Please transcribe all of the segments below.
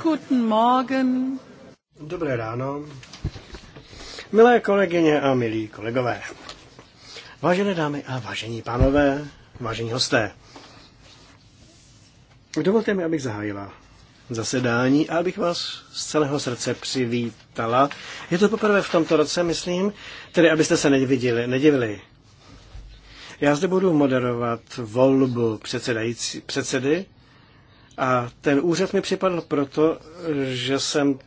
Guten Morgen. Dobré ráno. Milé kolegyně a milí kolegové. Vážené dámy a vážení pánové, vážení hosté. Dovolte mi, abych zahájila zasedání a abych vás z celého srdce přivítala. Je to poprvé v tomto roce, myslím, tedy abyste se nedivili. nedivili. Já zde budu moderovat volbu předsedající, předsedy a ten úřad mi připadl proto, že jsem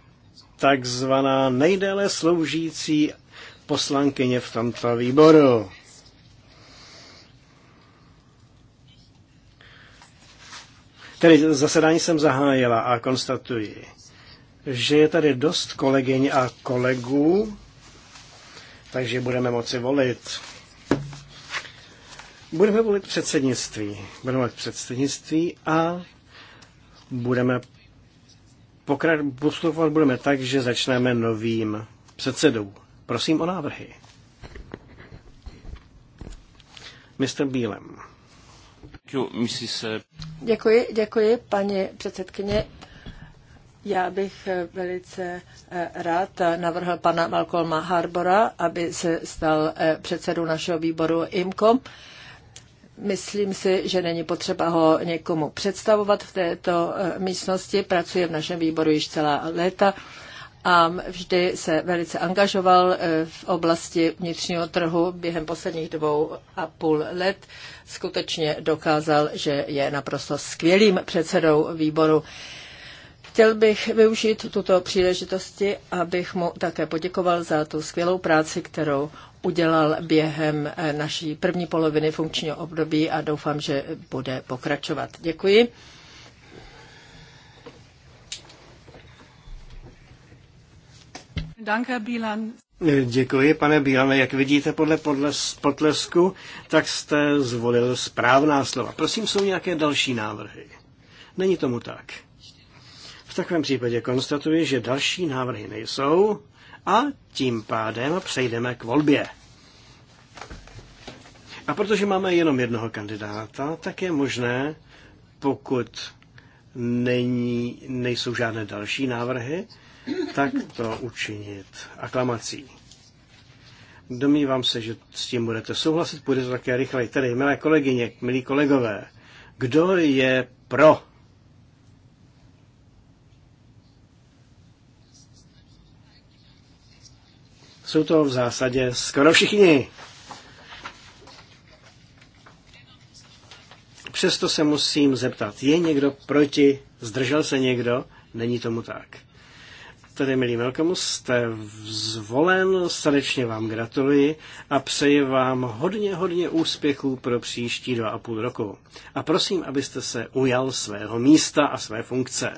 takzvaná nejdéle sloužící poslankyně v tomto výboru. Tedy zasedání jsem zahájila a konstatuji, že je tady dost kolegyň a kolegů, takže budeme moci volit. Budeme volit předsednictví. Budeme volit předsednictví a budeme pokra- postupovat budeme tak, že začneme novým předsedou. Prosím o návrhy. Mr. Bílem. Eh, děkuji, děkuji, paní předsedkyně. Já bych eh, velice eh, rád navrhl pana Malcolma Harbora, aby se stal předsedou našeho výboru IMCO. Myslím si, že není potřeba ho někomu představovat v této eh, místnosti. Pracuje v našem výboru již celá léta a vždy se velice angažoval eh, v oblasti vnitřního trhu během posledních dvou a půl let. Skutečně dokázal, že je naprosto skvělým předsedou výboru. Chtěl bych využít tuto příležitosti, abych mu také poděkoval za tu skvělou práci, kterou udělal během eh, naší první poloviny funkčního období a doufám, že bude pokračovat. Děkuji. Danke, Bílan. Děkuji, pane Bílane. Jak vidíte podle potlesku, tak jste zvolil správná slova. Prosím, jsou nějaké další návrhy? Není tomu tak. V takovém případě konstatuji, že další návrhy nejsou a tím pádem přejdeme k volbě. A protože máme jenom jednoho kandidáta, tak je možné, pokud není, nejsou žádné další návrhy, tak to učinit aklamací. Domnívám se, že s tím budete souhlasit, Půjde to také rychleji. Tedy, milé kolegyně, milí kolegové, kdo je pro Jsou to v zásadě skoro všichni. Přesto se musím zeptat, je někdo proti, zdržel se někdo? Není tomu tak. Tady milí Melkomu, jste zvolen, srdečně vám gratuluji a přeji vám hodně, hodně úspěchů pro příští dva a půl roku. A prosím, abyste se ujal svého místa a své funkce.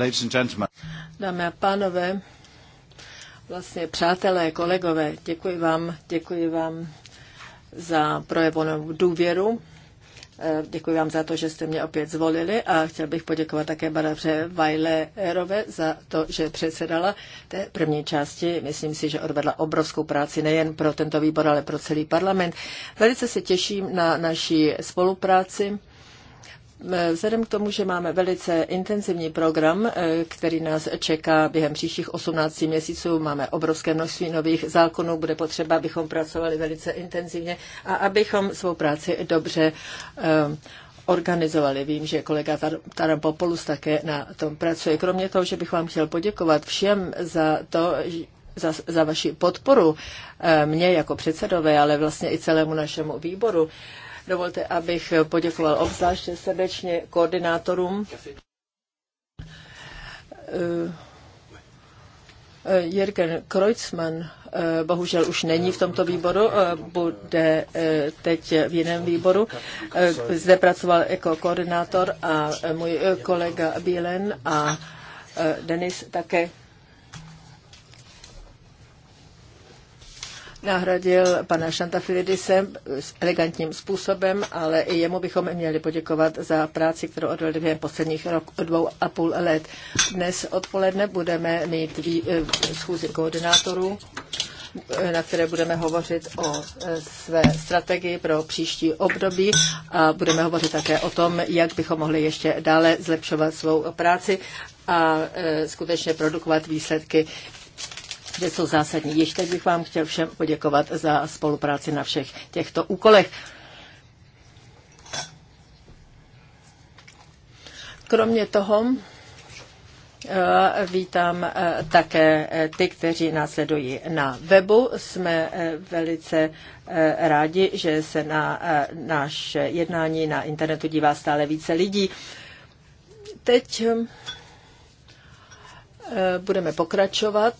ladies and gentlemen. Dámy a pánové, vlastně přátelé, kolegové, děkuji vám, děkuji vám za projevonou důvěru. Eh, děkuji vám za to, že jste mě opět zvolili a chtěl bych poděkovat také Baravře Vajlerové za to, že předsedala té první části. Myslím si, že odvedla obrovskou práci nejen pro tento výbor, ale pro celý parlament. Velice se těším na naší spolupráci Eh, vzhledem k tomu, že máme velice intenzivní program, eh, který nás čeká během příštích 18 měsíců, máme obrovské množství nových zákonů, bude potřeba, abychom pracovali velice intenzivně a abychom svou práci dobře eh, organizovali. Vím, že kolega Tarampopoulos také na tom pracuje. Kromě toho, že bych vám chtěl poděkovat všem za to, za, za vaši podporu mě jako předsedové, ale vlastně i celému našemu výboru. Dovolte, abych poděkoval obzvláště srdečně koordinátorům. Eh, Jürgen Kreutzmann eh, bohužel už není v tomto výboru, eh, bude teď v jiném výboru. Zde pracoval jako koordinátor a můj kolega Bílen a Denis také nahradil pana Šantafilidisem s elegantním způsobem, ale i jemu bychom měli poděkovat za práci, kterou odvedl během posledních rok, dvou a půl let. Dnes odpoledne budeme mít vý, eh, schůzi koordinátorů eh, na které budeme hovořit o eh, své strategii pro příští období a budeme hovořit také o tom, jak bychom mohli ještě dále zlepšovat svou práci a skutečně produkovat výsledky, že jsou zásadní. Ještě bych vám chtěl všem poděkovat za spolupráci na všech těchto úkolech. Kromě toho eh, vítám eh, také eh, ty, kteří následují na webu. Jsme velice rádi, že se na náš jednání na internetu dívá stále více lidí. Teď budeme pokračovat.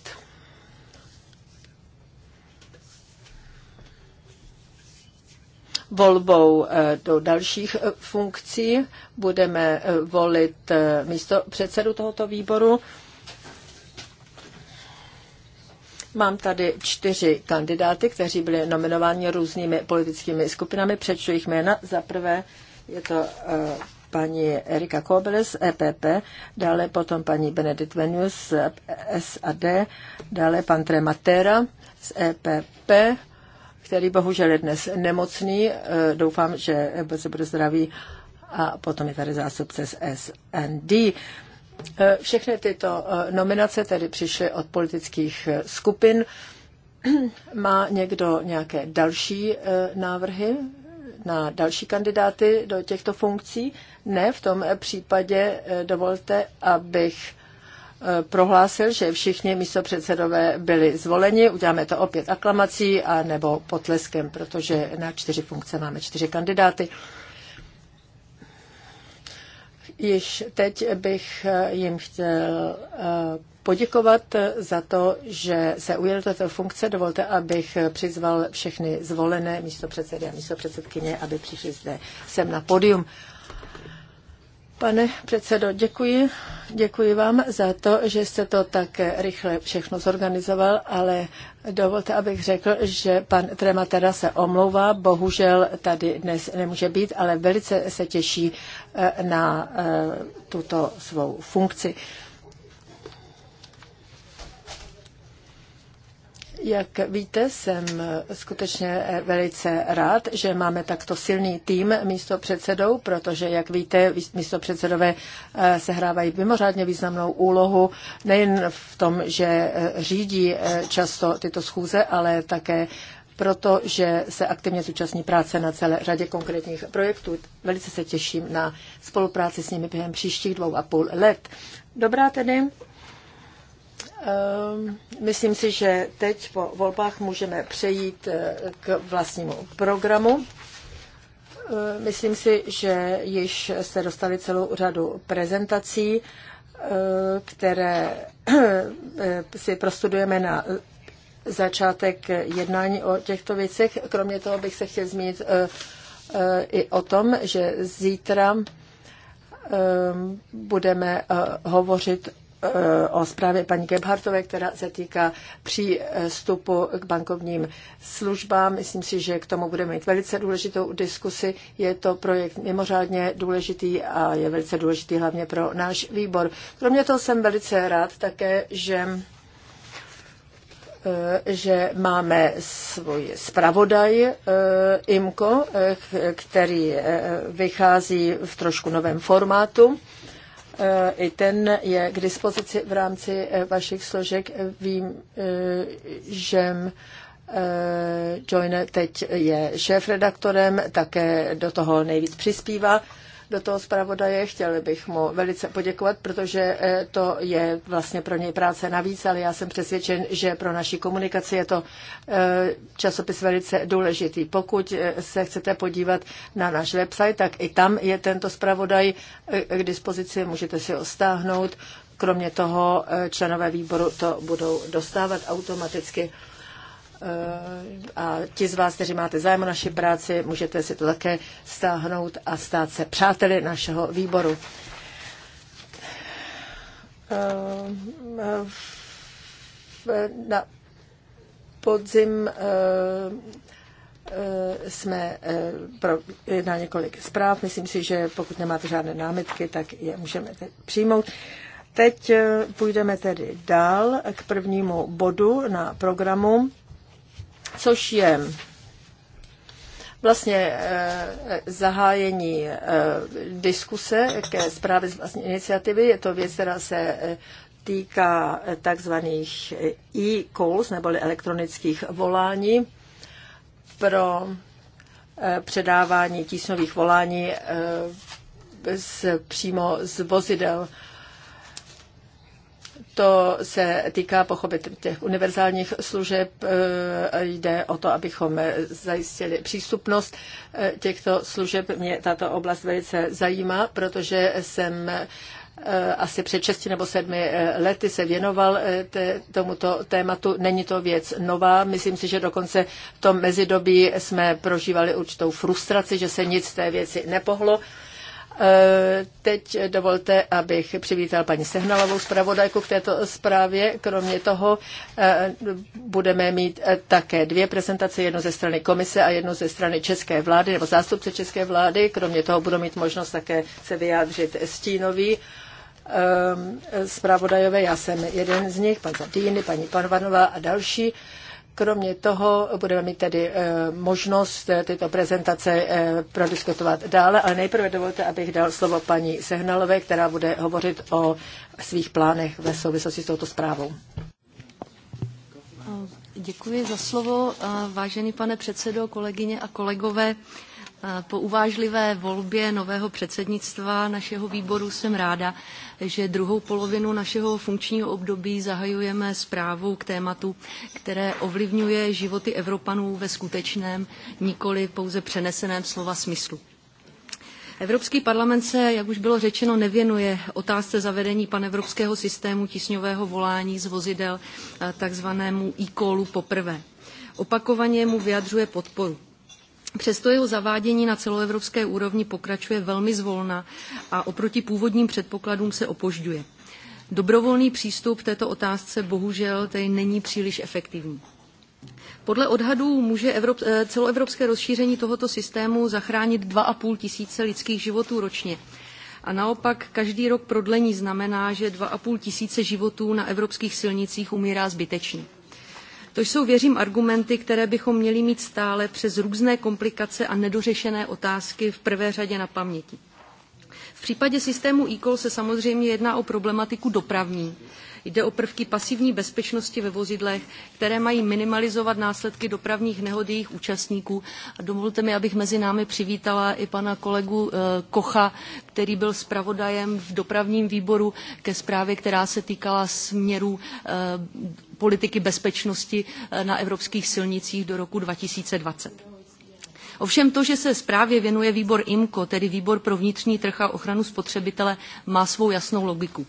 volbou eh, do dalších eh, funkcí. Budeme eh, volit místo předsedu tohoto výboru. Mám tady čtyři kandidáty, kteří byli nominováni různými politickými skupinami. Přečtu jich jména. Za prvé je to paní Erika Kobeles, EPP, dále potom paní Benedikt Venus z SAD, dále pan Trematera z EPP, který bohužel je dnes nemocný. Eh, doufám, že se bude zdravý. A potom je tady zástupce z SND. Eh, všechny tyto eh, nominace tedy přišly od politických skupin. Má někdo nějaké další návrhy na další kandidáty do těchto funkcí? Ne, v tom případě dovolte, abych prohlásil, že všichni místopředsedové byli zvoleni. Uděláme to opět aklamací a nebo potleskem, protože na čtyři funkce máme čtyři kandidáty. Již teď bych eh, jim chtěl eh, poděkovat za to, že se ujeli této funkce. Dovolte, abych přizval všechny zvolené místopředsedy a místopředsedkyně, aby přišli zde sem na podium. Pane předsedo, děkuji. Děkuji vám za to, že jste to tak rychle všechno zorganizoval, ale dovolte, abych řekl, že pan Trematera se omlouvá, bohužel tady dnes nemůže být, ale velice se těší eh, na eh, tuto svou funkci. Jak víte, jsem skutečně velice rád, že máme takto silný tým místo předsedou, protože, jak víte, místo předsedové eh, sehrávají mimořádně významnou úlohu nejen v tom, že eh, řídí eh, často tyto schůze, ale také proto, že se aktivně zúčastní práce na celé řadě konkrétních projektů. Velice se těším na spolupráci s nimi během příštích dvou a půl let. Dobrá tedy. Ehm, myslím si, že teď po volbách můžeme přejít eh, k vlastnímu programu. Ehm, myslím si, že již jste dostali celou řadu prezentací, eh, které eh, si prostudujeme na začátek jednání o těchto věcech. Kromě toho bych se chtěl zmínit i o tom, že zítra ehm, budeme hovořit Eh, o zprávě paní Gebhartové, která se týká přístupu k bankovním službám. Myslím si, že k tomu budeme mít velice důležitou diskusi. Je to projekt mimořádně důležitý a je velice důležitý hlavně pro náš výbor. Kromě toho jsem velice rád také, že eh, že máme svůj zpravodaj eh, IMCO, který vychází v trošku novém formátu Eh, I ten je k dispozici v rámci eh, vašich složek. Eh, vím, že Joyner teď je šéfredaktorem, také do toho nejvíc přispívá do toho zpravodaje. Chtěl bych mu velice poděkovat, protože eh, to je vlastně pro něj práce navíc, ale já jsem přesvědčen, že pro naši komunikaci je to eh, časopis velice důležitý. Pokud eh, se chcete podívat na náš website, tak i tam je tento zpravodaj k dispozici, můžete si ho stáhnout. Kromě toho členové výboru to budou dostávat automaticky. Eh, a ti z vás, kteří máte zájem o naši práci, můžete si to také stáhnout a stát se přáteli našeho výboru. Eh, na podzim eh, jsme pro na několik zpráv. Myslím si, že pokud nemáte žádné námitky, tak je můžeme přijmout. Teď půjdeme tedy dál k prvnímu bodu na programu což je vlastně eh, zahájení eh, diskuse ke zprávě z vlastní iniciativy. Je to věc, která se eh, týká takzvaných e-calls neboli elektronických volání pro předávání tísnových volání z, přímo z vozidel. To se týká pochopit těch univerzálních služeb. Eh, jde o to, abychom zajistili přístupnost eh, těchto služeb. Mě tato oblast velice zajímá, protože jsem eh, asi před 6 nebo sedmi lety se věnoval te, tomuto tématu. Není to věc nová. Myslím si, že dokonce v tom mezidobí jsme prožívali určitou frustraci, že se nic té věci nepohlo. Eh, teď dovolte, abych přivítal paní Sehnalovou zpravodajku k této zprávě. Kromě toho eh, budeme mít eh, také dvě prezentace, jednu ze strany komise a jednu ze strany české vlády nebo zástupce české vlády. Kromě toho budou mít možnost také se vyjádřit stínový zpravodajové, já jsem jeden z nich, pan Zatýny, paní Panvanová a další. Kromě toho budeme mít tedy eh, možnost eh, tyto prezentace eh, prodiskutovat dále, ale nejprve dovolte, abych dal slovo paní Sehnalové, která bude hovořit o svých plánech ve souvislosti s touto zprávou. Děkuji za slovo, vážený pane předsedo, kolegyně a kolegové. Po uvážlivé volbě nového předsednictva našeho výboru jsem ráda, že druhou polovinu našeho funkčního období zahajujeme zprávou k tématu, které ovlivňuje životy Evropanů ve skutečném, nikoli pouze přeneseném slova smyslu. Evropský parlament se, jak už bylo řečeno, nevěnuje otázce zavedení panevropského systému tisňového volání z vozidel takzvanému e-callu poprvé. Opakovaně mu vyjadřuje podporu. Přesto jeho zavádění na celoevropské úrovni pokračuje velmi zvolna a oproti původním předpokladům se opožďuje. Dobrovolný přístup v této otázce bohužel tedy není příliš efektivní. Podle odhadů může Evrop, eh, celoevropské rozšíření tohoto systému zachránit 2,5 tisíce lidských životů ročně. A naopak každý rok prodlení znamená, že 2,5 tisíce životů na evropských silnicích umírá zbytečně. To jsou, věřím, argumenty, které bychom měli mít stále přes různé komplikace a nedořešené otázky v prvé řadě na paměti. V případě systému e se samozřejmě jedná o problematiku dopravní, Jde o prvky pasivní bezpečnosti ve vozidlech, které mají minimalizovat následky dopravních nehod jejich účastníků. A dovolte mi, abych mezi námi přivítala i pana kolegu eh, Kocha, který byl zpravodajem v dopravním výboru ke zprávě, která se týkala směru eh, politiky bezpečnosti eh, na evropských silnicích do roku 2020. Ovšem to, že se zprávě věnuje výbor IMCO, tedy výbor pro vnitřní trh a ochranu spotřebitele, má svou jasnou logiku.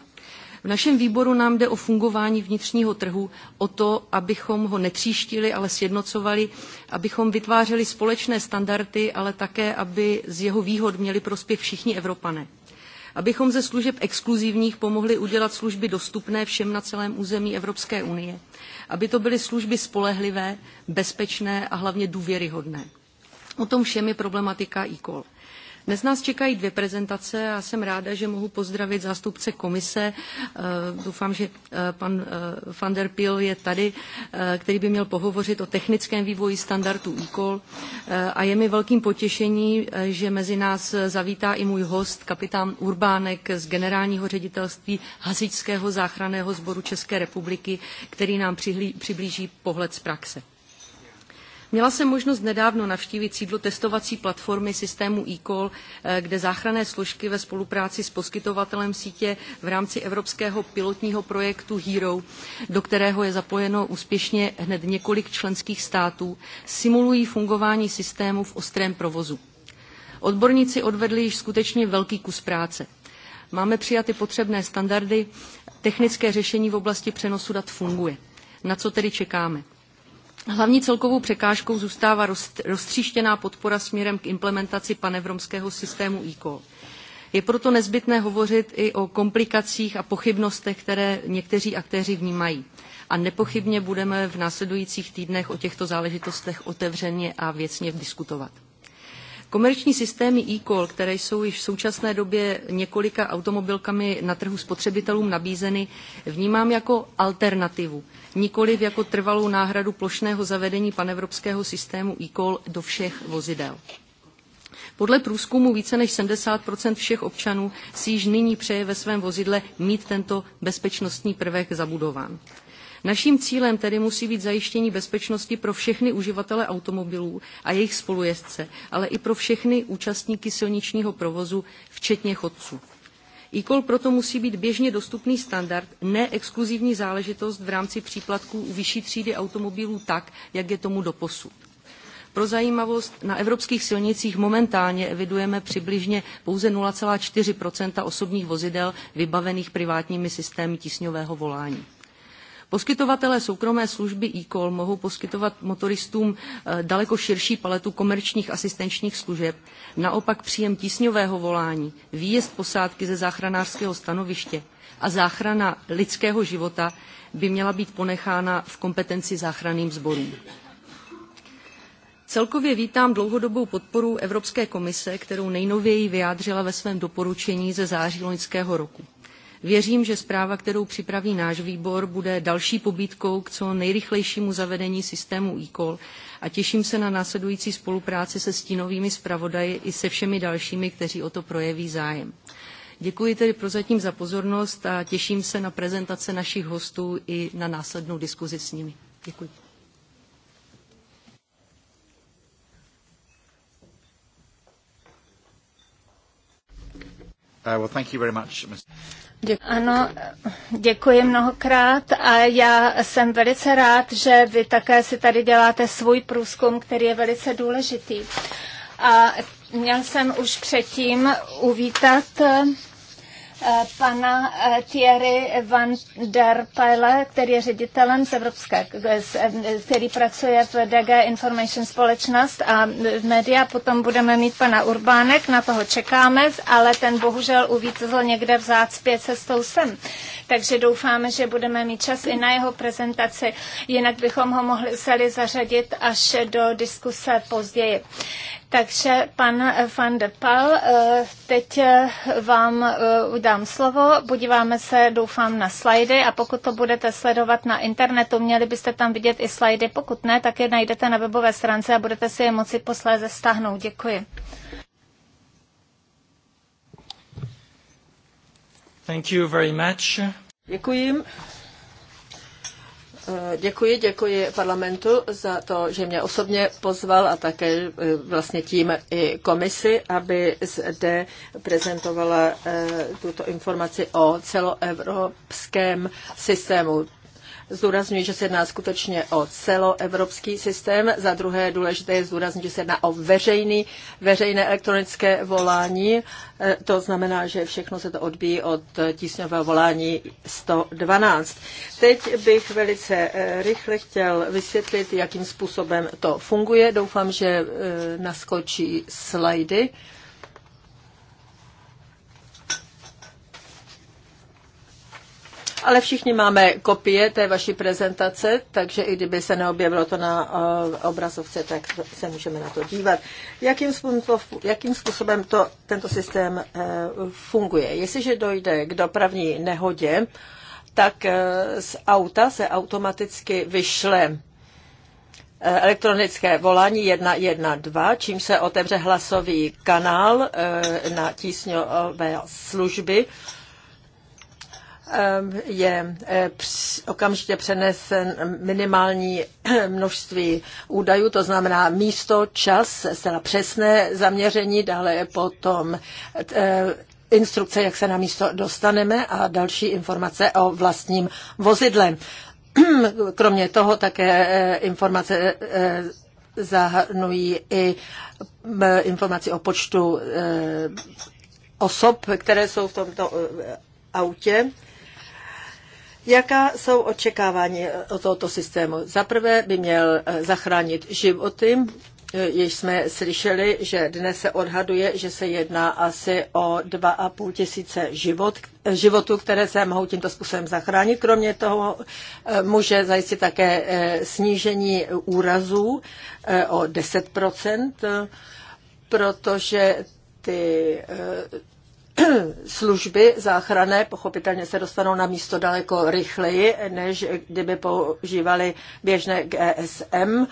V našem výboru nám jde o fungování vnitřního trhu, o to, abychom ho netříštili, ale sjednocovali, abychom vytvářeli společné standardy, ale také, aby z jeho výhod měli prospěch všichni Evropané abychom ze služeb exkluzivních pomohli udělat služby dostupné všem na celém území Evropské unie, aby to byly služby spolehlivé, bezpečné a hlavně důvěryhodné. O tom všem je problematika e-call. Dnes nás čekají dvě prezentace a jsem ráda, že mohu pozdravit zástupce komise. Eh, doufám, že eh, pan eh, van der Pil je tady, který by měl pohovořit o technickém vývoji standardu e-call. A je mi velkým potěšením, že mezi nás zavítá i můj host, kapitán Urbánek z generálního ředitelství Hasičského záchranného sboru České republiky, který nám přihlí, přiblíží pohled z praxe. Měla jsem možnost nedávno navštívit sídlo testovací platformy systému eCall, eh, kde záchranné složky ve spolupráci s poskytovatelem sítě v rámci evropského pilotního projektu HERO, do kterého je zapojeno úspěšně hned několik členských států, simulují fungování systému v ostrém provozu. Odborníci odvedli již skutečně velký kus práce. Máme přijaty potřebné standardy, technické řešení v oblasti přenosu dat funguje. Na co tedy čekáme? Hlavní celkovou překážkou zůstává roztříštěná podpora směrem k implementaci panevropského systému ICO. Je proto nezbytné hovořit i o komplikacích a pochybnostech, které někteří aktéři vnímají. A nepochybně budeme v následujících týdnech o těchto záležitostech otevřeně a věcně diskutovat. Komerční systémy e-call, které jsou již v současné době několika automobilkami na trhu spotřebitelům nabízeny, vnímám jako alternativu nikoliv jako trvalou náhradu plošného zavedení panevropského systému e-call do všech vozidel. Podle průzkumu více než 70 všech občanů si již nyní přeje ve svém vozidle mít tento bezpečnostní prvek zabudován. Naším cílem tedy musí být zajištění bezpečnosti pro všechny uživatele automobilů a jejich spolujezdce, ale i pro všechny účastníky silničního provozu, včetně chodců e proto musí být běžně dostupný standard, ne exkluzivní záležitost v rámci příplatků u vyšší třídy automobilů tak, jak je tomu doposud. Pro zajímavost, na evropských silnicích momentálně evidujeme přibližně pouze 0,4 osobních vozidel vybavených privátními systémy tísňového volání. Poskytovatelé soukromé služby e-call mohou poskytovat motoristům eh, daleko širší paletu komerčních asistenčních služeb. Naopak příjem tísňového volání, výjezd posádky ze záchranářského stanoviště a záchrana lidského života by měla být ponechána v kompetenci záchranným sborům. Celkově vítám dlouhodobou podporu Evropské komise, kterou nejnověji vyjádřila ve svém doporučení ze září loňského roku. Věřím, že zpráva, kterou připraví náš výbor, bude další pobídkou k co nejrychlejšímu zavedení systému e a těším se na následující spolupráci se stínovými zpravodaji i se všemi dalšími, kteří o to projeví zájem. Děkuji tedy prozatím za pozornost a těším se na prezentace našich hostů i na následnou diskuzi s nimi. Děkuji. Uh, děkuji. Ano, děkuji mnohokrát a já jsem velice rád, že vy také si tady děláte svůj průzkum, který je velice důležitý. A měl jsem už předtím uvítat Eh, pana eh, Thierry van der Pyle, který je ředitelem z Evropské, eh, který pracuje v DG Information Společnost a média. Potom budeme mít pana Urbánek, na toho čekáme, ale ten bohužel uvítl někde v zácpě cestou sem. Takže doufáme, že budeme mít čas i na jeho prezentaci, jinak bychom ho mohli zařadit až do diskuse později. Takže pan eh, van de Pal, eh, teď eh, vám udám slovo. Podíváme se, doufám, na slajdy a pokud to budete sledovat na internetu, měli byste tam vidět i slajdy. Pokud ne, tak je najdete na webové stránce a budete si je moci posléze stáhnout. Děkuji. Thank you very much. Děkuji. Eh, děkuji, děkuji parlamentu za to, že mě osobně pozval a také eh, vlastně tím i komisi, aby zde prezentovala eh, tuto informaci o celoevropském systému Zdůrazňuji, že se jedná skutečně o celoevropský systém. Za druhé důležité je zdůraznit, že se jedná o veřejný, veřejné elektronické volání. E, to znamená, že všechno se to odbíjí od tísňového volání 112. Teď bych velice e, rychle chtěl vysvětlit, jakým způsobem to funguje. Doufám, že e, naskočí slajdy. ale všichni máme kopie té vaší prezentace, takže i kdyby se neobjevilo to na eh, obrazovce, tak se můžeme na to dívat. Jakým způsobem, jakým způsobem to, tento systém eh, funguje? Jestliže dojde k dopravní nehodě, tak eh, z auta se automaticky vyšle elektronické volání 112, čím se otevře hlasový kanál na tísňové služby Eh, je eh, okamžitě přenesen minimální množství údajů, to znamená místo, čas, zcela přesné zaměření, dále potom eh, instrukce, jak se na místo dostaneme a další informace o vlastním vozidle. Kromě toho také informace zahrnují i informaci o počtu osob, které jsou v tomto autě Jaká jsou očekávání eh, od tohoto systému? Za prvé by měl eh, zachránit životy, eh, již jsme slyšeli, že dnes se odhaduje, že se jedná asi o 2,5 tisíce život, životů, které se mohou tímto způsobem zachránit. Kromě toho může zajistit také snížení úrazů o 10 protože ty služby záchrané pochopitelně se dostanou na místo daleko rychleji, než kdyby používali běžné GSM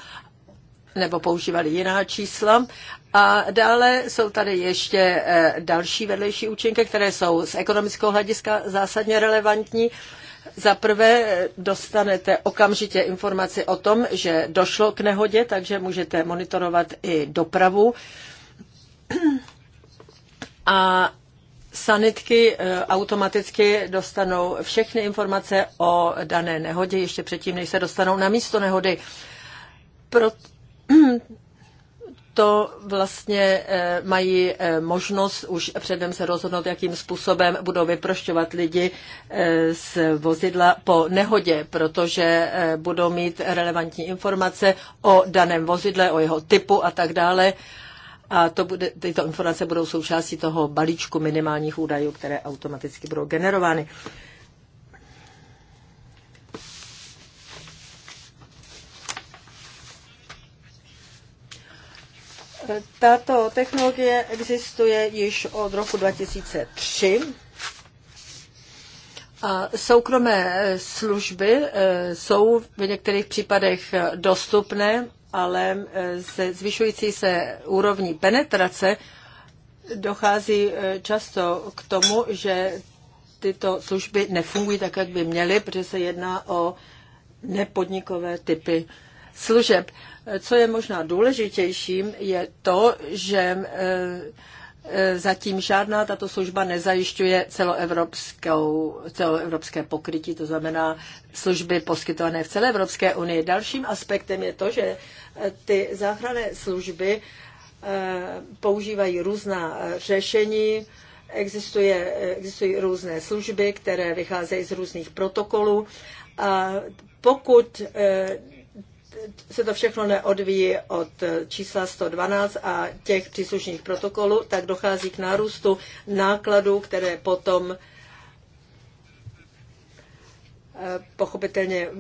nebo používali jiná čísla. A dále jsou tady ještě eh, další vedlejší účinky, které jsou z ekonomického hlediska zásadně relevantní. Za prvé eh, dostanete okamžitě informaci o tom, že došlo k nehodě, takže můžete monitorovat i dopravu. A Sanitky eh, automaticky dostanou všechny informace o dané nehodě ještě předtím, než se dostanou na místo nehody. Proto to vlastně eh, mají eh, možnost už předem se rozhodnout, jakým způsobem budou vyprošťovat lidi z vozidla po nehodě, protože budou mít relevantní informace o daném vozidle, o jeho typu a tak dále a to bude, tyto informace budou součástí toho balíčku minimálních údajů, které automaticky budou generovány. Tato technologie existuje již od roku 2003 a soukromé služby eh, jsou v některých případech dostupné ale e, se zvyšující se úrovní penetrace dochází e, často k tomu, že tyto služby nefungují tak, jak by měly, protože se jedná o nepodnikové typy služeb. E, co je možná důležitějším, je to, že E, zatím žádná tato služba nezajišťuje celoevropskou, celoevropské pokrytí, to znamená služby poskytované v celé Evropské unii. Dalším aspektem je to, že e, ty záchranné služby e, používají různá řešení, existuje, existují různé služby, které vycházejí z různých protokolů a pokud se to všechno neodvíjí od eh, čísla 112 a těch příslušných protokolů, tak dochází k nárůstu nákladů, které potom eh, pochopitelně eh,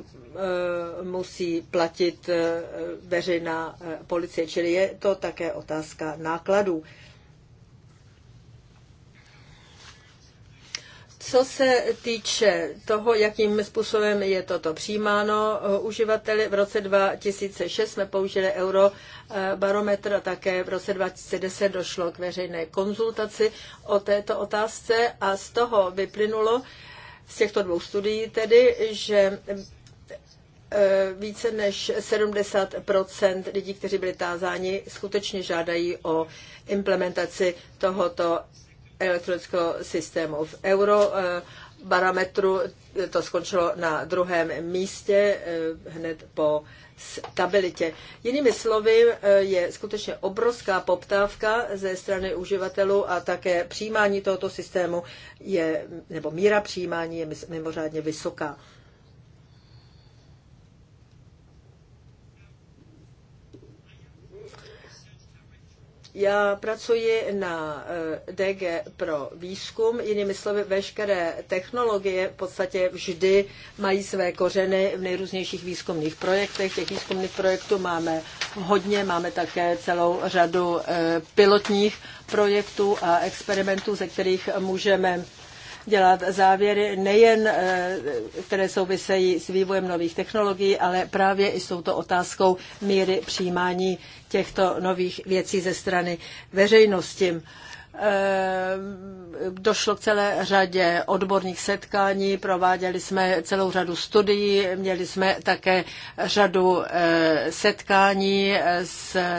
musí platit veřejná policie. Čili je to také otázka nákladů. Co se týče toho, jakým způsobem je toto přijímáno eh, uživateli, v roce 2006 jsme použili eurobarometr a také v roce 2010 došlo k veřejné konzultaci o této otázce a z toho vyplynulo, z těchto dvou studií tedy, že eh, více než 70 lidí, kteří byli tázáni, skutečně žádají o implementaci tohoto elektronického systému. V euro barometru eh, to skončilo na druhém místě eh, hned po stabilitě. Jinými slovy, eh, je skutečně obrovská poptávka ze strany uživatelů a také přijímání tohoto systému je, nebo míra přijímání je mimořádně vysoká. Já pracuji na eh, DG pro výzkum, jinými slovy, veškeré technologie v podstatě vždy mají své kořeny v nejrůznějších výzkumných projektech. Těch výzkumných projektů máme hodně, máme také celou řadu eh, pilotních projektů a experimentů, ze kterých můžeme dělat závěry nejen, eh, které souvisejí s vývojem nových technologií, ale právě i s touto otázkou míry přijímání těchto nových věcí ze strany veřejnosti eh, došlo k celé řadě odborných setkání, prováděli jsme celou řadu studií, měli jsme také řadu eh, setkání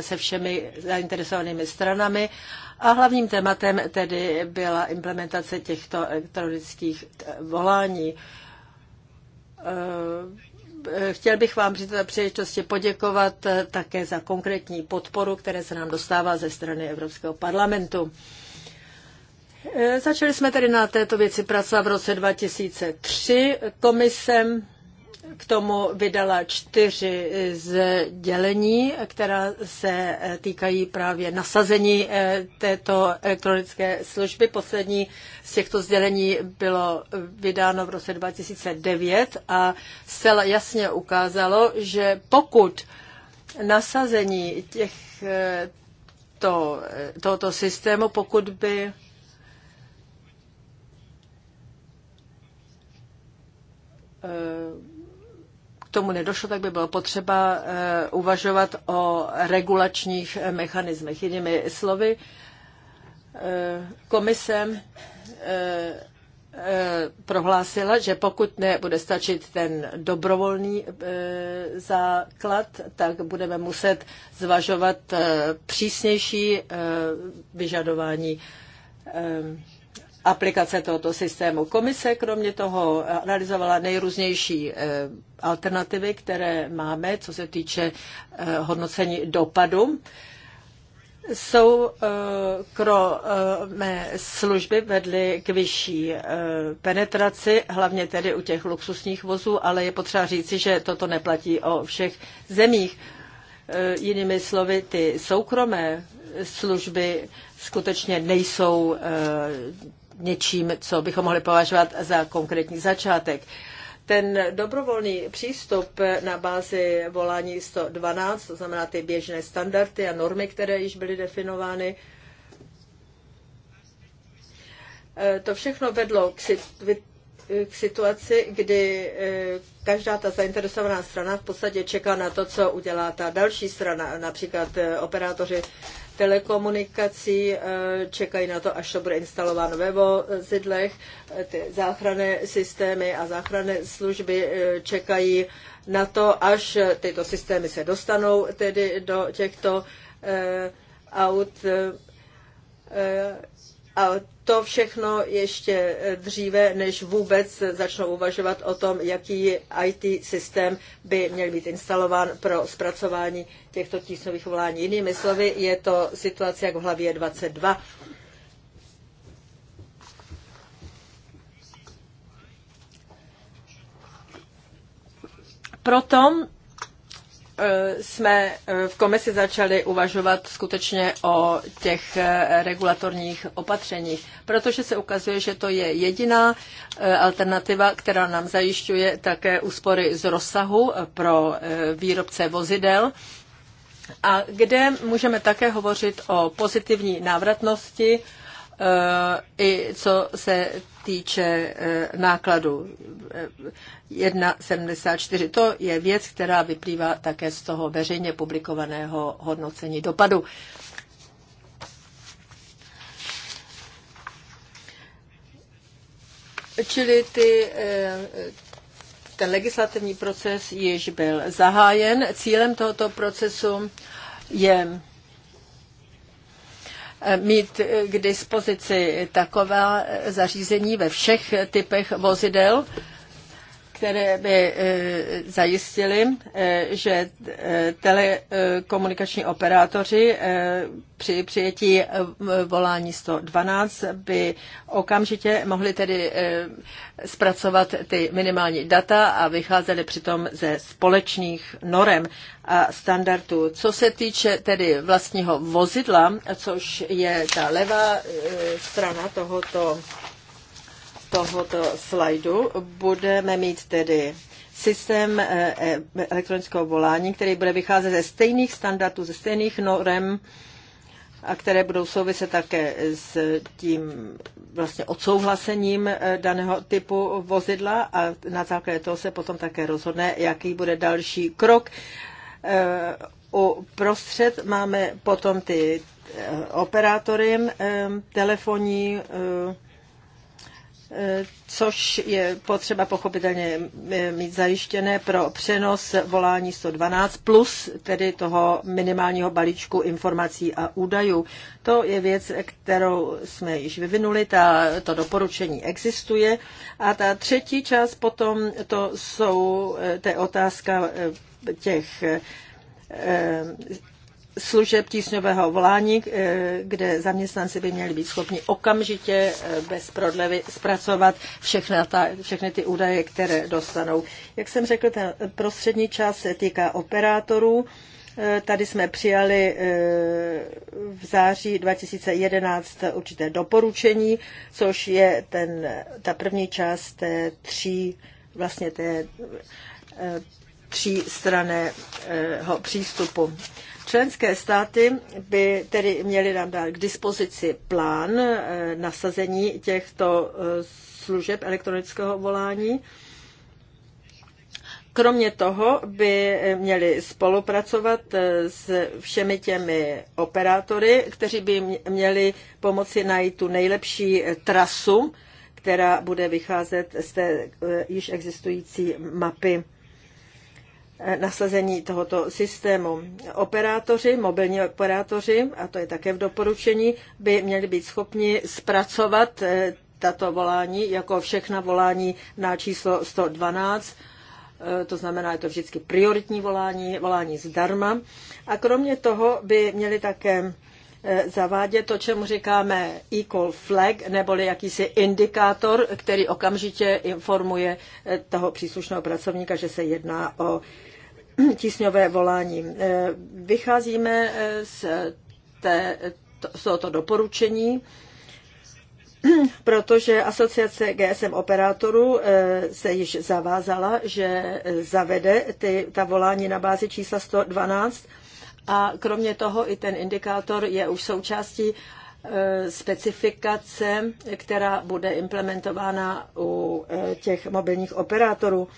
se všemi zainteresovanými stranami a hlavním tématem tedy byla implementace těchto elektronických volání. Eh, chtěl bych vám při této příležitosti poděkovat eh, také za konkrétní podporu, které se nám dostává ze strany Evropského parlamentu. Eh, začali jsme tedy na této věci pracovat v roce 2003 komisem k tomu vydala čtyři sdělení, která se týkají právě nasazení eh, této elektronické služby. Poslední z těchto sdělení bylo vydáno v roce 2009 a zcela jasně ukázalo, že pokud nasazení těch, eh, to, tohoto systému, pokud by eh, tomu nedošlo, tak by bylo potřeba eh, uvažovat o regulačních eh, mechanismech. Jinými slovy, eh, komise prohlásila, že pokud nebude stačit ten dobrovolný základ, tak budeme muset zvažovat přísnější vyžadování aplikace tohoto systému. Komise kromě toho analyzovala nejrůznější eh, alternativy, které máme, co se týče eh, hodnocení dopadu. Jsou eh, kromě služby vedly k vyšší penetraci, hlavně tedy u těch luxusních vozů, ale je potřeba říci, že toto neplatí o všech zemích. Jinými slovy, ty soukromé služby skutečně nejsou něčím, co bychom mohli považovat za konkrétní začátek. Ten dobrovolný přístup na bázi volání 112, to znamená ty běžné standardy a normy, které již byly definovány, to všechno vedlo k situaci, kdy eh, každá ta zainteresovaná strana v podstatě čeká na to, co udělá ta další strana, například eh, operátoři telekomunikací, eh, čekají na to, až to bude instalováno ve vozidlech, eh, ty záchranné systémy a záchranné služby eh, čekají na to, až tyto systémy se dostanou tedy do těchto aut. A to všechno ještě eh, dříve, než vůbec začnou uvažovat o tom, jaký IT systém by měl být instalován pro zpracování těchto tísnových volání. Jinými slovy, je to situace jak v hlavě 22. Proto Eh, jsme eh, v komisi začali uvažovat skutečně o těch eh, regulatorních opatřeních, protože se ukazuje, že to je jediná alternativa, která nám zajišťuje také úspory z rozsahu pro výrobce vozidel a kde můžeme také hovořit o pozitivní návratnosti i co se týče eh, nákladu 1,74. Eh, to je věc, která vyplývá také z toho veřejně publikovaného hodnocení dopadu. Čili ty, eh, ten legislativní proces již byl zahájen. Cílem tohoto procesu je Eh, mít eh, k dispozici taková zařízení ve všech typech vozidel které by eh, zajistili, eh, že eh, telekomunikační operátoři při přijetí volání 112 by okamžitě mohli tedy zpracovat ty minimální data a vycházeli přitom ze společných norem a standardů. Co se týče tedy vlastního vozidla, což je ta levá strana tohoto tohoto slajdu budeme mít tedy systém eh, eh, elektronického volání, který bude vycházet ze stejných standardů, ze stejných norem, a které budou souviset také s tím vlastně odsouhlasením eh, daného typu vozidla a na základě toho se potom také rozhodne, jaký bude další krok. U prostřed máme potom ty operátory telefonní, Eh, což je potřeba pochopitelně eh, mít zajištěné pro přenos volání 112 plus tedy toho minimálního balíčku informací a údajů. To je věc, kterou jsme již vyvinuli, ta, to doporučení existuje. A ta třetí část potom, to jsou, eh, té otázka těch služeb tísňového volání, eh, kde zaměstnanci by měli být schopni okamžitě eh, bez prodlevy zpracovat všechny, ta, všechny ty údaje, které dostanou. Jak jsem řekl, ten prostřední část se týká operátorů. Eh, tady jsme přijali v září 2011 určité doporučení, což je ten, ta první část té tří, vlastně té třístraného přístupu. Členské státy by tedy měly nám dát k dispozici plán eh, nasazení těchto eh, služeb elektronického volání. Kromě toho by měli spolupracovat eh, s všemi těmi operátory, kteří by měli pomoci najít tu nejlepší trasu, která bude vycházet z té již existující mapy Eh, nasazení tohoto systému. Operátoři, mobilní operátoři, a to je také v doporučení, by měli být schopni zpracovat eh, tato volání jako všechna volání na číslo 112 eh, to znamená, je to vždycky prioritní volání, volání zdarma. A kromě toho by měli také zavádět to, čemu říkáme e-call flag, neboli jakýsi indikátor, který okamžitě informuje toho příslušného pracovníka, že se jedná o tísňové volání. Eh, vycházíme eh, z, té, z tohoto doporučení, protože asociace GSM operátorů eh, se již zavázala, že zavede ty, ta volání na bázi čísla 112 a kromě toho i ten indikátor je už součástí specifikace, která bude implementována u těch mobilních operátorů.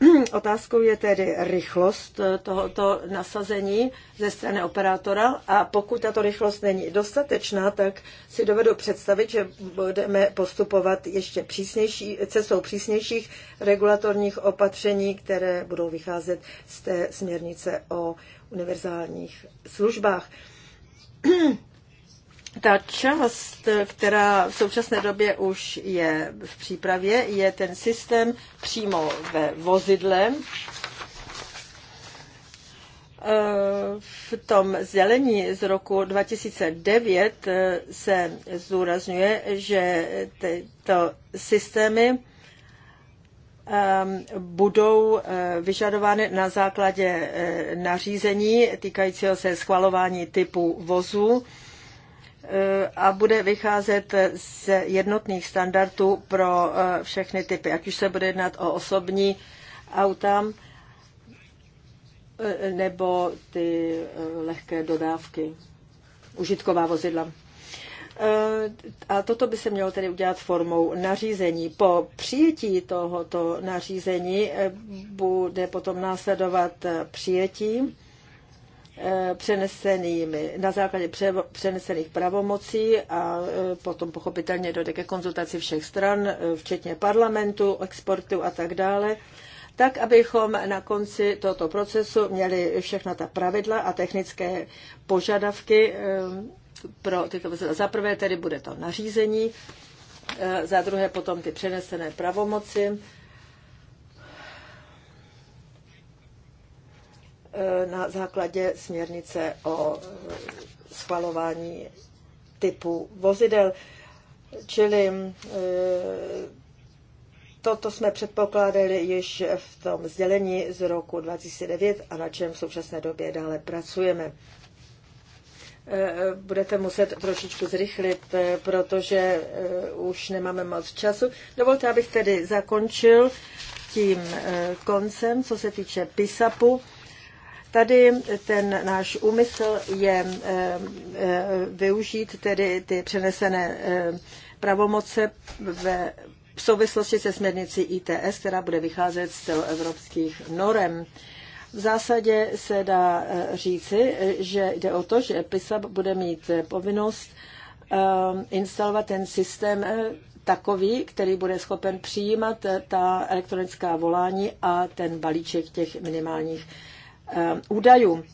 Otázkou je tedy rychlost eh, tohoto nasazení ze strany operátora a pokud tato rychlost není dostatečná, tak si dovedu představit, že budeme postupovat ještě přísnější, cestou přísnějších regulatorních opatření, které budou vycházet z té směrnice o univerzálních službách. ta část, která v současné době už je v přípravě, je ten systém přímo ve vozidle. V tom zelení z roku 2009 eh, se zdůrazňuje, že tyto systémy ehm, budou eh, vyžadovány na základě eh, nařízení týkajícího se schvalování typu vozů Eh, a bude vycházet z jednotných standardů pro eh, všechny typy, ať už se bude jednat o osobní auta eh, nebo ty lehké dodávky, užitková vozidla. A toto by se mělo tedy udělat formou nařízení. Po přijetí tohoto nařízení bude potom následovat přijetí Eh, přenesenými, na základě přenesených pravomocí a eh, potom pochopitelně dojde ke konzultaci všech stran, eh, včetně parlamentu, exportu a tak dále, tak abychom na konci tohoto procesu měli všechna ta pravidla a technické požadavky pro tyto vozidla. Za prvé tedy bude to nařízení, za druhé potom ty přenesené pravomoci, Eh, na základě směrnice o eh, schvalování typu vozidel. Čili eh, toto jsme předpokládali již v tom sdělení z roku 2009 a na čem v současné době dále pracujeme. Budete muset trošičku zrychlit, protože už nemáme moc času. Dovolte, abych tedy zakončil tím koncem, co se týče PISAPu. Tady ten náš úmysl je eh, eh, využít tedy ty přenesené eh, pravomoce ve v souvislosti se směrnicí ITS, která bude vycházet z celoevropských norem. V zásadě se dá říci, že jde o to, že PISA bude mít povinnost instalovat ten systém takový, který bude schopen přijímat ta elektronická volání a ten balíček těch minimálních Eh, údajů.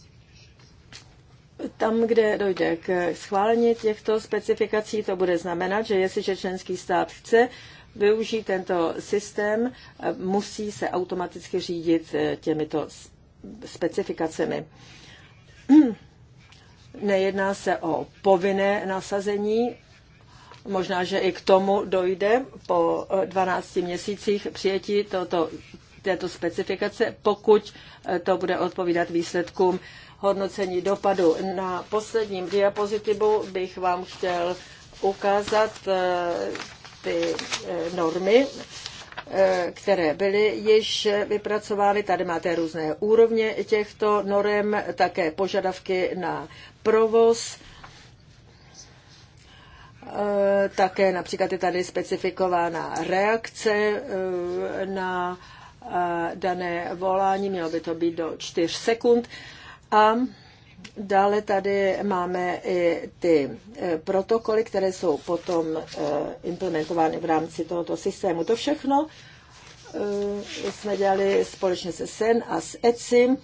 Tam, kde dojde k schválení těchto specifikací, to bude znamenat, že jestliže členský stát chce využít tento systém, eh, musí se automaticky řídit eh, těmito specifikacemi. Nejedná se o povinné nasazení, možná, že i k tomu dojde po 12 měsících přijetí tohoto této specifikace, pokud eh, to bude odpovídat výsledkům hodnocení dopadu. Na posledním diapozitivu bych vám chtěl ukázat eh, ty eh, normy, které byly již vypracovány. Tady máte různé úrovně těchto norem, také požadavky na provoz. Také například je tady specifikována reakce na dané volání, mělo by to být do 4 sekund. A dále tady máme i ty e, protokoly, které jsou potom e, implementovány v rámci tohoto systému. To všechno e, jsme dělali společně se SEN a s ECIM.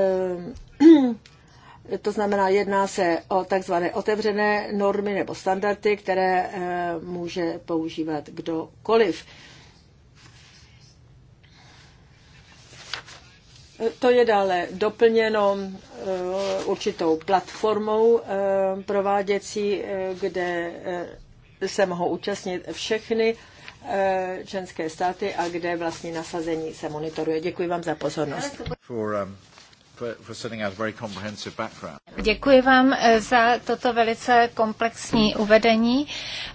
To znamená, jedná se o takzvané otevřené normy nebo standardy, které může používat kdokoliv. To je dále doplněno eh, určitou platformou eh, prováděcí, eh, kde se mohou účastnit všechny členské státy a kde vlastně nasazení se monitoruje. Děkuji vám za pozornost. For, um... Děkuji vám eh, za toto velice komplexní uvedení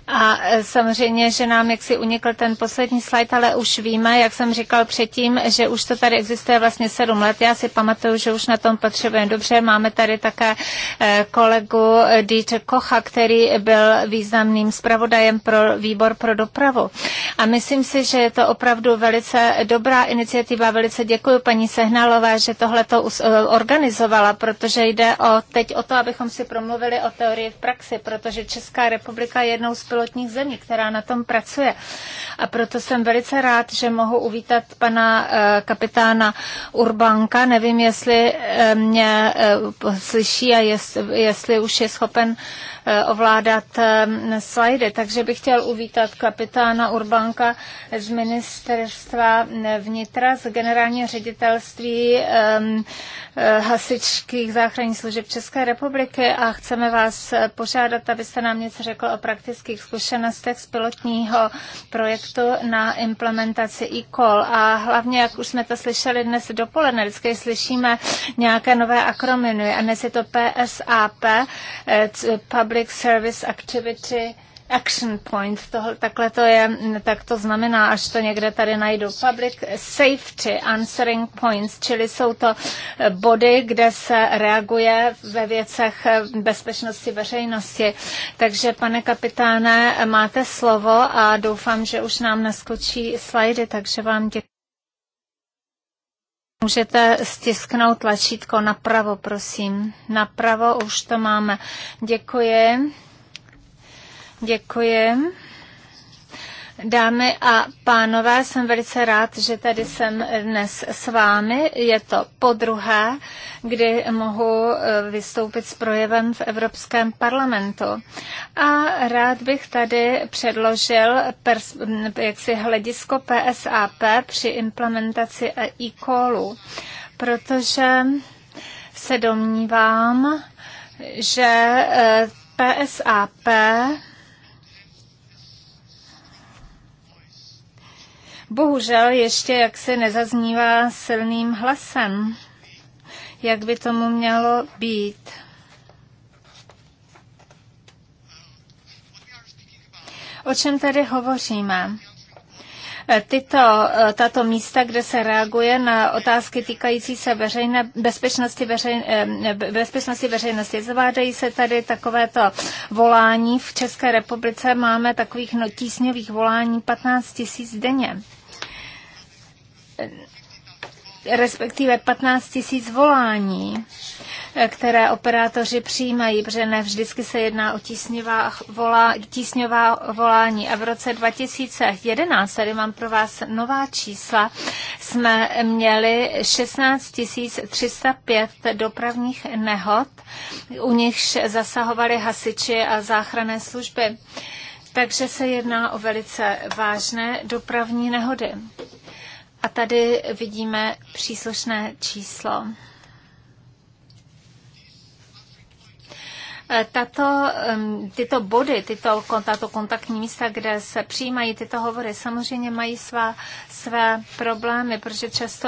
a eh, samozřejmě, že nám jaksi unikl ten poslední slide, ale už víme, jak jsem říkal předtím, že už to tady existuje vlastně sedm let. Já si pamatuju, že už na tom potřebujeme dobře. Máme tady také eh, kolegu Dieter Kocha, který byl významným zpravodajem pro výbor pro dopravu. A myslím si, že je to opravdu velice dobrá iniciativa. Velice děkuji paní Sehnalová, že tohleto Eh, organizovala, protože jde o, teď o to, abychom si promluvili o teorii v praxi, protože Česká republika je jednou z pilotních zemí, která na tom pracuje. A proto jsem velice rád, že mohu uvítat pana eh, kapitána Urbanka. Nevím, jestli eh, mě slyší a jest, jestli už je schopen Eh, ovládat eh, slajdy. Takže bych chtěl uvítat kapitána Urbanka z ministerstva vnitra, z generálního ředitelství eh, hasičských záchranních služeb České republiky a chceme vás požádat, abyste nám něco řekl o praktických zkušenostech z pilotního projektu na implementaci e-call a hlavně, jak už jsme to slyšeli dnes dopoledne, vždycky slyšíme nějaké nové akronymy a dnes je to PSAP, Public Public Service Activity Action Point, to, takhle to je, tak to znamená, až to někde tady najdu, Public Safety Answering Points, čili jsou to eh, body, kde se reaguje ve věcech eh, bezpečnosti veřejnosti. Takže, pane kapitáne, máte slovo a doufám, že už nám naskočí slajdy, takže vám děkuji. Můžete stisknout tlačítko napravo, prosím. Napravo už to máme. Děkuji. Děkuji. Dámy a pánové, jsem velice rád, že tady jsem dnes s vámi. Je to podruhé, kdy mohu eh, vystoupit s projevem v Evropském parlamentu. A rád bych tady předložil pers- jaksi hledisko PSAP při implementaci e-callu, protože se domnívám, že PSAP eh, bohužel ještě jak se nezaznívá silným hlasem, jak by tomu mělo být. O čem tady hovoříme? E, tyto, e, tato místa, kde se reaguje na otázky týkající se veřejné bezpečnosti, veřejné, e, bezpečnosti veřejnosti. Zavádají se tady takovéto volání. V České republice máme takových no, tísňových volání 15 000 denně respektive 15 tisíc volání, které operátoři přijímají, protože ne vždycky se jedná o tisňová, volá, tisňová volání. A v roce 2011, tady mám pro vás nová čísla, jsme měli 16 305 dopravních nehod, u nichž zasahovali hasiči a záchranné služby. Takže se jedná o velice vážné dopravní nehody. A tady vidíme příslušné číslo. E, tato, tyto body, tyto, tato kontaktní místa, kde se přijímají tyto hovory, samozřejmě mají svá, své problémy, protože často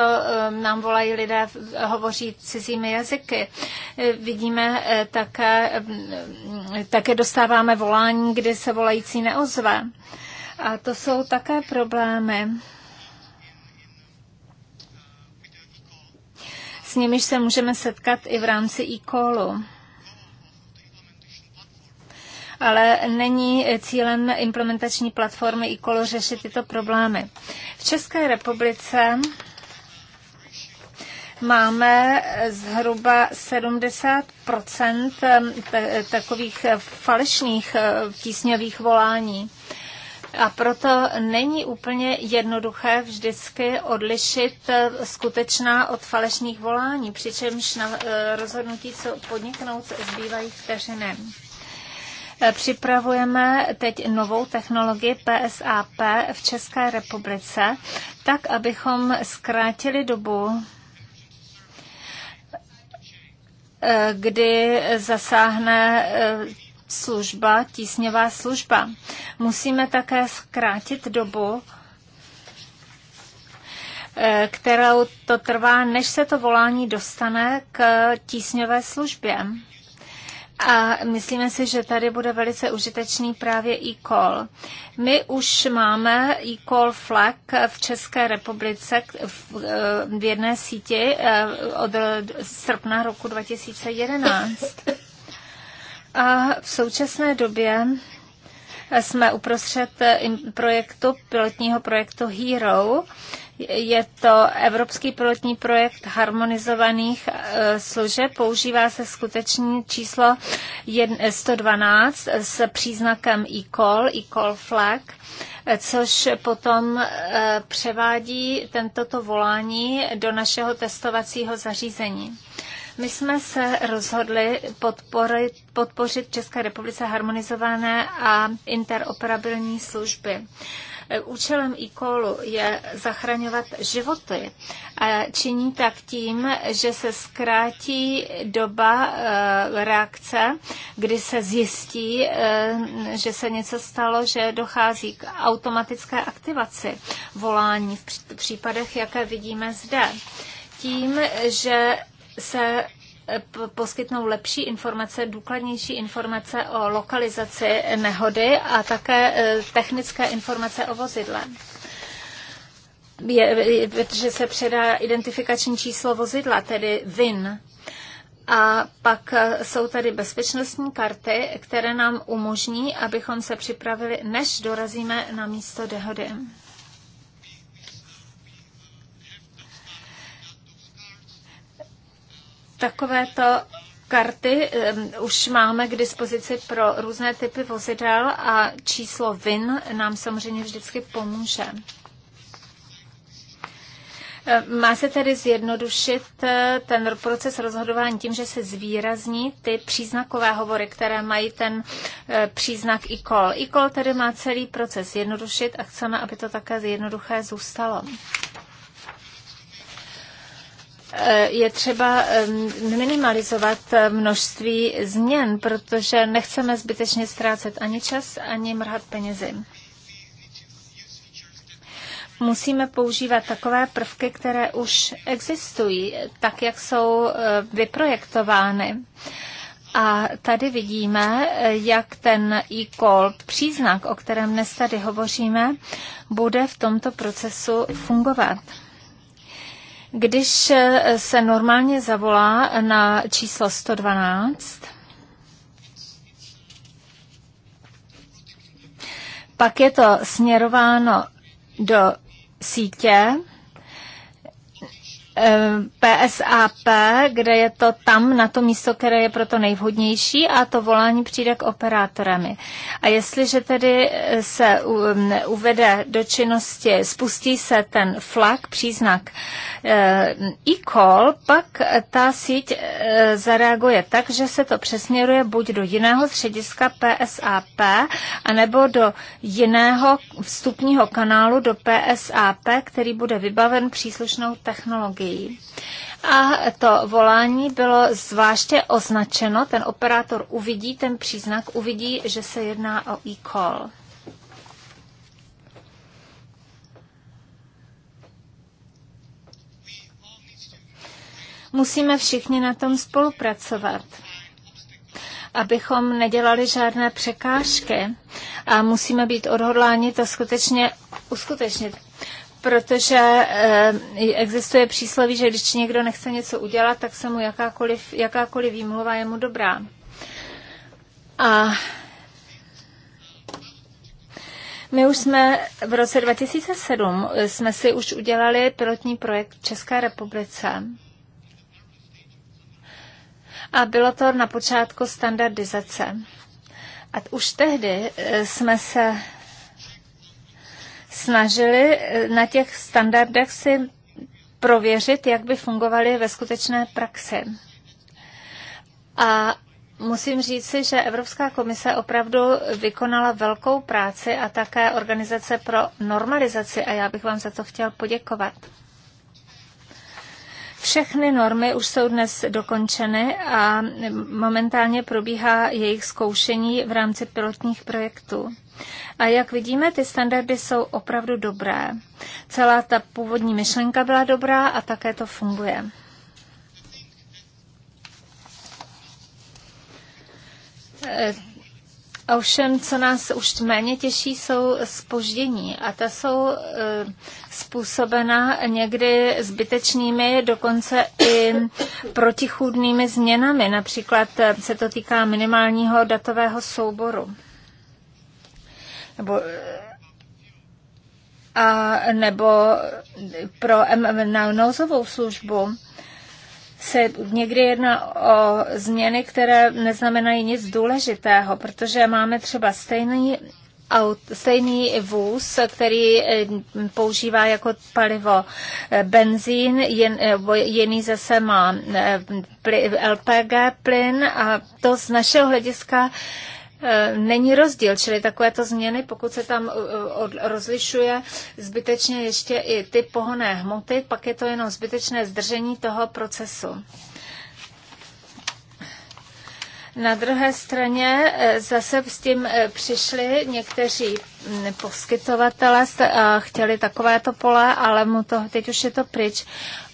nám volají lidé, hovoří cizími jazyky. E, vidíme e, také, také dostáváme volání, kdy se volající neozve. A to jsou také problémy. s nimiž se můžeme setkat i v rámci e-callu ale není cílem implementační platformy IKOLO řešit tyto problémy. V České republice máme zhruba 70 takových falešných eh, tísňových volání. A proto není úplně jednoduché vždycky odlišit eh, skutečná od falešných volání, přičemž na eh, rozhodnutí, co podniknout, zbývají vteřiny. Eh, připravujeme teď novou technologii PSAP v České republice, tak abychom zkrátili dobu kdy zasáhne služba, tísňová služba. Musíme také zkrátit dobu, eh, kterou to trvá, než se to volání dostane k tísňové službě. A myslíme si, že tady bude velice užitečný právě e-call. My už máme e-call flag v České republice eh, v jedné síti eh, od srpna roku 2011. A v současné době jsme uprostřed eh, projektu, pilotního projektu Hero. Je to evropský pilotní projekt harmonizovaných eh, služeb. Používá se skutečně číslo 112 s příznakem e-call, e-call flag, eh, což potom převádí tento volání do našeho testovacího zařízení. My jsme se rozhodli podporit, podpořit České republice harmonizované a interoperabilní služby. Účelem e-callu je zachraňovat životy a činí tak tím, že se zkrátí doba eh, reakce, kdy se zjistí, eh, že se něco stalo, že dochází k automatické aktivaci volání v případech, jaké vidíme zde tím, že se eh, poskytnou lepší informace, důkladnější informace o lokalizaci nehody a také eh, technické informace o vozidle. Je, protože se předá identifikační číslo vozidla, tedy VIN. A pak eh, jsou tady bezpečnostní karty, které nám umožní, abychom se připravili, než dorazíme na místo dehody. Takovéto karty um, už máme k dispozici pro různé typy vozidel a číslo VIN nám samozřejmě vždycky pomůže. Má se tedy zjednodušit eh, ten proces rozhodování tím, že se zvýrazní ty příznakové hovory, které mají ten eh, příznak ICOL. Kol tedy má celý proces zjednodušit a chceme, aby to také jednoduché zůstalo. Eh, je třeba ehm, minimalizovat eh, množství změn, protože nechceme zbytečně ztrácet ani čas, ani mrhat penězi. Musíme používat takové prvky, které už existují, tak jak jsou eh, vyprojektovány. A tady vidíme, jak ten e-call, příznak, o kterém dnes tady hovoříme, bude v tomto procesu fungovat. Když se normálně zavolá na číslo 112, pak je to směrováno do sítě PSAP, kde je to tam, na to místo, které je proto nejvhodnější a to volání přijde k operátorami. A jestliže tedy eh, se uvede do činnosti, spustí se ten flag, příznak eh, e-call, pak ta síť eh, zareaguje tak, že se to přesměruje buď do jiného střediska PSAP, anebo do jiného vstupního kanálu do PSAP, který bude vybaven příslušnou technologií energií. A to volání bylo zvláště označeno, ten operátor uvidí ten příznak, uvidí, že se jedná o e-call. Musíme všichni na tom spolupracovat abychom nedělali žádné překážky a musíme být odhodláni to skutečně uskutečnit protože eh, existuje přísloví, že když někdo nechce něco udělat, tak se mu jakákoliv, jakákoliv výmluva je mu dobrá. A my už jsme v roce 2007 eh, jsme si už udělali pilotní projekt v České republice. A bylo to na počátku standardizace. A už tehdy eh, jsme se snažili eh, na těch standardech si prověřit, jak by fungovaly ve skutečné praxi. A Musím říci, že Evropská komise opravdu vykonala velkou práci a také Organizace pro normalizaci a já bych vám za to chtěl poděkovat. Všechny normy už jsou dnes dokončeny a momentálně probíhá jejich zkoušení v rámci pilotních projektů. A jak vidíme, ty standardy jsou opravdu dobré. Celá ta původní myšlenka byla dobrá a také to funguje. E Ovšem, co nás už méně těší, jsou spoždění a ta jsou eh, způsobena někdy zbytečnými, dokonce i protichůdnými změnami. Například eh, se to týká minimálního datového souboru. Nebo eh, a nebo pro nouzovou službu se někdy jedná o změny, které neznamenají nic důležitého, protože máme třeba stejný aut, stejný vůz, který eh, používá jako palivo eh, benzín, jen, eh, jiný zase má LPG plyn a to z našeho hlediska Eh, není rozdíl, čili takovéto změny, pokud se tam eh, rozlišuje zbytečně ještě i ty pohonné hmoty, pak je to jenom zbytečné zdržení toho procesu. Na druhé straně e, zase s tím e, přišli někteří poskytovatelé a chtěli takovéto pole, ale mu to, teď už je to pryč.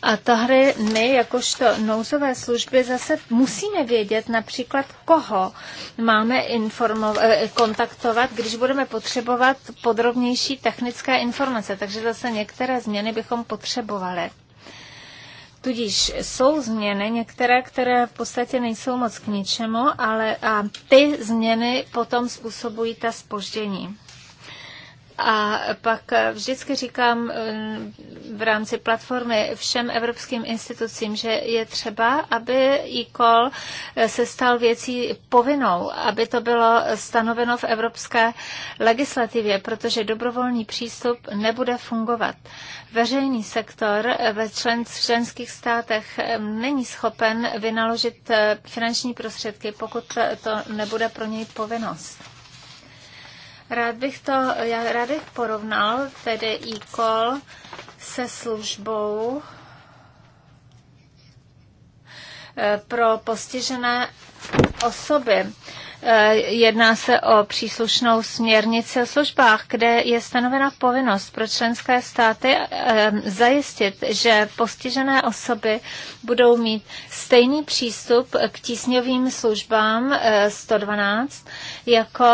A tohle my, jakožto nouzové služby, zase musíme vědět například, koho máme e, kontaktovat, když budeme potřebovat podrobnější technické informace. Takže zase některé změny bychom potřebovali. Tudíž jsou změny, některé, které v podstatě nejsou moc k ničemu, ale a ty změny potom způsobují ta spoždění. A pak eh, vždycky říkám eh, v rámci platformy všem evropským institucím, že je třeba, aby e-call eh, se stal věcí povinnou, aby to bylo stanoveno v evropské legislativě, protože dobrovolný přístup nebude fungovat veřejný sektor ve člen, členských státech není schopen vynaložit eh, finanční prostředky, pokud to nebude pro něj povinnost. Rád bych to, já rád bych porovnal tedy e-call se službou eh, pro postižené osoby. Eh, jedná se o příslušnou směrnici o službách, kde je stanovena povinnost pro členské státy eh, zajistit, že postižené osoby budou mít stejný přístup k tísňovým službám 112 eh, jako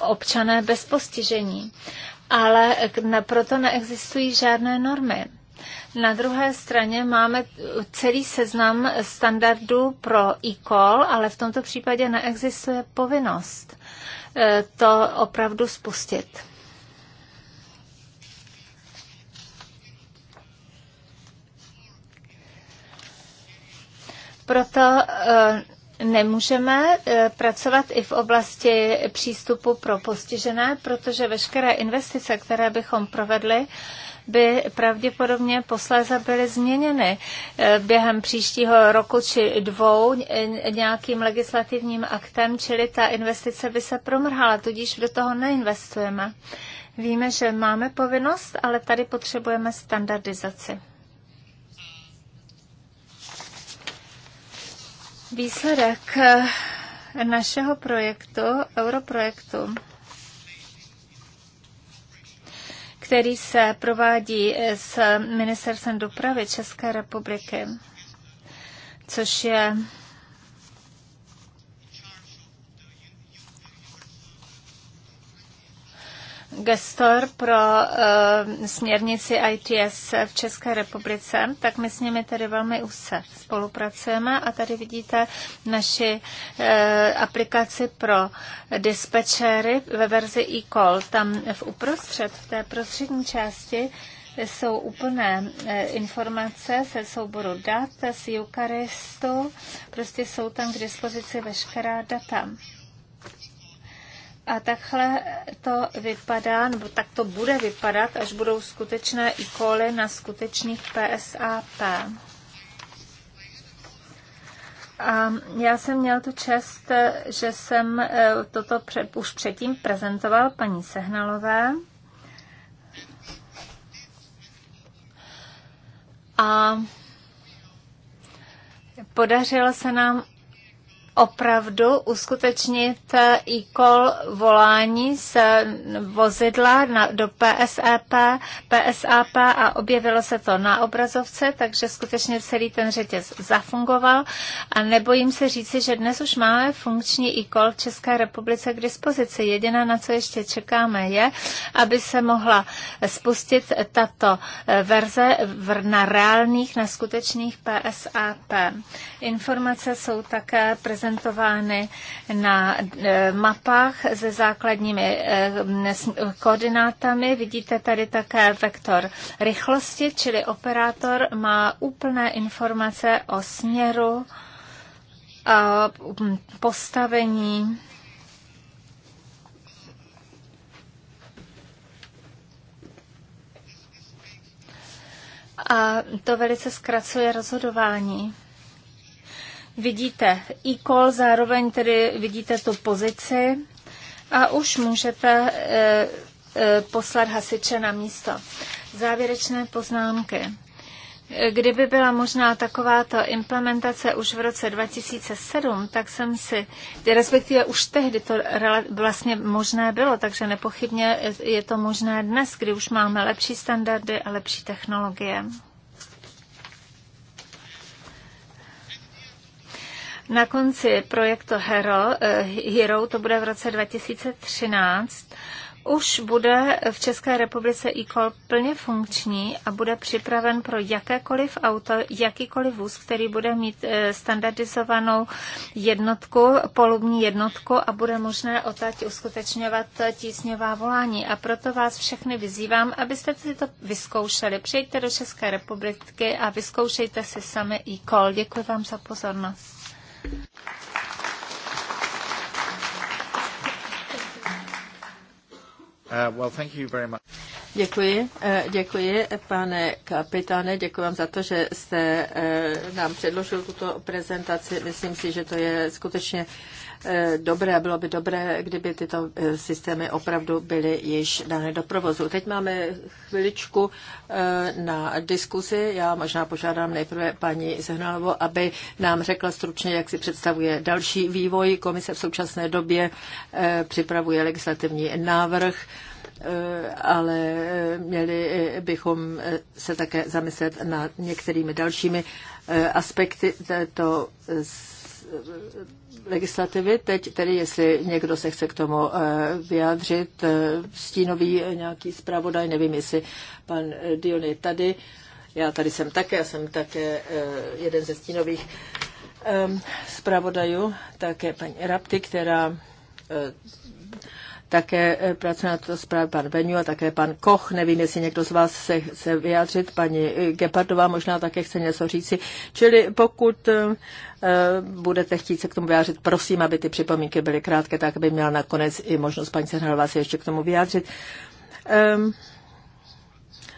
občané bez postižení ale proto neexistují žádné normy. Na druhé straně máme celý seznam standardů pro e-call, ale v tomto případě neexistuje povinnost eh, to opravdu spustit. Proto eh, Nemůžeme eh, pracovat i v oblasti přístupu pro postižené, protože veškeré investice, které bychom provedli, by pravděpodobně posléze byly změněny eh, během příštího roku či dvou eh, nějakým legislativním aktem, čili ta investice by se promrhala, tudíž do toho neinvestujeme. Víme, že máme povinnost, ale tady potřebujeme standardizaci. Výsledek eh, našeho projektu, europrojektu, který se provádí eh, s ministerstvem dopravy České republiky, což je gestor pro uh, směrnici ITS v České republice, tak my s nimi tedy velmi úzce spolupracujeme a tady vidíte naši uh, aplikaci pro dispečery ve verzi e-call. Tam v uprostřed, v té prostřední části, jsou úplné eh, informace se souboru dat z Eucharistu, prostě jsou tam k dispozici veškerá data. A takhle to vypadá, nebo tak to bude vypadat, až budou skutečné ikoly na skutečných PSAP. A já jsem měl tu čest, že jsem eh, toto před, už předtím prezentoval paní Sehnalové. A podařilo se nám opravdu uskutečnit eh, e-call volání z vozidla na, do PSAP, PSAP a objevilo se to na obrazovce, takže skutečně celý ten řetěz zafungoval a nebojím se říci, že dnes už máme funkční e-call v České republice k dispozici. Jediné, na co ještě čekáme, je, aby se mohla spustit tato eh, verze na reálných, na skutečných PSAP. Informace jsou také prezentovány prezentovány na e, mapách se základními e, koordinátami. Vidíte tady také vektor rychlosti, čili operátor má úplné informace o směru a postavení a to velice zkracuje rozhodování vidíte e-call, zároveň tedy vidíte tu pozici a už můžete eh, eh, poslat hasiče na místo. Závěrečné poznámky. Kdyby byla možná takováto implementace už v roce 2007, tak jsem si, respektive už tehdy to vlastně možné bylo, takže nepochybně je to možné dnes, kdy už máme lepší standardy a lepší technologie. Na konci projektu Hero, eh, Hero to bude v roce 2013, už bude v České republice e-call plně funkční a bude připraven pro jakékoliv auto, jakýkoliv vůz, který bude mít eh, standardizovanou jednotku, polubní jednotku a bude možné otať uskutečňovat tísňová volání. A proto vás všechny vyzývám, abyste si to vyzkoušeli. Přijďte do České republiky a vyzkoušejte si sami e-call. Děkuji vám za pozornost. Uh, děkuji, eh, děkuji, pane kapitáne, děkuji vám za to, že jste eh, nám předložil tuto prezentaci. Myslím si, že to je skutečně Eh, dobré, bylo by dobré, kdyby tyto eh, systémy opravdu byly již dány do provozu. Teď máme chviličku eh, na diskuzi. Já možná požádám nejprve paní Zehnalovo, aby nám řekla stručně, jak si představuje další vývoj. Komise v současné době připravuje legislativní návrh ale měli bychom se také zamyslet nad některými dalšími aspekty této legislativy. Teď tedy, jestli někdo se chce k tomu eh, vyjádřit, eh, stínový eh, nějaký zpravodaj, nevím, jestli pan Dion je tady. Já tady jsem také, já jsem také jeden ze stínových zpravodajů, také paní Rapty, která také eh, pracuje na to zprávě pan Veniu a také pan Koch. Nevím, jestli někdo z vás se chce vyjádřit. Paní eh, Gepardová možná také chce něco říci. Čili pokud eh, budete chtít se k tomu vyjádřit, prosím, aby ty připomínky byly krátké, tak aby měla nakonec i možnost paní Sehnalová se ještě k tomu vyjádřit. Ehm,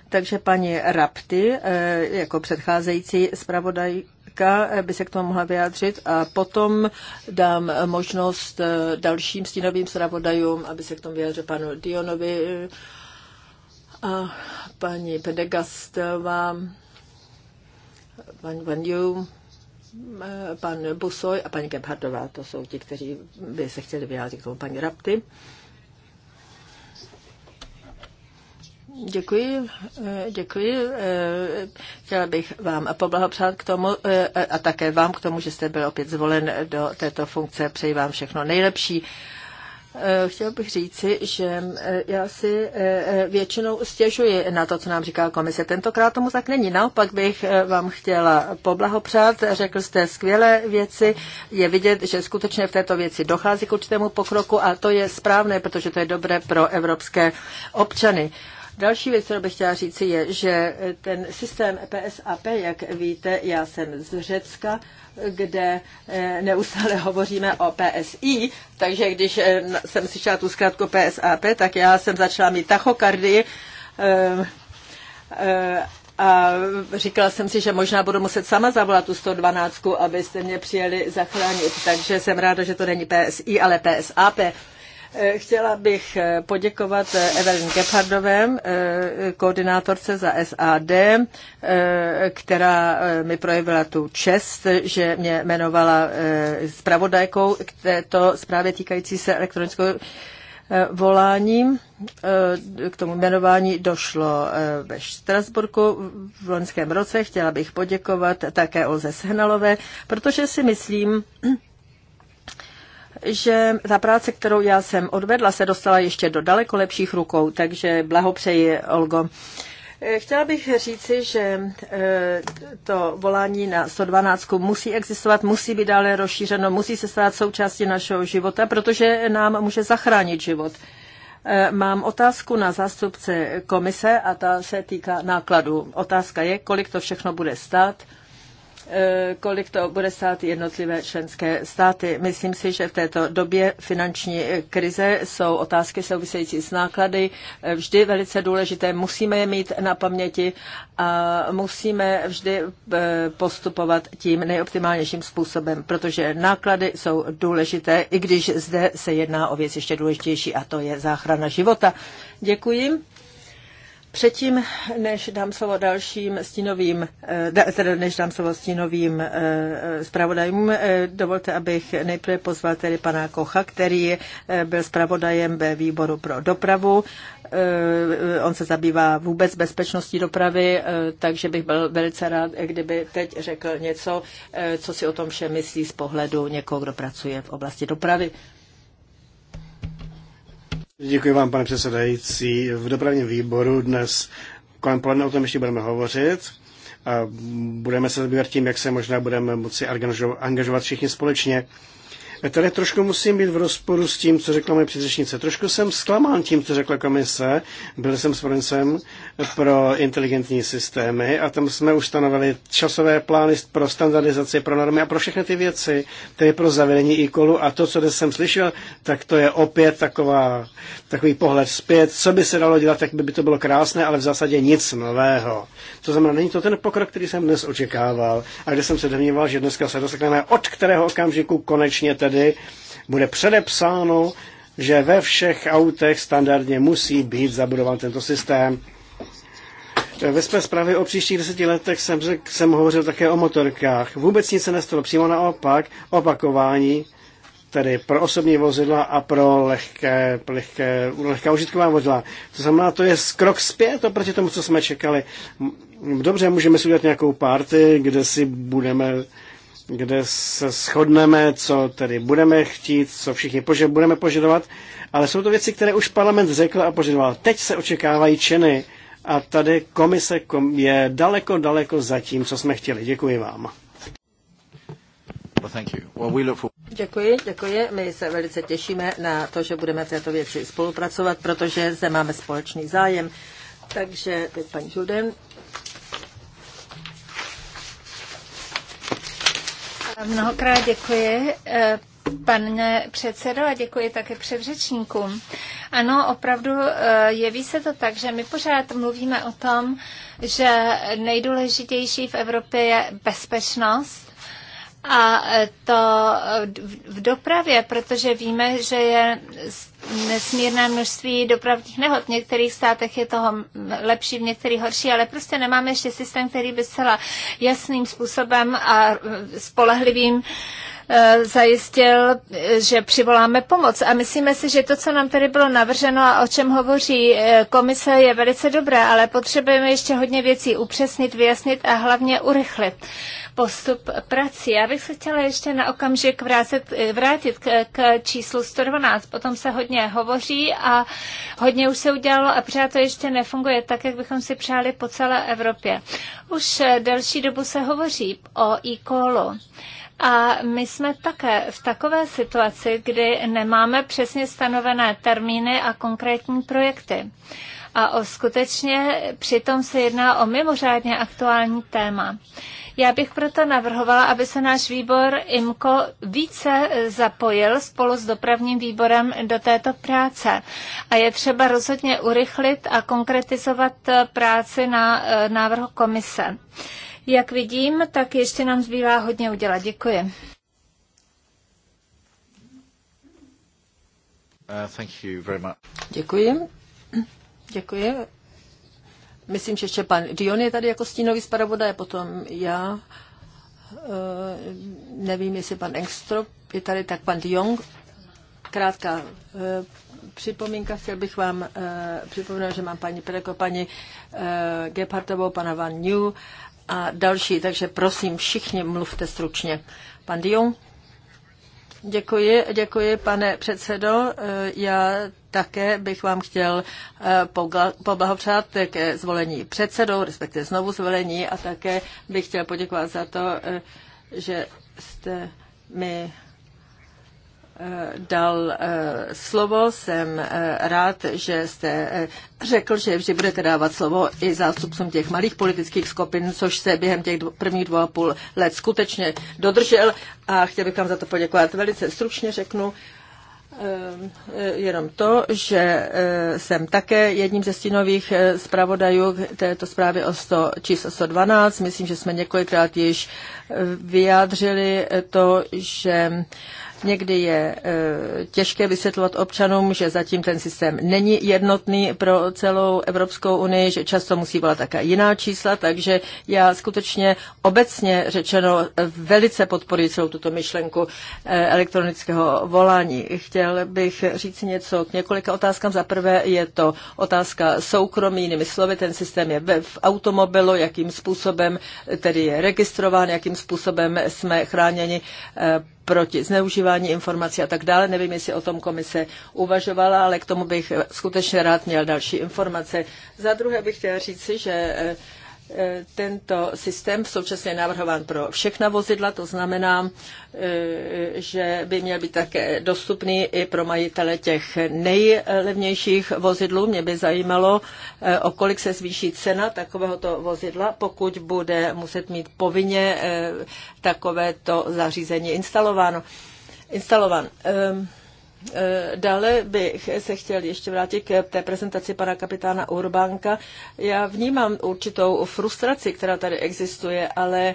takže paní Rapty, jako předcházející zpravodaj, zpravodajka by se k tomu mohla vyjádřit a potom dám možnost eh, dalším stínovým zpravodajům, aby se k tomu vyjádřil panu Dionovi a paní Pedegastová, pan Van Yu, eh, pan Busoj a paní Gebhardová. To jsou ti, kteří by se chtěli vyjádřit k tomu paní Rapty. Děkuji, eh, děkuji. Eh, chtěla bych vám poblahopřát k tomu eh, a také vám k tomu, že jste byl opět zvolen do této funkce. Přeji vám všechno nejlepší. Chtěl bych říci, že já si většinou stěžuji na to, co nám říká komise. Tentokrát tomu tak není. Naopak bych vám chtěla poblahopřát. Řekl jste skvělé věci. Je vidět, že skutečně v této věci dochází k určitému pokroku a to je správné, protože to je dobré pro evropské občany. Další věc, kterou bych chtěla říci, je, že ten systém PSAP, jak víte, já jsem z Řecka, kde eh, neustále hovoříme o PSI, takže když eh, jsem slyšela tu zkrátku PSAP, tak já jsem začala mít tachokardii eh, a říkala jsem si, že možná budu muset sama zavolat tu 112, abyste mě přijeli zachránit. Takže jsem ráda, že to není PSI, ale PSAP. Eh, chtěla bych eh, poděkovat eh, Evelyn Gepardové, koordinátorce za SAD, která mi projevila tu čest, že mě jmenovala zpravodajkou k této zprávě týkající se elektronického volání. K tomu jmenování došlo ve Štrasburku v loňském roce. Chtěla bych poděkovat také Olze Sehnalové, protože si myslím, že ta práce, kterou já jsem odvedla, se dostala ještě do daleko lepších rukou, takže blahopřeji, Olgo. Eh, chtěla bych říci, že eh, to volání na 112 musí existovat, musí být dále rozšířeno, musí se stát součástí našeho života, protože nám může zachránit život. Eh, mám otázku na zástupce komise a ta se týká nákladů. Otázka je, kolik to všechno bude stát Eh, kolik to bude stát jednotlivé členské státy. Myslím si, že v této době finanční eh, krize jsou otázky související s náklady eh, vždy velice důležité. Musíme je mít na paměti a musíme vždy postupovat tím nejoptimálnějším způsobem, protože náklady jsou důležité, i když zde se jedná o věc ještě důležitější a to je záchrana života. Děkuji. Předtím, než dám slovo dalším stínovým, eh, teda než dám slovo stínovým eh, eh, zpravodajům, dovolte, abych nejprve pozval tedy pana Kocha, který byl zpravodajem ve výboru pro dopravu. On se zabývá vůbec bezpečností dopravy, takže bych byl velice rád, kdyby teď řekl něco, co si o tom vše myslí z pohledu někoho, kdo pracuje v oblasti dopravy. Děkuji vám, pane předsedající. V dopravním výboru dnes kolem poledne o tom ještě budeme hovořit. A budeme se zabývat tím, jak se možná budeme moci angažovat všichni společně. Tady trošku musím být v rozporu s tím, co řekla moje předřečnice. Trošku jsem zklamán tím, co řekla komise. Byl jsem s pro inteligentní systémy a tam jsme ustanovili časové plány pro standardizaci, pro normy a pro všechny ty věci, tedy pro zavedení e -kolu. a to, co jsem slyšel, tak to je opět taková, takový pohled zpět. Co by se dalo dělat, tak by, by to bylo krásné, ale v zásadě nic nového. To znamená, není to ten pokrok, který jsem dnes očekával a kde jsem se domníval, že dneska se dostaneme, od kterého okamžiku konečně ten tedy bude předepsáno, že ve všech autech standardně musí být zabudován tento systém. Ve své zprávě o příštích deseti letech jsem, řek, jsem hovořil také o motorkách. Vůbec nic se nestalo, přímo naopak, opakování, tedy pro osobní vozidla a pro lehké, lehké, lehká užitková vozidla. To znamená, to je krok zpět oproti tomu, co jsme čekali. Dobře, můžeme si udělat nějakou party, kde si budeme kde se shodneme, co tedy budeme chtít, co všichni pože- budeme požadovat, ale jsou to věci, které už parlament řekl a požadoval. Teď se očekávají činy a tady komise je daleko, daleko za tím, co jsme chtěli. Děkuji vám. Děkuji, děkuji. My se velice těšíme na to, že budeme v této věci spolupracovat, protože zde máme společný zájem. Takže teď paní Žuden. Mnohokrát děkuji, eh, pane předsedo, a děkuji také předřečníkům. Ano, opravdu eh, jeví se to tak, že my pořád mluvíme o tom, že nejdůležitější v Evropě je bezpečnost a e, to v dopravě, protože víme, že je nesmírné množství dopravních nehod. V některých státech je toho lepší, v některých horší, ale prostě nemáme ještě systém, který by zcela jasným způsobem a e, spolehlivým e, zajistil, že přivoláme pomoc. A myslíme si, že to, co nám tady bylo navrženo a o čem hovoří komise, je velice dobré, ale potřebujeme ještě hodně věcí upřesnit, vyjasnit a hlavně urychlit postup prací. Já bych se chtěla ještě na okamžik vrátit, vrátit k, k číslu 112. Potom se hodně hovoří a hodně už se udělalo a pořád to ještě nefunguje tak, jak bychom si přáli po celé Evropě. Už delší dobu se hovoří o e-callu. A my jsme také v takové situaci, kdy nemáme přesně stanovené termíny a konkrétní projekty. A o skutečně přitom se jedná o mimořádně aktuální téma. Já bych proto navrhovala, aby se náš výbor IMCO více zapojil spolu s dopravním výborem do této práce. A je třeba rozhodně urychlit a konkretizovat práci na e, návrhu komise. Jak vidím, tak ještě nám zbývá hodně udělat. Děkuji. Uh, thank you very much. Děkuji. Děkuji myslím, že ještě pan Dion je tady jako stínový zpravodaj, potom já, eh, nevím, jestli pan Engstrop je tady, tak pan Dion. Krátká eh, připomínka, chtěl bych vám eh, připomenout, že mám paní Pereko, paní Gebhardovou, pana Van New a další, takže prosím, všichni mluvte stručně. Pan Dion. Děkuji, děkuji, pane předsedo. Eh, já také bych vám chtěl eh, poblahopřát k zvolení předsedou, respektive znovu zvolení a také bych chtěl poděkovat za to, eh, že jste mi Eh, dal eh, slovo. Jsem eh, rád, že jste řekl, že vždy budete dávat slovo i zástupcům těch malých politických skupin, což se během těch dvo, prvních dvou a půl let skutečně dodržel a chtěl bych vám za to poděkovat. Velice stručně řeknu, jenom to, že jsem také jedním ze stínových zpravodajů této zprávy o 100, číslo 112. Myslím, že jsme několikrát již vyjádřili to, že Někdy je e, těžké vysvětlovat občanům, že zatím ten systém není jednotný pro celou Evropskou unii, že často musí volat také jiná čísla, takže já skutečně obecně řečeno velice podporuji celou tuto myšlenku e, elektronického volání. Chtěl bych říct něco k několika otázkám. Za prvé je to otázka soukromí, jinými slovy, ten systém je v automobilu, jakým způsobem tedy je registrován, jakým způsobem jsme chráněni e, proti zneužívání informací a tak dále. Nevím, jestli o tom komise uvažovala, ale k tomu bych skutečně rád měl další informace. Za druhé bych chtěla říci, že eh, Eh, tento systém v současně je navrhován pro všechna vozidla, to znamená, eh, že by měl být také dostupný i pro majitele těch nejlevnějších vozidlů. Mě by zajímalo, eh, o kolik se zvýší cena takovéhoto vozidla, pokud bude muset mít povinně takovéto zařízení instalováno. Instalovan. Ehm, Eh, dále bych se chtěl ještě vrátit k té prezentaci pana kapitána Urbánka. Já vnímám určitou frustraci, která tady existuje, ale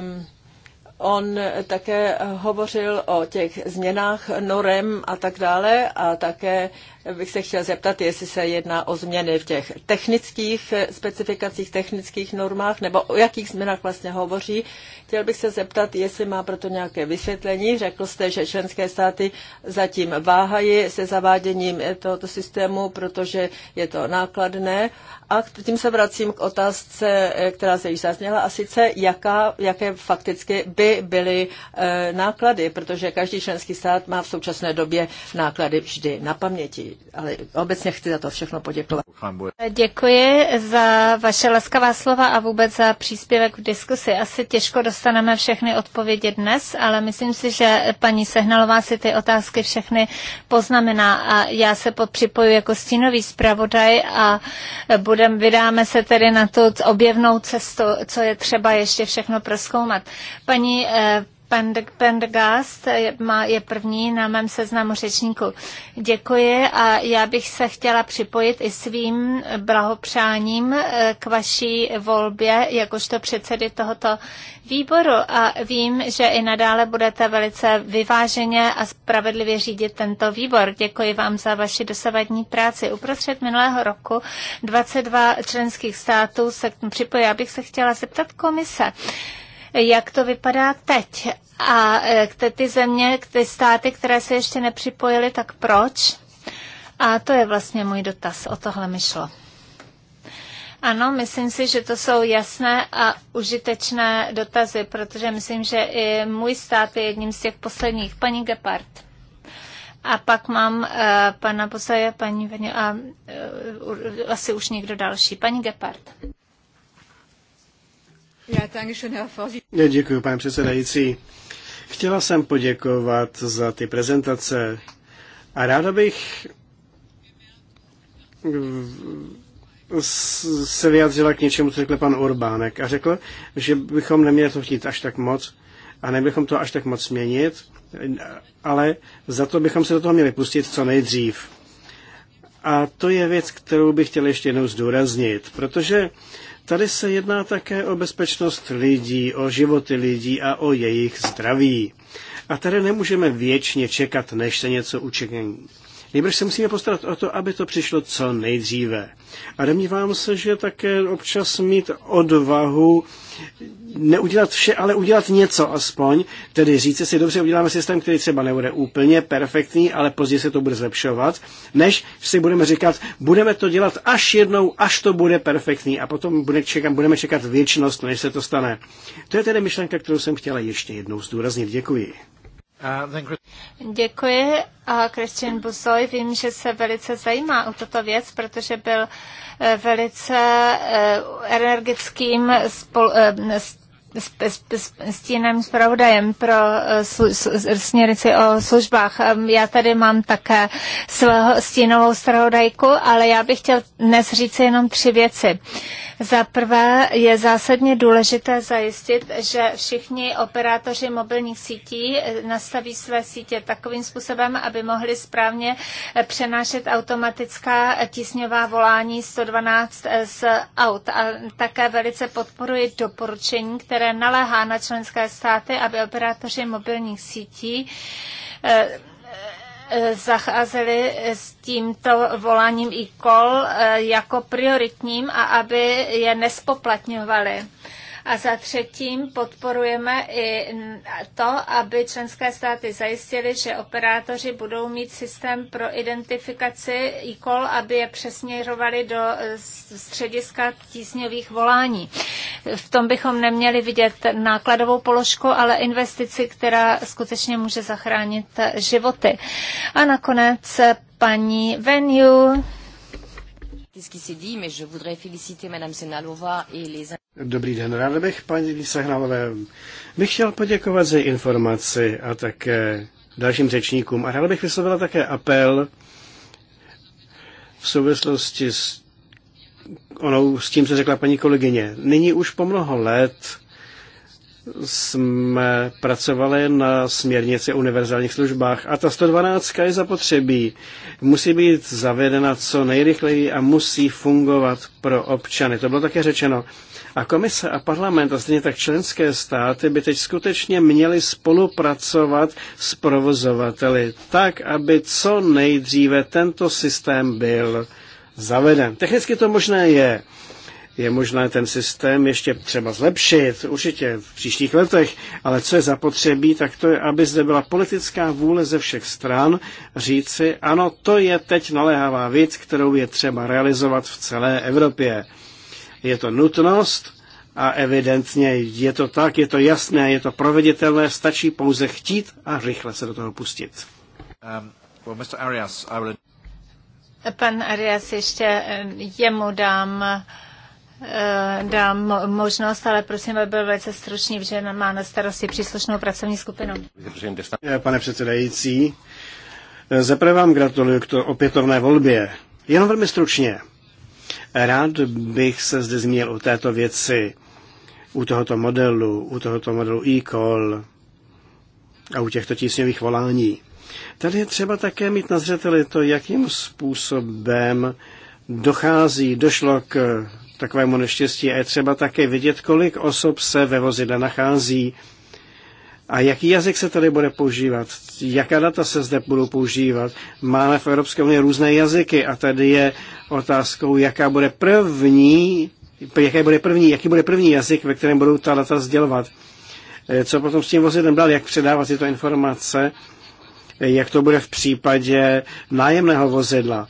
um, on také hovořil o těch změnách norem a tak dále a také bych se chtěl zeptat, jestli se jedná o změny v těch technických eh, specifikacích, technických normách, nebo o jakých změnách vlastně hovoří. Chtěl bych se zeptat, jestli má proto nějaké vysvětlení. Řekl jste, že členské státy zatím váhají se zaváděním eh, tohoto systému, protože je to nákladné. A tím se vracím k otázce, eh, která se již zazněla, a sice jaká, jaké fakticky by byly náklady, protože každý členský stát má v současné době náklady vždy na paměti ale obecně chci za to všechno poděkovat. Děkuji za vaše laskavá slova a vůbec za příspěvek v diskusi. Asi těžko dostaneme všechny odpovědi dnes, ale myslím si, že paní Sehnalová si ty otázky všechny poznamená a já se připoju jako stínový zpravodaj a budem, vydáme se tedy na tu objevnou cestu, co je třeba ještě všechno proskoumat. Paní eh, Pendergast je první na mém seznamu řečníků. Děkuji a já bych se chtěla připojit i svým blahopřáním eh, k vaší volbě jakožto předsedy tohoto výboru a vím, že i nadále budete velice vyváženě a spravedlivě řídit tento výbor. Děkuji vám za vaši dosavadní práci. Uprostřed minulého roku 22 členských států se k tomu Já bych se chtěla zeptat komise jak to vypadá teď. A e, ty země, ty státy, které se ještě nepřipojily, tak proč? A to je vlastně můj dotaz, o tohle mi šlo. Ano, myslím si, že to jsou jasné a užitečné dotazy, protože myslím, že i můj stát je jedním z těch posledních. Paní Gepard. A pak mám uh, pana posaje, paní a uh, asi už někdo další. Paní Gepard. Děkuji, pane předsedající. Chtěla jsem poděkovat za ty prezentace a ráda bych se vyjádřila k něčemu, co řekl pan Orbánek a řekl, že bychom neměli to chtít až tak moc a nebychom to až tak moc měnit, ale za to bychom se do toho měli pustit co nejdřív. A to je věc, kterou bych chtěl ještě jednou zdůraznit, protože Tady se jedná také o bezpečnost lidí, o životy lidí a o jejich zdraví. A tady nemůžeme věčně čekat, než se něco učiní. Nejprve se musíme postarat o to, aby to přišlo co nejdříve. A domnívám se, že také občas mít odvahu neudělat vše, ale udělat něco aspoň, tedy říci si, dobře, uděláme systém, který třeba nebude úplně perfektní, ale později se to bude zlepšovat, než si budeme říkat, budeme to dělat až jednou, až to bude perfektní a potom bude čekat, budeme čekat věčnost, než se to stane. To je tedy myšlenka, kterou jsem chtěla ještě jednou zdůraznit. Děkuji. Děkuji. A Christian Busoj, vím, že se velice zajímá o tuto věc, protože byl velice eh, energickým spol, eh, stínem zpravodajem pro eh, směrnici o službách. Já tady mám také svého stínovou zpravodajku, ale já bych chtěl dnes říct jenom tři věci. Za prvé je zásadně důležité zajistit, že všichni operátoři mobilních sítí eh, nastaví své sítě takovým způsobem, aby mohli správně eh, přenášet automatická tisňová volání 112 z aut. A také velice podporuji doporučení, které které naléhá na členské státy, aby operátoři mobilních sítí eh, eh, zacházeli s tímto voláním e-call eh, jako prioritním a aby je nespoplatňovali. A za třetím podporujeme i to, aby členské státy zajistili, že operátoři budou mít systém pro identifikaci e-call, aby je přesměřovali do střediska tísňových volání. V tom bychom neměli vidět nákladovou položku, ale investici, která skutečně může zachránit životy. A nakonec paní Venue Dobrý den, rád bych paní Sehnalové. Bych chtěl poděkovat za informaci a také dalším řečníkům. A rád bych vyslovila také apel v souvislosti s, onou, s tím, co řekla paní kolegyně. Nyní už po mnoho let jsme pracovali na směrnici o univerzálních službách a ta 112 je zapotřebí. Musí být zavedena co nejrychleji a musí fungovat pro občany. To bylo také řečeno. A komise a parlament a stejně tak členské státy by teď skutečně měly spolupracovat s provozovateli tak, aby co nejdříve tento systém byl zaveden. Technicky to možné je je možné ten systém ještě třeba zlepšit, určitě v příštích letech, ale co je zapotřebí, tak to je, aby zde byla politická vůle ze všech stran říci, ano, to je teď naléhavá věc, kterou je třeba realizovat v celé Evropě. Je to nutnost a evidentně je to tak, je to jasné, je to proveditelné, stačí pouze chtít a rychle se do toho pustit. Um, well, Mr. Arias, I will... Pan Arias, ještě eh, jemu dám Eh, dám možnost, ale prosím, aby byl velice stručný, že má na starosti příslušnou pracovní skupinu. Eh, pane předsedající, eh, zaprvé vám gratuluju k to opětovné volbě. Jenom velmi stručně. Rád bych se zde zmínil o této věci, u tohoto modelu, u tohoto modelu e-call a u těchto tísňových volání. Tady je třeba také mít na zřeteli to, jakým způsobem dochází, došlo k takovému neštěstí. A je třeba také vidět, kolik osob se ve vozidle nachází a jaký jazyk se tady bude používat, jaká data se zde budou používat. Máme v Evropské unii různé jazyky a tady je otázkou, jaká bude první, jaké bude první, jaký bude první jazyk, ve kterém budou ta data sdělovat. Eh, co potom s tím vozidlem dál, jak předávat tyto informace, eh, jak to bude v případě nájemného vozidla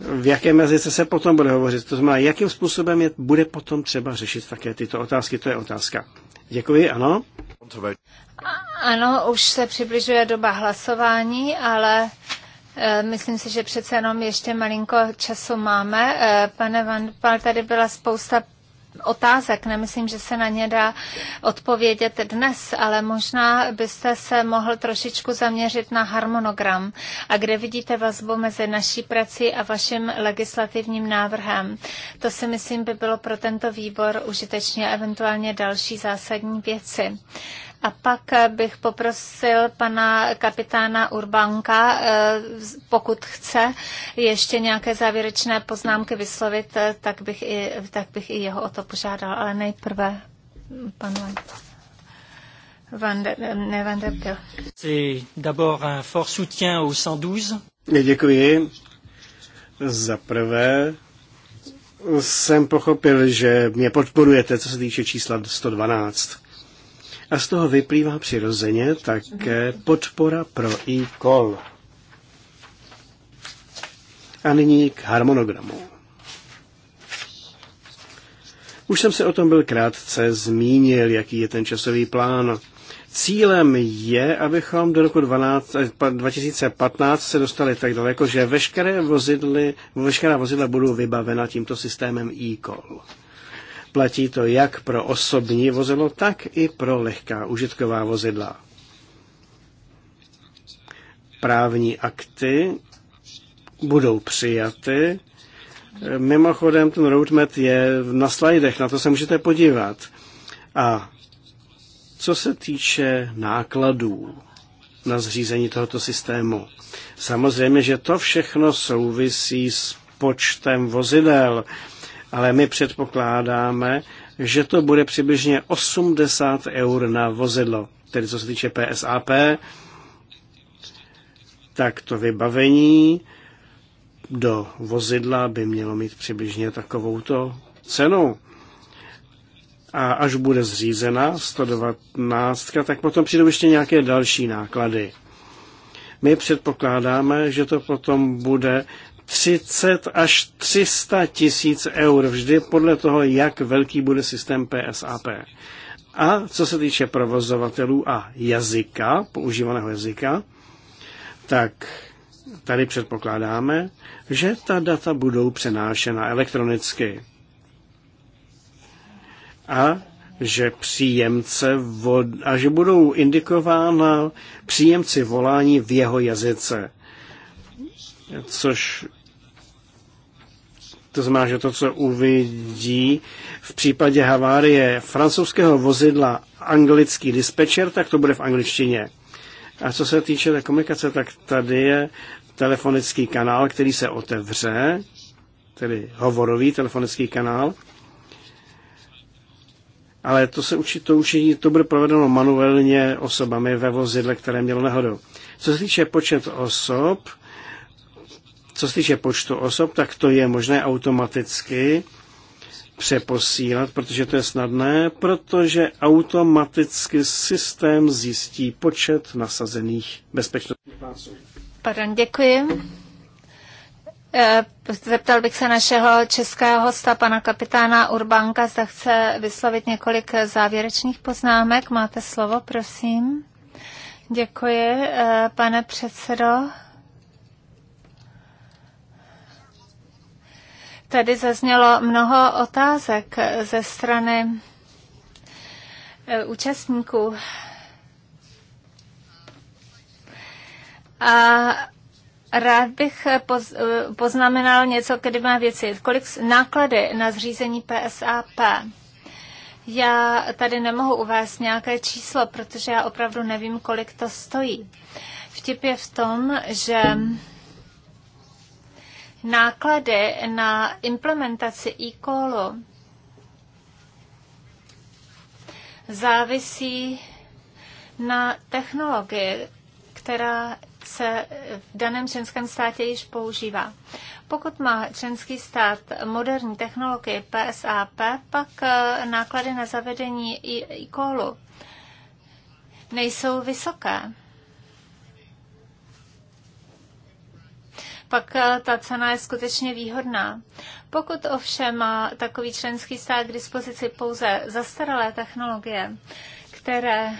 v jakém jazyce se potom bude hovořit. To znamená, jakým způsobem je, bude potom třeba řešit také tyto otázky. To je otázka. Děkuji, ano. Ano, už se přibližuje doba hlasování, ale eh, Myslím si, že přece jenom ještě malinko času máme. Eh, pane Van Pal, tady byla spousta otázek. Nemyslím, že se na ně dá odpovědět dnes, ale možná byste se mohl trošičku zaměřit na harmonogram a kde vidíte vazbu mezi naší prací a vaším legislativním návrhem. To si myslím by bylo pro tento výbor užitečně eventuálně další zásadní věci. A pak bych poprosil pana kapitána Urbanka, eh, pokud chce ještě nějaké závěrečné poznámky vyslovit, eh, tak bych i, tak bych i jeho o to požádal. Ale nejprve pan Van de, ne, Van de C'est d'abord un fort soutien au 112. Děkuji. Za prvé jsem pochopil, že mě podporujete, co se týče čísla 112. A z toho vyplývá přirozeně také podpora pro e-call. A nyní k harmonogramu. Už jsem se o tom byl krátce zmínil, jaký je ten časový plán. Cílem je, abychom do roku 12, 2015 se dostali tak daleko, že veškeré vozidly, veškerá vozidla budou vybavena tímto systémem e-call. Platí to jak pro osobní vozidlo, tak i pro lehká užitková vozidla. Právní akty budou přijaty. Mimochodem, ten roadmap je na slajdech, na to se můžete podívat. A co se týče nákladů na zřízení tohoto systému, samozřejmě, že to všechno souvisí s počtem vozidel ale my předpokládáme, že to bude přibližně 80 eur na vozidlo, tedy co se týče PSAP, tak to vybavení do vozidla by mělo mít přibližně takovouto cenu. A až bude zřízena 119, tak potom přijdou ještě nějaké další náklady. My předpokládáme, že to potom bude 30 až 300 tisíc eur, vždy podle toho, jak velký bude systém PSAP. A co se týče provozovatelů a jazyka, používaného jazyka, tak tady předpokládáme, že ta data budou přenášena elektronicky. A že příjemce vod, a že budou indikována příjemci volání v jeho jazyce, což to znamená, že to, co uvidí v případě havárie francouzského vozidla anglický dispečer, tak to bude v angličtině. A co se týče té komunikace, tak tady je telefonický kanál, který se otevře, tedy hovorový telefonický kanál, ale to se učí, to učí, to bude provedeno manuálně osobami ve vozidle, které mělo nehodu. Co se týče počet osob, co se týče počtu osob, tak to je možné automaticky přeposílat, protože to je snadné, protože automaticky systém zjistí počet nasazených bezpečnostních pásů. Pardon, děkuji. Eh, zeptal bych se našeho českého hosta, pana kapitána Urbanka, zda chce vyslovit několik závěrečných poznámek. Máte slovo, prosím. Děkuji, eh, pane předsedo. Tady zaznělo mnoho otázek ze strany eh, účastníků. A Rád bych eh, poznamenal něco kdy má věci. Kolik náklady na zřízení PSAP? Já tady nemohu uvést nějaké číslo, protože já opravdu nevím, kolik to stojí. Vtip je v tom, že náklady na implementaci e-callu závisí na technologii, která se v daném členském státě již používá. Pokud má členský stát moderní technologie PSAP, pak eh, náklady na zavedení e-callu nejsou vysoké. pak eh, ta cena je skutečně výhodná. Pokud ovšem má takový členský stát k dispozici pouze zastaralé technologie, které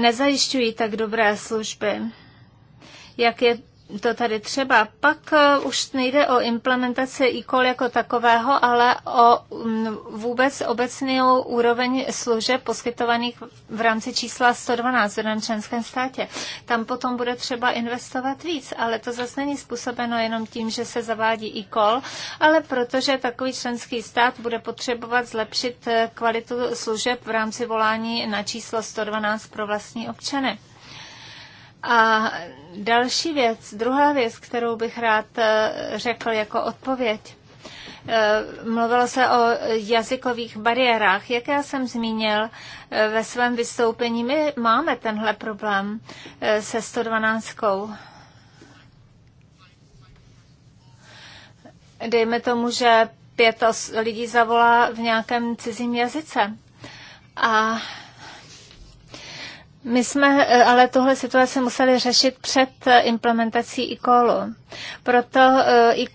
nezajišťují tak dobré služby, jak je to tady třeba. Pak eh, už nejde o implementaci e jako takového, ale o mm, vůbec obecnou úroveň služeb poskytovaných v rámci čísla 112 v daném členském státě. Tam potom bude třeba investovat víc, ale to zase není způsobeno jenom tím, že se zavádí e-call, ale protože takový členský stát bude potřebovat zlepšit eh, kvalitu služeb v rámci volání na číslo 112 pro vlastní občany. A další věc, druhá věc, kterou bych rád eh, řekl jako odpověď. Eh, mluvilo se o jazykových bariérách. Jak já jsem zmínil eh, ve svém vystoupení, my máme tenhle problém se 112. Dejme tomu, že pět lidí zavolá v nějakém cizím jazyce. A my jsme eh, ale tuhle situaci museli řešit před eh, implementací e-callu. Proto e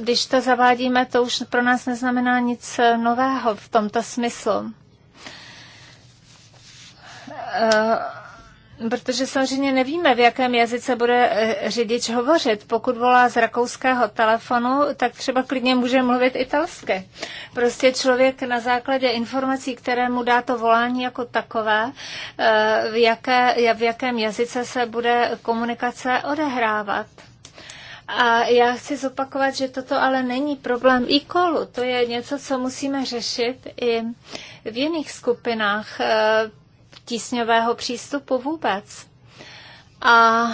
když to zavádíme, to už pro nás neznamená nic nového v tomto smyslu. Uh Protože samozřejmě nevíme, v jakém jazyce bude eh, řidič hovořit. Pokud volá z rakouského telefonu, tak třeba klidně může mluvit italsky. Prostě člověk na základě informací, které mu dá to volání jako takové, eh, v, jaké, v jakém jazyce se bude komunikace odehrávat. A já chci zopakovat, že toto ale není problém e kolu To je něco, co musíme řešit i v jiných skupinách eh, tísňového přístupu vůbec. A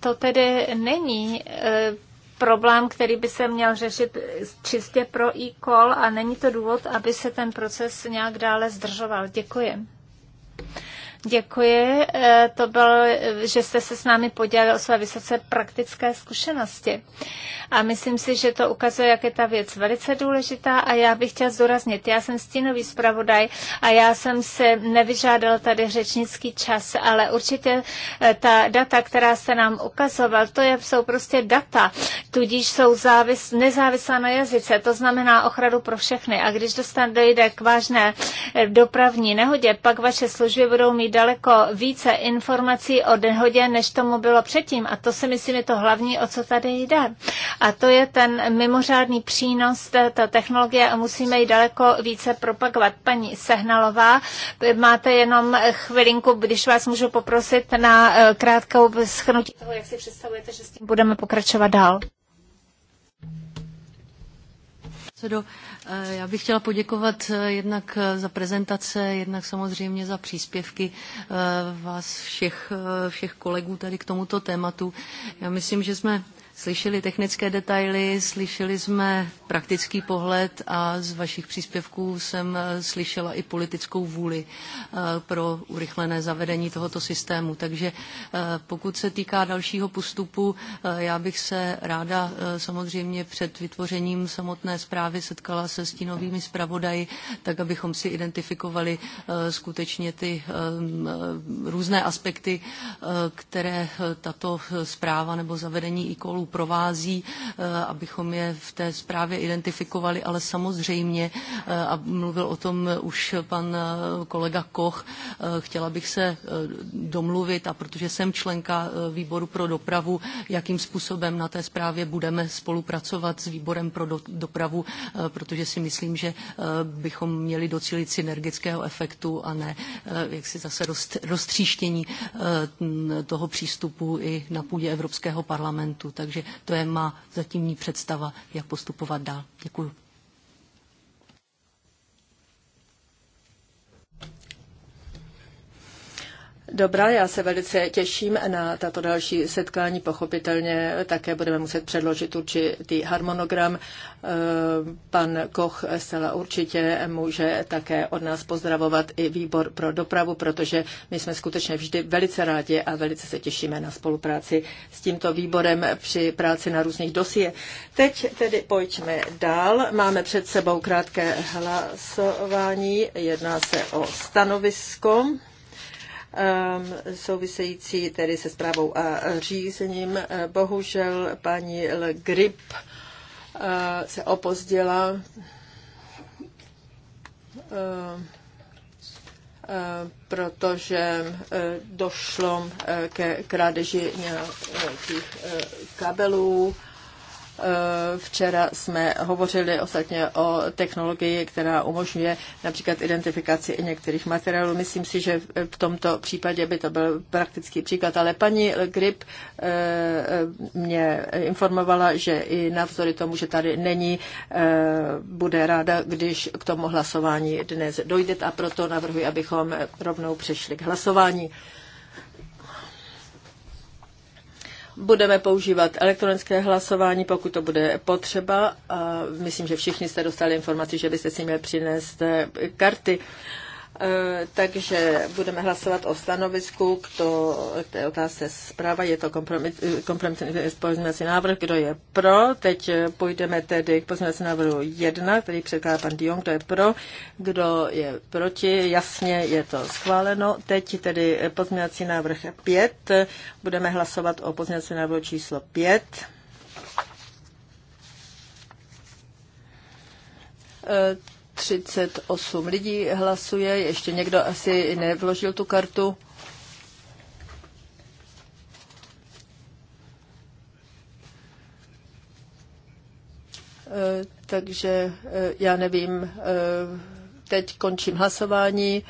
to tedy není e, problém, který by se měl řešit čistě pro e-call a není to důvod, aby se ten proces nějak dále zdržoval. Děkuji. Děkuji, eh, to bylo, eh, že jste se s námi podělili o své vysoce praktické zkušenosti. A myslím si, že to ukazuje, jak je ta věc velice důležitá a já bych chtěla zdůraznit, já jsem stínový zpravodaj a já jsem si nevyžádal tady řečnický čas, ale určitě eh, ta data, která se nám ukazoval, to je, jsou prostě data, tudíž jsou závis, nezávislá na jazyce, to znamená ochranu pro všechny. A když dostan dojde k vážné dopravní nehodě, pak vaše služby budou mít daleko více informací o nehodě, než tomu bylo předtím. A to si myslím je to hlavní, o co tady jde. A to je ten mimořádný přínos této technologie a musíme ji daleko více propagovat. Paní Sehnalová, máte jenom chvilinku, když vás můžu poprosit na eh, krátkou schnutí toho, jak si představujete, že s tím budeme pokračovat dál předsedo. Eh, já bych chtěla poděkovat eh, jednak eh, za prezentace, jednak samozřejmě za příspěvky vás všech, všech kolegů tady k tomuto tématu. Já myslím, že jsme Slyšeli technické detaily, slyšeli jsme praktický pohled a z vašich příspěvků jsem eh, slyšela i politickou vůli eh, pro urychlené zavedení tohoto systému. Takže eh, pokud se týká dalšího postupu, já bych se ráda samozřejmě před vytvořením samotné zprávy setkala se stínovými zpravodaji, tak abychom si identifikovali skutečně ty ehm, různé aspekty, které tato zpráva nebo zavedení e mnou provází, eh, abychom je v té zprávě identifikovali, ale samozřejmě, eh, a mluvil o tom už pan eh, kolega Koch, chtěla bych se domluvit, a protože jsem členka výboru pro dopravu, jakým způsobem na té zprávě budeme spolupracovat s výborem pro dopravu, protože si myslím, že bychom měli docílit synergického efektu a ne si zase roztříštění toho přístupu i na půdě Evropského parlamentu. Takže takže to je má zatímní představa, jak postupovat dál. Děkuji. Dobrá, já se velice těším na tato další setkání. Pochopitelně také budeme muset předložit určitý harmonogram. Eh, pan Koch zcela určitě může také od nás pozdravovat i výbor pro dopravu, protože my jsme skutečně vždy velice rádi a velice se těšíme na spolupráci s tímto výborem při práci na různých dosie. Teď tedy pojďme dál. Máme před sebou krátké hlasování. Jedná se o stanovisko. Ehm, související tedy se zprávou a řízením. Ehm, bohužel paní Le Grip ehm, se opozdila. protože došlo ke krádeži nějakých kabelů Eh, včera jsme hovořili ostatně o technologii, která umožňuje například identifikaci i některých materiálů. Myslím si, že v tomto případě by to byl praktický příklad, ale paní Grip eh, mě informovala, že i navzory tomu, že tady není, eh, bude ráda, když k tomu hlasování dnes dojde a proto navrhuji, abychom rovnou přešli k hlasování. Budeme používat elektronické hlasování, pokud to bude potřeba. A myslím, že všichni jste dostali informaci, že byste si měli přinést eh, karty. Eh, takže budeme hlasovat o stanovisku k, to, k té otázce zpráva. Je to eh, kompromisní pozměňovací návrh, kdo je pro. Teď eh, půjdeme tedy k pozměňovacímu návrhu 1, který předkládá pan Dion, kdo je pro, kdo je proti. Jasně je to schváleno. Teď tedy pozměňovací návrh 5. Budeme hlasovat o pozměňovacím návrhu číslo 5. E, 38 lidí hlasuje, ještě někdo asi nevložil tu kartu. Eh, takže eh, já nevím, eh, teď končím hlasování.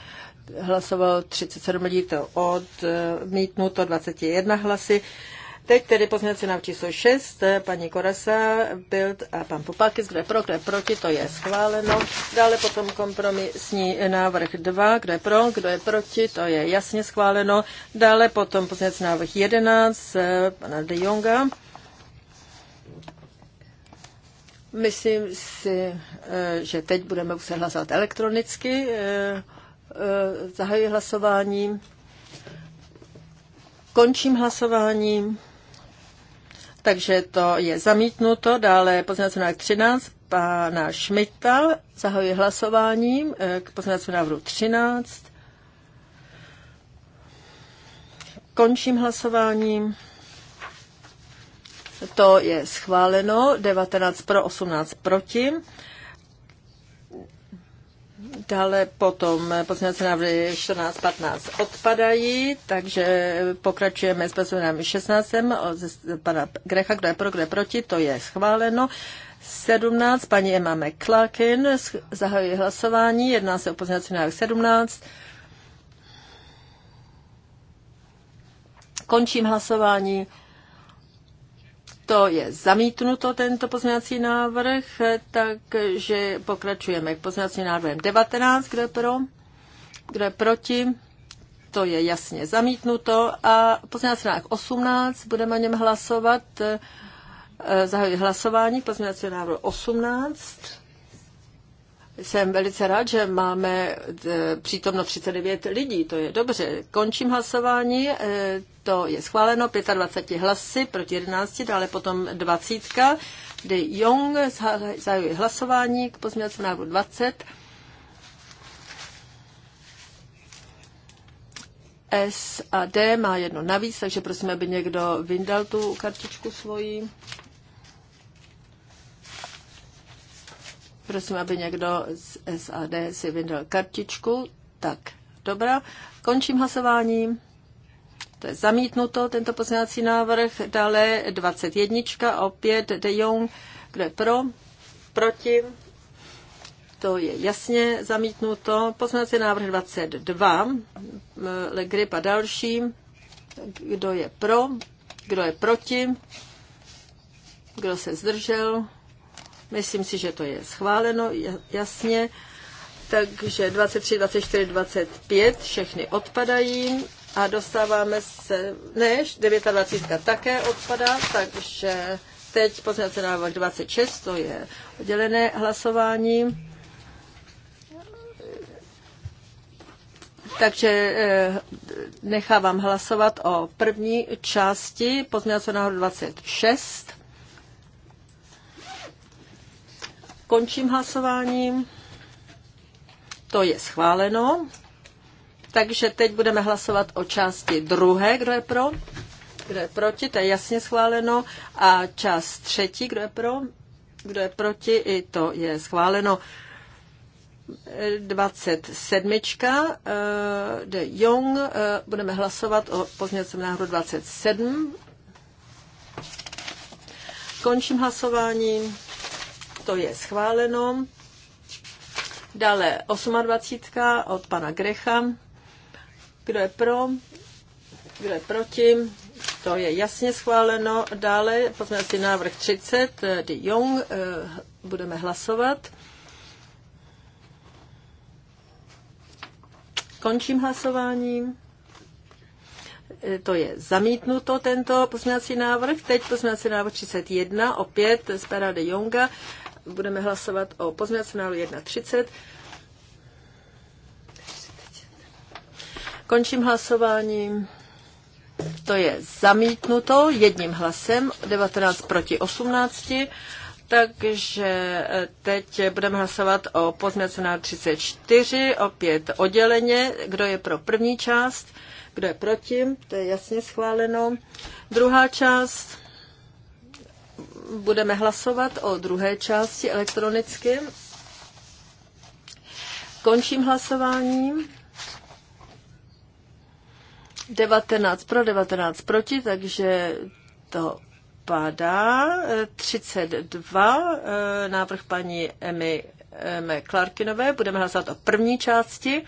Hlasoval 37 lidí, to odmítnuto 21 hlasy. Teď tedy pozměňovací návrh číslo 6, eh, paní Korasa, Bild a pan kdo kde pro, kde proti, to je schváleno. Dále potom kompromisní návrh 2, kde pro, kdo je proti, to je jasně schváleno. Dále potom pozměňovací návrh 11, eh, pana De Jonga. Myslím si, eh, že teď budeme muset hlasovat elektronicky. Zahajuji hlasování. Končím hlasování takže to je zamítnuto. Dále pozměňovací návrh 13 pana Šmita. Zahajuji hlasováním eh, k pozměňovacímu návrhu 13. Končím hlasováním. To je schváleno. 19 pro, 18 proti. Dále potom pozměňovací návrhy 14, 15 odpadají, takže pokračujeme s pozměňovacím 16 od pana Grecha, kdo je pro, kdo je proti, to je schváleno. 17, paní Emma McClarkin, zahajuje hlasování, jedná se o pozměňovací návrh 17. Končím hlasování to je zamítnuto, tento pozměňovací návrh, takže pokračujeme k pozměňovacím návrhem 19, kdo je pro, kdo je proti, to je jasně zamítnuto a pozměňovací návrh 18, budeme o něm hlasovat, eh, zahajuji hlasování pozměňovací návrhu 18. Jsem velice rád, že máme e, přítomno 39 lidí, to je dobře. Končím hlasování, e, to je schváleno 25 hlasy proti 11, dále potom 20. De Jong zahajuje hlasování k pozměňovacímu návrhu 20. S a D má jedno navíc, takže prosím, aby někdo vyndal tu kartičku svoji. Prosím, aby někdo z SAD si vyndal kartičku. Tak, dobrá. Končím hlasováním. To je zamítnuto, tento pozměňovací návrh. Dále 21. Opět De Jong. Kdo je pro? Proti? To je jasně zamítnuto. Pozměňovací návrh 22. Legrip a další. Kdo je pro? Kdo je proti? Kdo se zdržel? Myslím si, že to je schváleno jasně. Takže 23, 24, 25 všechny odpadají a dostáváme se, ne, 29 také odpadá, takže teď pozměňovací návrh 26, to je oddělené hlasování. Takže eh, nechávám hlasovat o první části pozměňovacího návrhu 26. Končím hlasováním. To je schváleno. Takže teď budeme hlasovat o části druhé, kdo je pro, kdo je proti, to je jasně schváleno. A část třetí, kdo je pro, kdo je proti, i to je schváleno. 27. Eh, de Jong, eh, budeme hlasovat o pozměňovacím návrhu 27. Končím hlasování to je schváleno. Dále 28 od pana Grecha. Kdo je pro? Kdo je proti? To je jasně schváleno. Dále pozměňovací návrh 30, eh, de Jong, eh, budeme hlasovat. Končím hlasování. Eh, to je zamítnuto, tento pozměňovací návrh. Teď pozměňovací návrh 31, opět z Parade de Jonga budeme hlasovat o pozměňovacím návrhu 1.30. Končím hlasováním. To je zamítnuto jedním hlasem, 19 proti 18. Takže e, teď budeme hlasovat o pozměnce na 34, opět odděleně, kdo je pro první část, kdo je proti, to je jasně schváleno. Druhá část, budeme hlasovat o druhé části elektronicky. Končím hlasováním. 19 pro, 19 proti, takže to padá. 32, eh, návrh paní Emmy eh, Clarkinové. Budeme hlasovat o první části.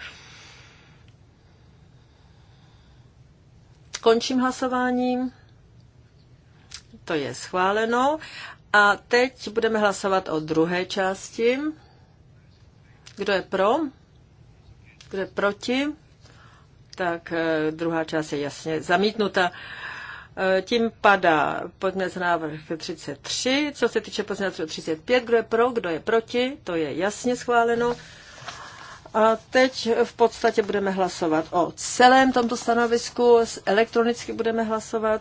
Končím hlasováním to je schváleno. A teď budeme hlasovat o druhé části. Kdo je pro? Kdo je proti? Tak eh, druhá část je jasně zamítnuta. Eh, tím padá podměc návrh 33. Co se týče podměcu 35, kdo je pro, kdo je proti, to je jasně schváleno. A teď v podstatě budeme hlasovat o celém tomto stanovisku. Elektronicky budeme hlasovat.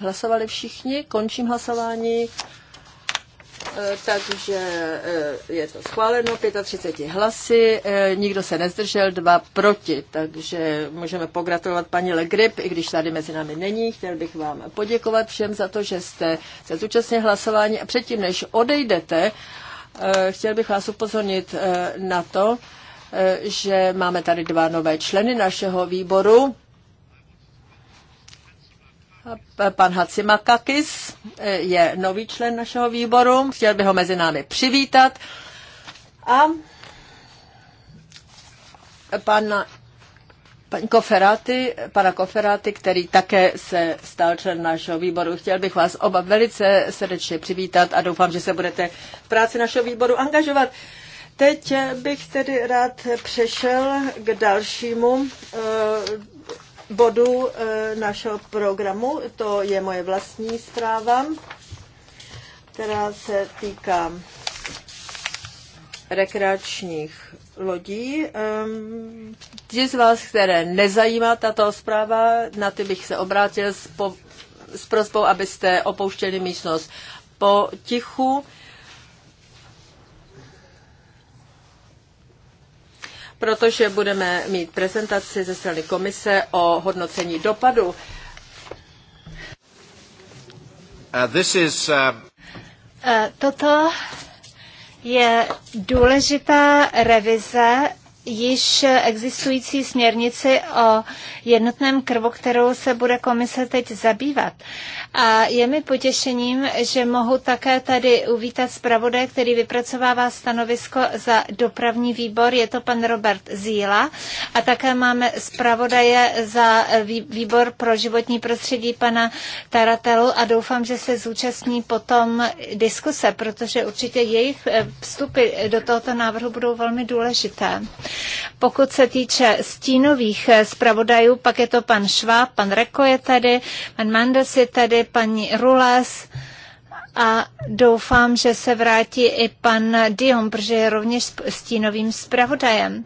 Hlasovali všichni, končím hlasování. E, takže e, je to schváleno 35 hlasy, e, nikdo se nezdržel, dva proti, takže můžeme pogratulovat paní Legrip, i když tady mezi námi není. Chtěl bych vám poděkovat všem za to, že jste se zúčastnili hlasování a předtím, než odejdete, chtěl bych vás upozornit na to, že máme tady dva nové členy našeho výboru. Pan Hacimakakis eh, je nový člen našeho výboru, chtěl bych ho mezi námi přivítat. A pan pan Koferáty, pana Koferáty, který také se stal člen našeho výboru. Chtěl bych vás oba velice srdečně přivítat a doufám, že se budete v práci našeho výboru angažovat. Teď bych tedy rád přešel k dalšímu eh, bodů eh, našeho programu. To je moje vlastní zpráva, která se týká rekreačních lodí. Ehm, ti z vás, které nezajímá tato zpráva, na ty bych se obrátil s, po, s abyste opouštěli místnost potichu. tichu protože budeme mít prezentaci ze strany komise o hodnocení dopadu. Uh, this is, uh... Uh, toto je důležitá revize již existující směrnici o jednotném krvu, kterou se bude komise teď zabývat. A je mi potěšením, že mohu také tady uvítat zpravodaj, který vypracovává stanovisko za dopravní výbor. Je to pan Robert Zíla a také máme zpravodaje za výbor pro životní prostředí pana Taratelu a doufám, že se zúčastní potom diskuse, protože určitě jejich vstupy do tohoto návrhu budou velmi důležité. Pokud se týče stínových eh, zpravodajů, pak je to pan Šváb, pan Reko je tady, pan Mandas je tady, paní Rules, a doufám, že se vrátí i pan Dion, protože je rovněž stínovým zpravodajem.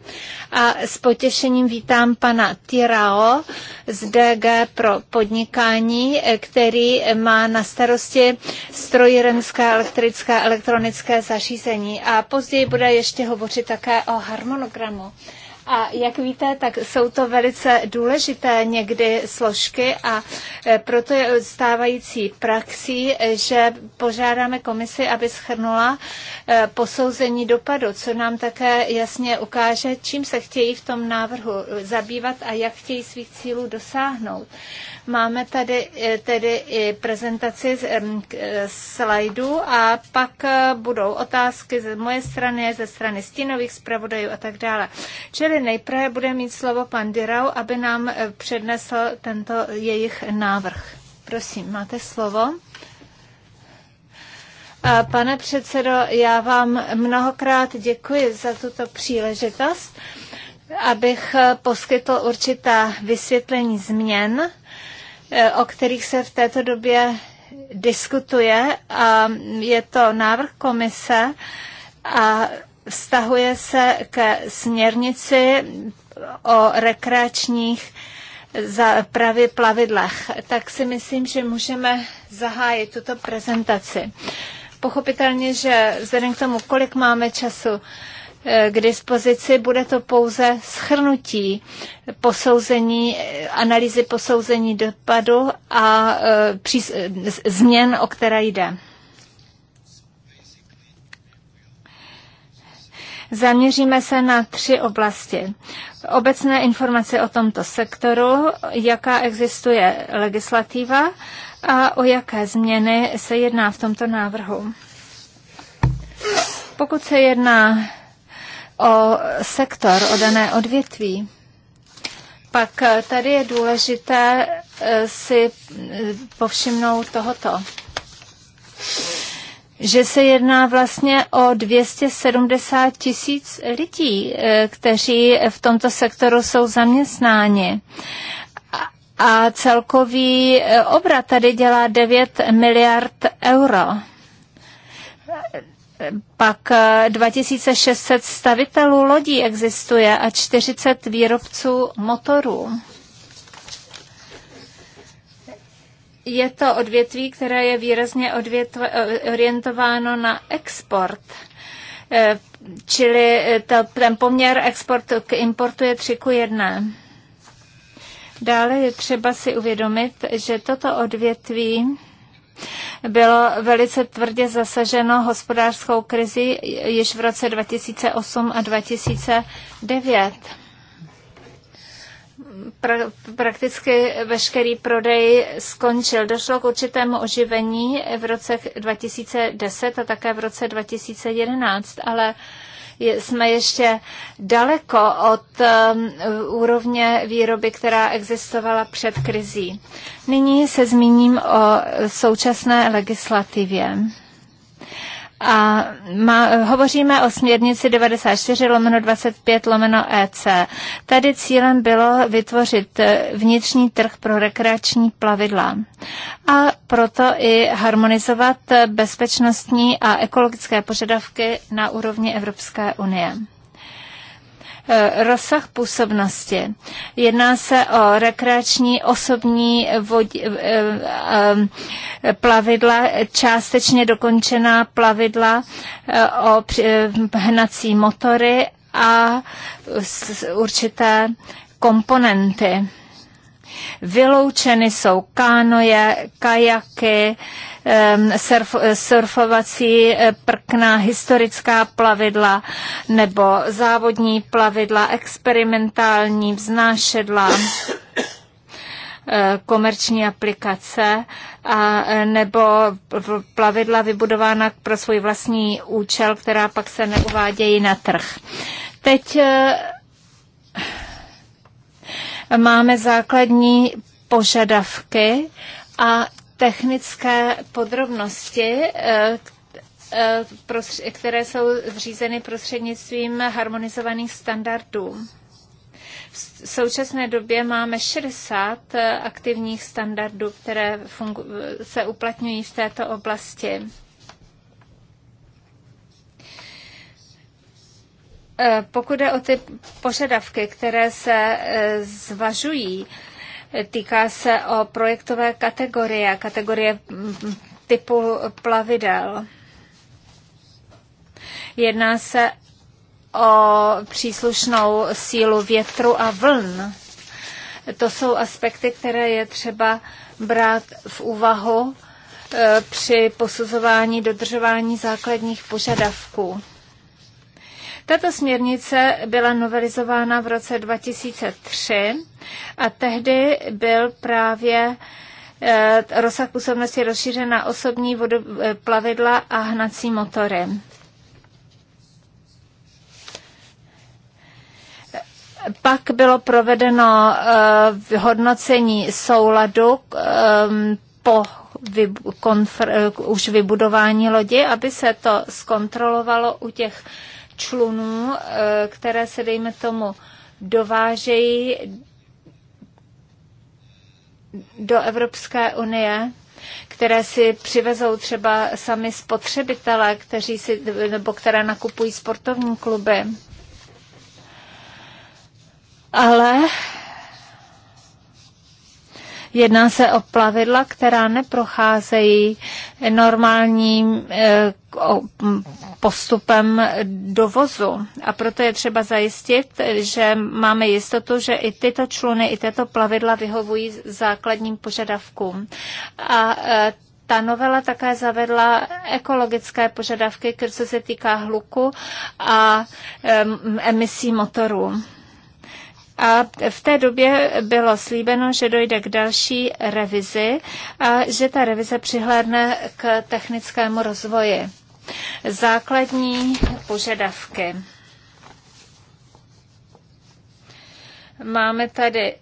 A s potěšením vítám pana Tirao z DG pro podnikání, který má na starosti strojírenské elektrická elektronické zařízení. A později bude ještě hovořit také o harmonogramu. A jak víte, tak jsou to velice důležité někdy složky a e, proto je stávající praxí, e, že požádáme komisi, aby schrnula e, posouzení dopadu, co nám také jasně ukáže, čím se chtějí v tom návrhu zabývat a jak chtějí svých cílů dosáhnout. Máme tady tedy i prezentaci slajdů a pak budou otázky z moje strany, ze strany stínových zpravodajů a tak dále. Čili tedy nejprve bude mít slovo pan Dirau, aby nám eh, přednesl tento jejich návrh. Prosím, máte slovo. Pane předsedo, já vám mnohokrát děkuji za tuto příležitost, abych eh, poskytl určitá vysvětlení změn, eh, o kterých se v této době diskutuje a je to návrh komise a vztahuje se ke směrnici o rekreačních za pravy plavidlech, tak si myslím, že můžeme zahájit tuto prezentaci. Pochopitelně, že vzhledem k tomu, kolik máme času eh, k dispozici, bude to pouze schrnutí posouzení, eh, analýzy posouzení dopadu a eh, změn, o které jde. Zaměříme se na tři oblasti. Obecné informace o tomto sektoru, jaká existuje legislativa a o jaké změny se jedná v tomto návrhu. Pokud se jedná o sektor, o dané odvětví, pak tady je důležité eh, si eh, povšimnout tohoto že se jedná vlastně o 270 tisíc lidí, eh, kteří v tomto sektoru jsou zaměstnáni a celkový eh, obrat tady dělá 9 miliard euro. Pak 2600 eh, stavitelů lodí existuje a 40 výrobců motorů. je to odvětví, které je výrazně odvětv, orientováno na export. Eh, čili eh, to, ten poměr exportu k importu je 3 ku 1. Dále je třeba si uvědomit, že toto odvětví bylo velice tvrdě zasaženo hospodářskou krizi již v roce 2008 a 2009 pra- prakticky veškerý prodej skončil. Došlo k určitému oživení v roce 2010 a také v roce 2011, ale jsme ještě daleko od um, úrovně výroby, která existovala před krizí. Nyní se zmíním o současné legislativě. A má, hovoříme o směrnici 94 lomeno 25 lomeno EC. Tady cílem bylo vytvořit eh, vnitřní trh pro rekreační plavidla a proto i harmonizovat eh, bezpečnostní a ekologické požadavky na úrovni Evropské unie. Eh, rozsah působnosti. Jedná se o rekreační osobní vodi, eh, eh, plavidla, částečně dokončená plavidla, o hnací motory a určité komponenty. Vyloučeny jsou kánoje, kajaky, surf, surfovací eh, prkna, historická plavidla nebo závodní plavidla, experimentální vznášedla eh, komerční aplikace a, eh, nebo plavidla vybudována pro svůj vlastní účel, která pak se neuvádějí na trh. Teď máme základní požadavky a technické podrobnosti, eh, eh, které jsou zřízeny prostřednictvím harmonizovaných standardů. V současné době máme 60 eh, aktivních standardů, které se uplatňují v této oblasti. Pokud jde o ty požadavky, které se zvažují, Týká se o projektové kategorie, kategorie typu plavidel. Jedná se o příslušnou sílu větru a vln. To jsou aspekty, které je třeba brát v úvahu eh, při posuzování dodržování základních požadavků. Tato směrnice byla novelizována v roce 2003 a tehdy byl právě eh, rozsah působnosti rozšířen na osobní vodu, eh, plavidla a hnací motory. Pak bylo provedeno uh, hodnocení souladu um, po vy, už vybudování lodi, aby se to zkontrolovalo u těch uh, člunů, eh, které se, dejme tomu, dovážejí do Evropské unie, které si přivezou třeba sami spotřebitelé, kteří si, nebo které nakupují sportovní kluby. Ale Jedná se o plavidla, která neprocházejí normálním eh, postupem dovozu. A proto je třeba zajistit, že máme jistotu, že i tyto čluny, i tyto plavidla vyhovují základním požadavkům. A eh, ta novela také zavedla ekologické požadavky, které se týká hluku a emisí motorů. A v té době bylo slíbeno, že dojde k další revizi a že ta revize přihlédne k technickému rozvoji. Základní požadavky. Máme tady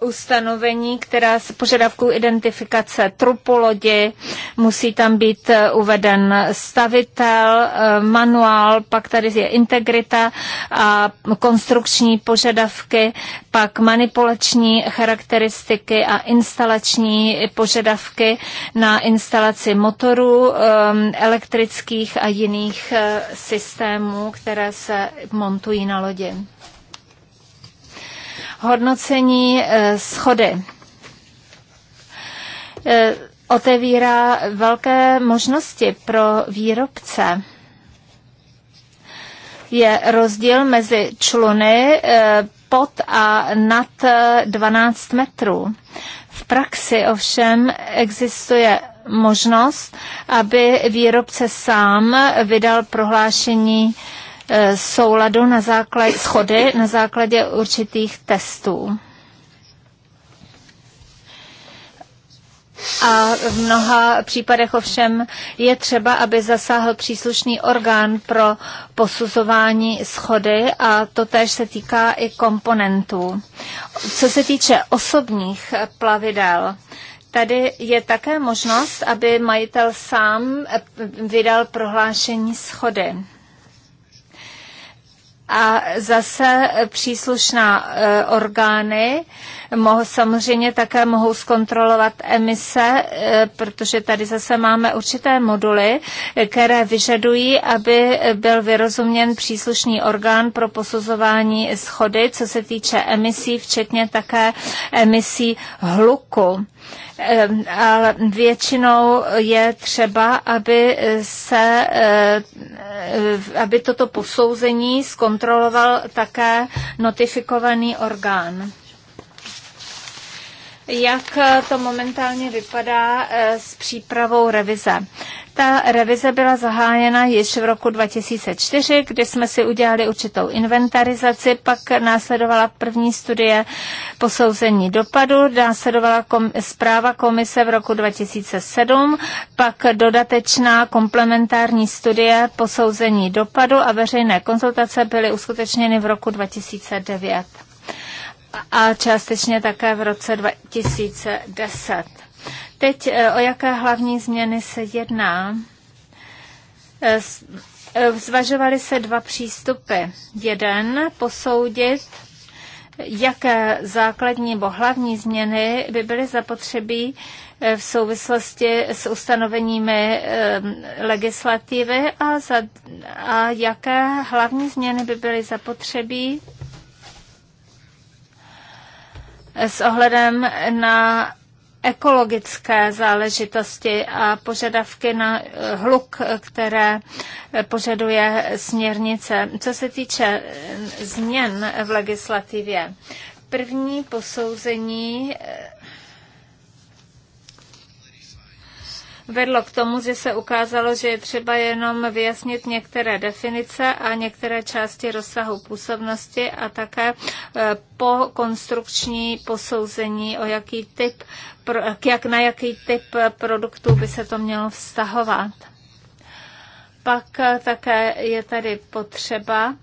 ustanovení, která se požadavků identifikace trupu lodi, musí tam být eh, uveden stavitel, eh, manuál, pak tady je integrita a konstrukční požadavky, pak manipulační charakteristiky a instalační požadavky na instalaci motorů, eh, elektrických a jiných systémů, které se montují na lodi hodnocení eh, schody eh, otevírá velké možnosti pro výrobce je rozdíl mezi čluny eh, pod a nad 12 metrů. V praxi ovšem existuje možnost, aby výrobce sám vydal prohlášení souladu na základě schody na základě určitých testů. A v mnoha případech ovšem je třeba, aby zasáhl příslušný orgán pro posuzování schody a to též se týká i komponentů. Co se týče osobních plavidel, Tady je také možnost, aby majitel sám vydal prohlášení schody a zase příslušná e, orgány mohou samozřejmě také mohou zkontrolovat emise, e, protože tady zase máme určité moduly, které vyžadují, aby byl vyrozuměn příslušný orgán pro posuzování schody, co se týče emisí, včetně také emisí hluku. Ehm, ale většinou je třeba, aby se, ehm, aby toto posouzení zkontroloval také notifikovaný orgán jak eh, to momentálně vypadá eh, s přípravou revize. Ta revize byla zahájena již v roku 2004, kdy jsme si udělali určitou inventarizaci, pak následovala první studie posouzení dopadu, následovala kom- zpráva komise v roku 2007, pak dodatečná komplementární studie posouzení dopadu a veřejné konzultace byly uskutečněny v roku 2009 a částečně také v roce 2010. Teď eh, o jaké hlavní změny se jedná? Eh, eh, zvažovaly se dva přístupy. Jeden posoudit, jaké základní nebo hlavní změny by byly zapotřebí v souvislosti s ustanoveními legislativy a, za, a jaké hlavní změny by byly zapotřebí s ohledem na ekologické záležitosti a požadavky na hluk, které požaduje směrnice. Co se týče změn v legislativě, první posouzení vedlo k tomu, že se ukázalo, že je třeba jenom vyjasnit některé definice a některé části rozsahu působnosti a také eh, po konstrukční posouzení, o jaký typ, jak, na jaký typ produktů by se to mělo vztahovat. Pak eh, také je tady potřeba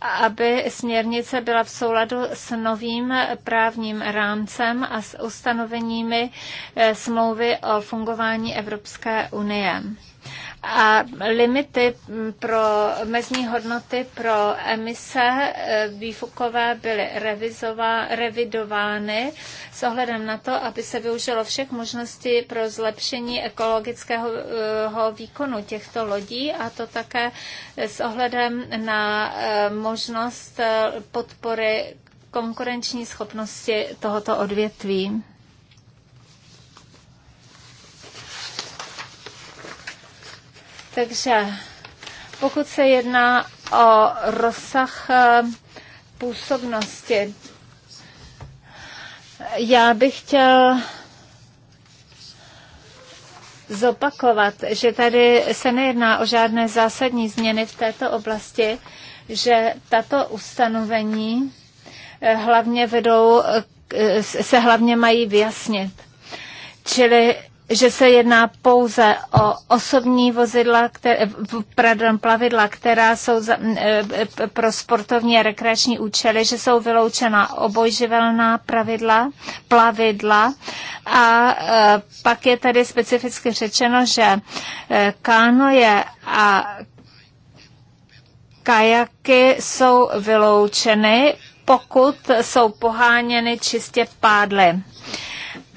aby směrnice byla v souladu s novým právním rámcem a s ustanoveními eh, smlouvy o fungování Evropské unie. A limity mm, pro mezní hodnoty pro emise eh, výfukové byly revidovány s ohledem na to, aby se využilo všech možností pro zlepšení ekologického eh, výkonu těchto lodí a to také s ohledem na eh, možnost podpory konkurenční schopnosti tohoto odvětví. Takže pokud se jedná o rozsah eh, působnosti, já bych chtěl zopakovat, že tady se nejedná o žádné zásadní změny v této oblasti, že tato ustanovení eh, hlavně vedou, eh, se hlavně mají vyjasnit. Čili že se jedná pouze o osobní vozidla, které, pardon, plavidla, která jsou za, e, e, pro sportovní a rekreační účely, že jsou vyloučena obojživelná pravidla, plavidla a e, pak je tady specificky řečeno, že kánoje a kajaky jsou vyloučeny, pokud jsou poháněny čistě pádly.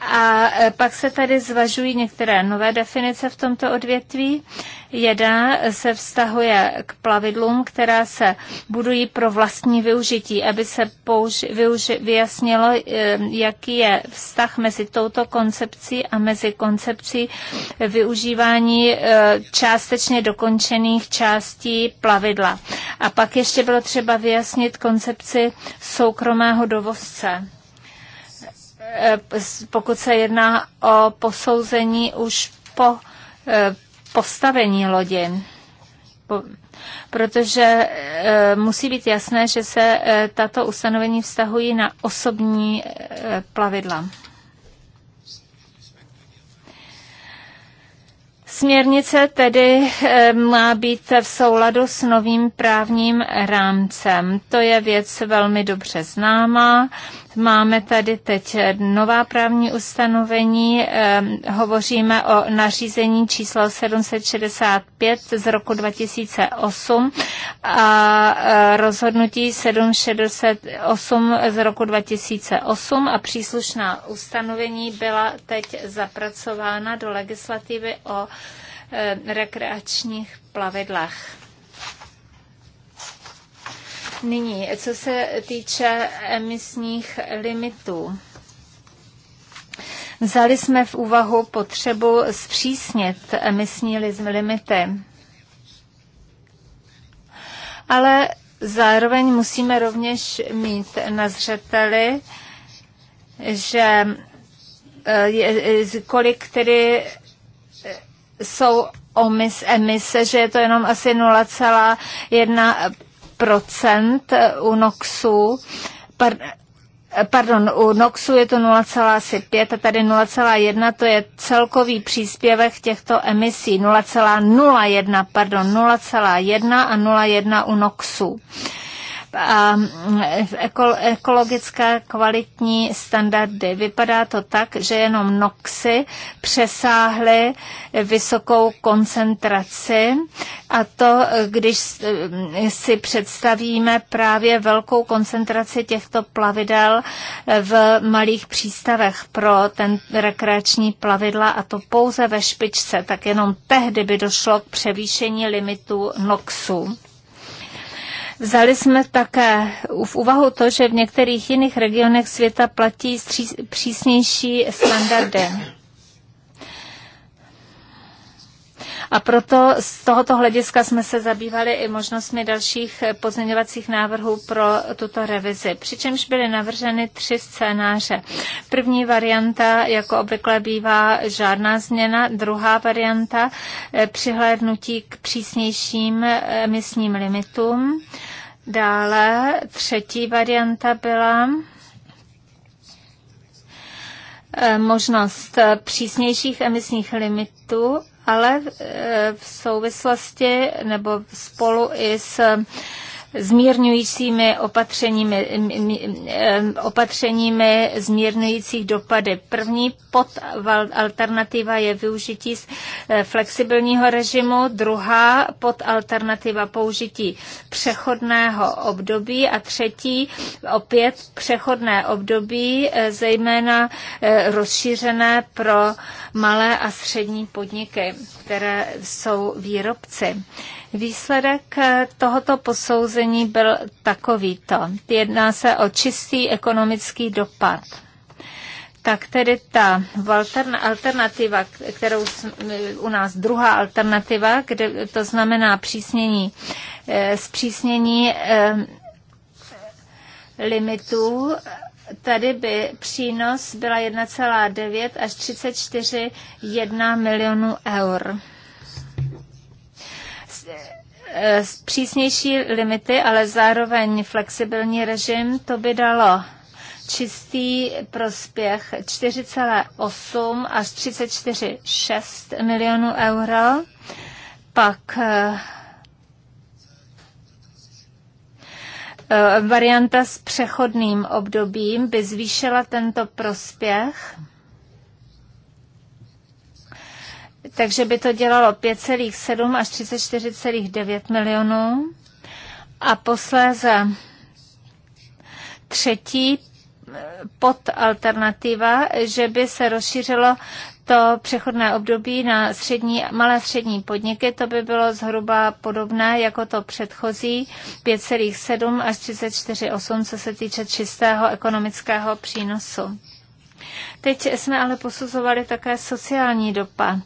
A e, pak se tady zvažují některé nové definice v tomto odvětví. Jedna se vztahuje k plavidlům, která se budují pro vlastní využití, aby se použi- využi- vyjasnilo, e, jaký je vztah mezi touto koncepcí a mezi koncepcí využívání e, částečně dokončených částí plavidla. A pak ještě bylo třeba vyjasnit koncepci soukromého dovozce Eh, pokud se jedná o posouzení už po eh, postavení lodi. protože eh, musí být jasné, že se tato ustanovení vztahují na osobní plavidla. Směrnice tedy má být v souladu s novým právním rámcem. To je věc velmi dobře známá. Máme tady teď nová právní ustanovení, ehm, hovoříme o nařízení číslo 765 z roku 2008 a e, rozhodnutí 768 z roku 2008 a příslušná ustanovení byla teď zapracována do legislativy o e, rekreačních plavidlech. Nyní, co se týče emisních limitů. Vzali jsme v úvahu potřebu zpřísnit emisní limity. Ale zároveň musíme rovněž mít na zřeteli, že eh, eh, kolik tedy eh, jsou omis emise, že je to jenom asi u NOXu, par, pardon, u NOXu je to 0,5 a tady 0,1 to je celkový příspěvek těchto emisí 0,01, pardon, 0,1 a 0,1 u NOXu a mm, ekologická kvalitní standardy. Vypadá to tak, že jenom noxy přesáhly vysokou koncentraci a to, když si představíme právě velkou koncentraci těchto plavidel v malých přístavech pro ten rekreační plavidla a to pouze ve špičce, tak jenom tehdy by došlo k převýšení limitu NOXu. Vzali jsme také v úvahu to, že v některých jiných regionech světa platí přísnější standardy. A proto z tohoto hlediska jsme se zabývali i možnostmi dalších pozměňovacích návrhů pro tuto revizi. Přičemž byly navrženy tři scénáře. První varianta, jako obvykle bývá, žádná změna. Druhá varianta, eh, přihlédnutí k přísnějším eh, emisním limitům. Dále třetí varianta byla eh, možnost přísnějších emisních limitů, ale eh, v souvislosti nebo spolu i s zmírňujícími opatřeními, opatřeními zmírňujících dopady. První pod alternativa je využití eh, flexibilního režimu, druhá pod alternativa použití přechodného období a třetí opět přechodné období, eh, zejména eh, rozšířené pro malé a střední podniky, které jsou výrobci. Výsledek eh, tohoto posouzení byl takovýto. Jedná se o čistý ekonomický dopad tak tedy ta alternativa, kterou u nás druhá alternativa, kde to znamená přísnění, eh, zpřísnění eh, limitů, tady by přínos byla 1,9 až 34,1 milionů eur. Eh, přísnější limity, ale zároveň flexibilní režim, to by dalo čistý prospěch 4,8 až 34,6 milionů euro. Pak eh, eh, varianta s přechodným obdobím by zvýšila tento prospěch takže by to dělalo 5,7 až 34,9 milionů. A posléze třetí podalternativa, že by se rozšířilo to přechodné období na střední, malé střední podniky, to by bylo zhruba podobné jako to předchozí 5,7 až 34,8, co se týče čistého ekonomického přínosu. Teď jsme ale posuzovali také sociální dopad.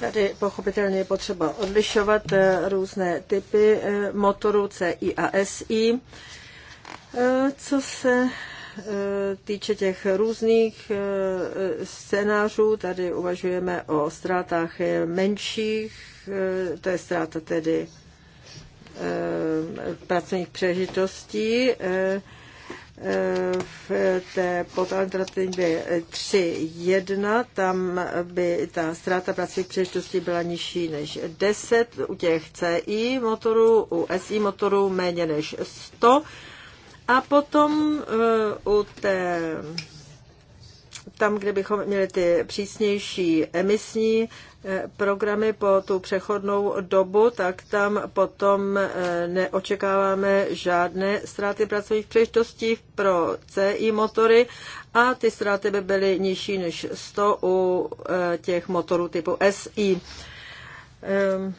Tady pochopitelně je potřeba odlišovat eh, různé typy eh, motorů CI a SI. Eh, co se týče těch různých scénářů, tady uvažujeme o ztrátách menších, to je ztráta tedy pracovních přežitostí v té pod 3.1, tam by ta ztráta pracovní příležitosti byla nižší než 10, u těch CI motorů, u SI motorů méně než 100 a potom eh, u té tam, kde bychom měli ty přísnější emisní eh, programy po tu přechodnou dobu, tak tam potom eh, neočekáváme žádné ztráty pracových příležitostí pro CI motory a ty ztráty by byly nižší než 100 u eh, těch motorů typu SI. Ehm,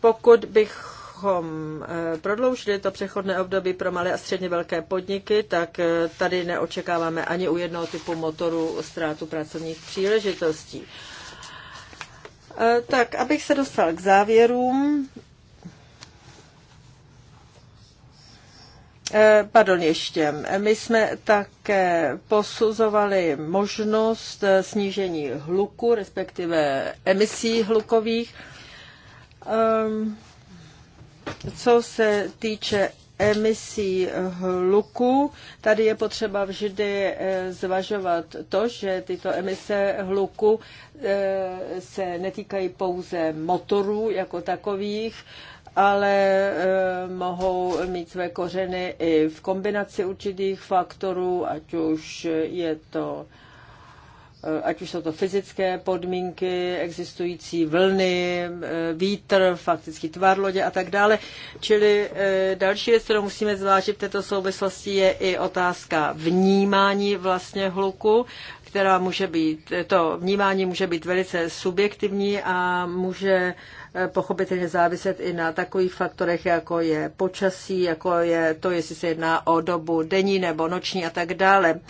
pokud bych abychom eh, prodloužili to přechodné období pro malé a středně velké podniky, tak eh, tady neočekáváme ani u jednoho typu motoru ztrátu pracovních příležitostí. Eh, tak, abych se dostal k závěrům. Pardon ještě. My jsme také posuzovali možnost snížení hluku, respektive emisí hlukových. Um, co se týče emisí hluku. Tady je potřeba vždy eh, zvažovat to, že tyto emise hluku eh, se netýkají pouze motorů jako takových, ale eh, mohou mít své kořeny i v kombinaci určitých faktorů, ať už je to Eh, ať už jsou to fyzické podmínky, existující vlny, eh, vítr, fakticky tvar lodě a tak dále. Čili eh, další věc, kterou musíme zvážit v této souvislosti, je i otázka vnímání vlastně hluku, která může být, to vnímání může být velice subjektivní a může pochopitelně záviset i na takových faktorech, jako je počasí, jako je to, jestli se jedná o dobu denní nebo noční a tak dále.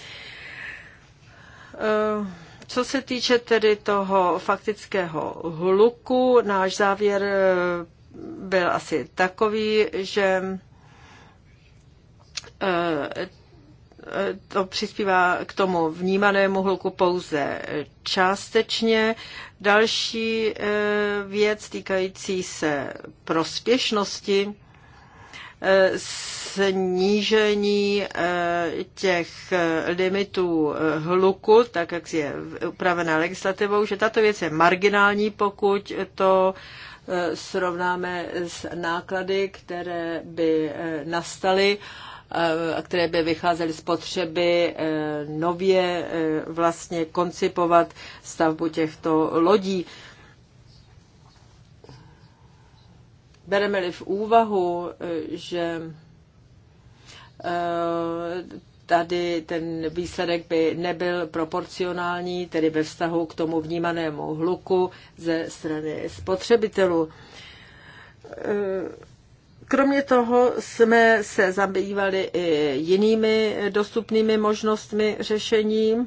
Eh, co se týče tedy toho faktického hluku, náš závěr eh, byl asi takový, že eh, to přispívá k tomu vnímanému hluku pouze částečně. Další věc týkající se prospěšnosti snížení eh, těch eh, limitů eh, hluku, tak jak je upravená legislativou, že tato věc je marginální, pokud to srovnáme s náklady, které by nastaly které by vycházely z potřeby nově vlastně koncipovat stavbu těchto lodí. bereme-li v úvahu, eh, že eh, tady ten výsledek by nebyl proporcionální, tedy ve vztahu k tomu vnímanému hluku ze strany spotřebitelů. Eh, kromě toho jsme se zabývali i jinými dostupnými možnostmi řešení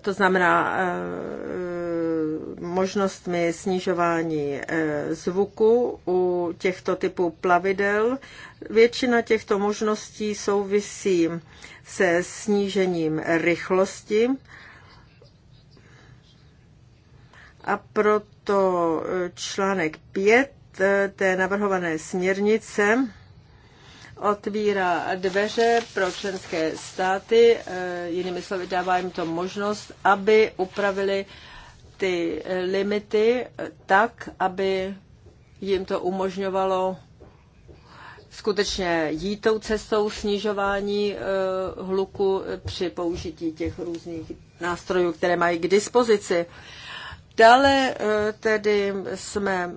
to znamená e, e, možnostmi snižování e, zvuku u těchto typů plavidel. Většina těchto možností souvisí se snížením rychlosti a proto článek 5 té navrhované směrnice otvírá dveře pro členské státy, eh, jinými slovy dává jim to možnost, aby upravili ty limity tak, aby jim to umožňovalo skutečně jít tou cestou snižování eh, hluku při použití těch různých nástrojů, které mají k dispozici. Dále eh, tedy jsme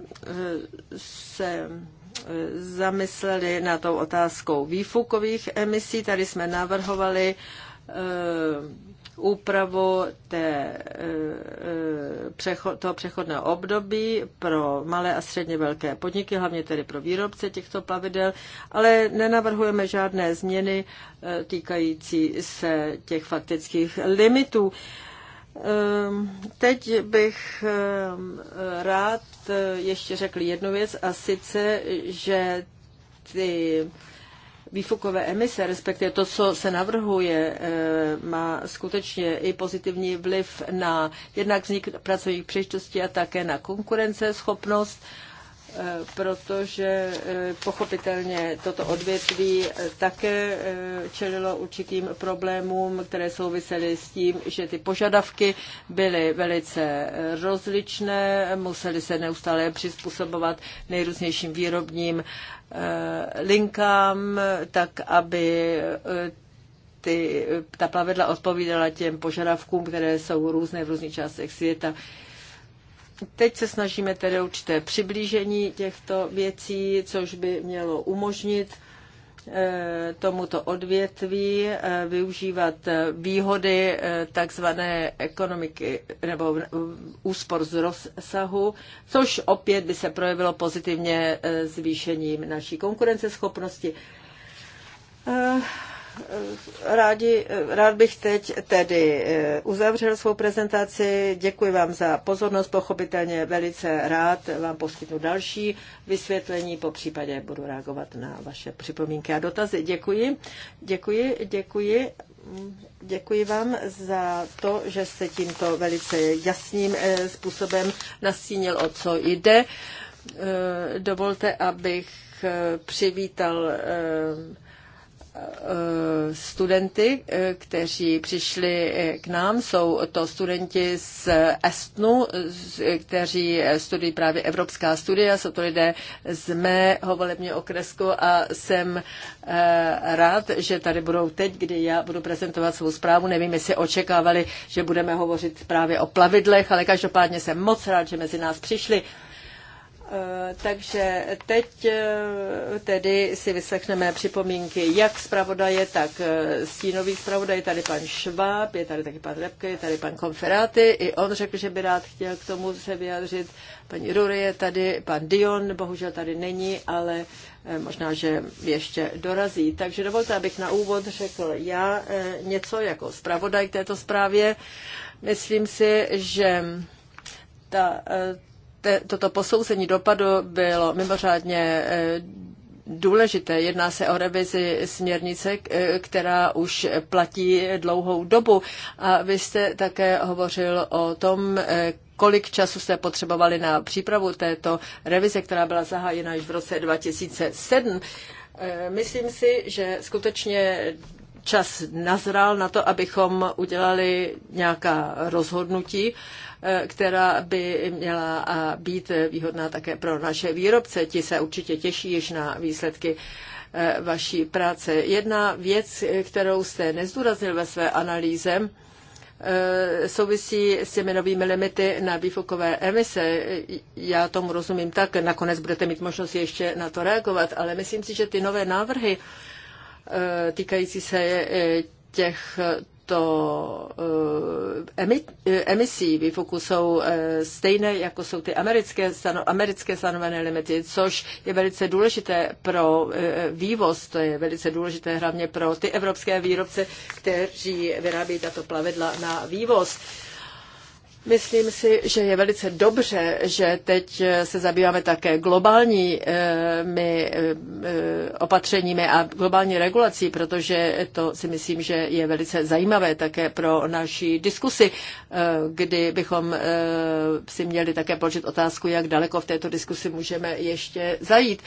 se zamysleli na tou otázkou výfukových emisí. Tady jsme navrhovali eh, úpravu té, eh, toho přechodného období pro malé a středně velké podniky, hlavně tedy pro výrobce těchto plavidel, ale nenavrhujeme žádné změny eh, týkající se těch faktických limitů. Ehm, teď bych ehm, rád eh, ještě řekl jednu věc a sice, že ty výfukové emise, respektive to, co se navrhuje, eh, má skutečně i pozitivní vliv na jednak vznik pracovních příležitostí a také na konkurenceschopnost schopnost Eh, protože eh, pochopitelně toto odvětví eh, také čelilo určitým problémům, které souvisely s tím, že ty požadavky byly velice rozličné, museli se neustále přizpůsobovat nejrůznějším výrobním linkám, tak aby ty, ta plavidla odpovídala těm požadavkům, které jsou různé v různých částech světa. Teď se snažíme tedy určité přiblížení těchto věcí, což by mělo umožnit eh, tomuto odvětví eh, využívat výhody eh, takzvané ekonomiky nebo úspor z rozsahu, což opět by se projevilo pozitivně zvýšením naší konkurenceschopnosti. Rádi, rád bych teď tedy eh, uzavřel svou prezentaci. Děkuji vám za pozornost, pochopitelně velice rád vám poskytnu další vysvětlení, po případě budu reagovat na vaše připomínky a dotazy. Děkuji, děkuji, děkuji. Děkuji vám za to, že jste tímto velice jasným eh, způsobem nastínil, o co jde. Eh, dovolte, abych přivítal Eh, studenty, eh, kteří přišli eh, k nám. Jsou to studenti z Estnu, kteří studují právě evropská studia. Jsou to lidé z mého volebního okresku a jsem rád, že tady budou teď, kdy já budu prezentovat svou zprávu. Nevím, jestli očekávali, že budeme hovořit právě o plavidlech, ale každopádně jsem moc rád, že mezi nás přišli. Eh, takže teď eh, tedy si vyslechneme připomínky jak zpravodaje, tak eh, stínových zpravodaj. Tady pan Šváb, je tady taky pan Repke, je tady pan Konferáty. I on řekl, že by rád chtěl k tomu se vyjádřit. Paní Rury je tady, pan Dion, bohužel tady není, ale možná, že ještě dorazí. Takže dovolte, abych na úvod řekl já něco jako zpravodaj k této zprávě. Myslím si, že ta te, toto posouzení dopadu bylo mimořádně eh, důležité. Jedná se o revizi směrnice, eh, která už platí dlouhou dobu. A vy jste také hovořil o tom, eh, kolik času jste potřebovali na přípravu této revize, která byla zahájena již v roce 2007. Myslím si, že skutečně čas nazral na to, abychom udělali nějaká rozhodnutí Eh, která by měla eh, být výhodná také pro naše výrobce. Ti se určitě těší již na výsledky eh, vaší práce. Jedna věc, kterou jste nezdůraznil ve své analýze, souvisí s těmi novými limity na výfukové emise. Já tomu rozumím tak, nakonec budete mít možnost ještě na to reagovat, ale myslím si, že ty nové návrhy týkající se těch to eh, eh, emisí výfuku jsou eh, stejné, jako jsou ty americké, stano, americké stanovené limity, což je velice důležité pro vývoz, to je velice důležité hlavně pro ty evropské výrobce, kteří vyrábí tato plavidla na vývoz Myslím si, že je velice dobře, že teď se zabýváme také globálními eh, eh, opatřeními a globální regulací, protože to si myslím, že je velice zajímavé také pro naší diskusi, eh, kdy bychom si měli také položit otázku, jak daleko v této diskusi můžeme ještě zajít.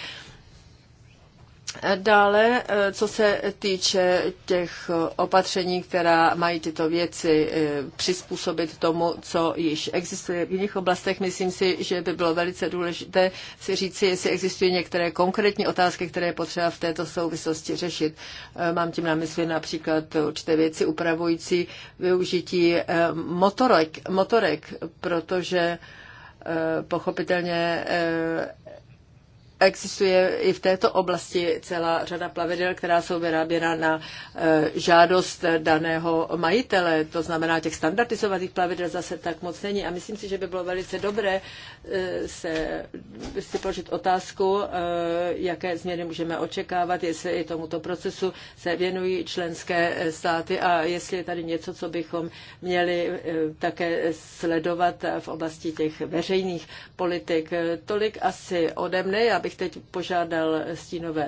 Dále, eh, co se týče těch eh, opatření, která mají tyto věci eh, přizpůsobit tomu, co již existuje v jiných oblastech, myslím si, že by bylo velice důležité si říci, jestli existují některé konkrétní otázky, které je potřeba v této souvislosti řešit. Mám tím na mysli například určité věci upravující využití motorek, motorek protože pochopitelně Existuje i v této oblasti celá řada plavidel, která jsou vyráběna na e, žádost daného majitele. To znamená, těch standardizovaných plavidel zase tak moc není. A myslím si, že by bylo velice dobré e, se, si položit otázku, e, jaké změny můžeme očekávat, jestli i tomuto procesu se věnují členské státy a jestli je tady něco, co bychom měli také sledovat v oblasti těch veřejných politik. Tolik asi ode mne. Já bych teď požádal stínové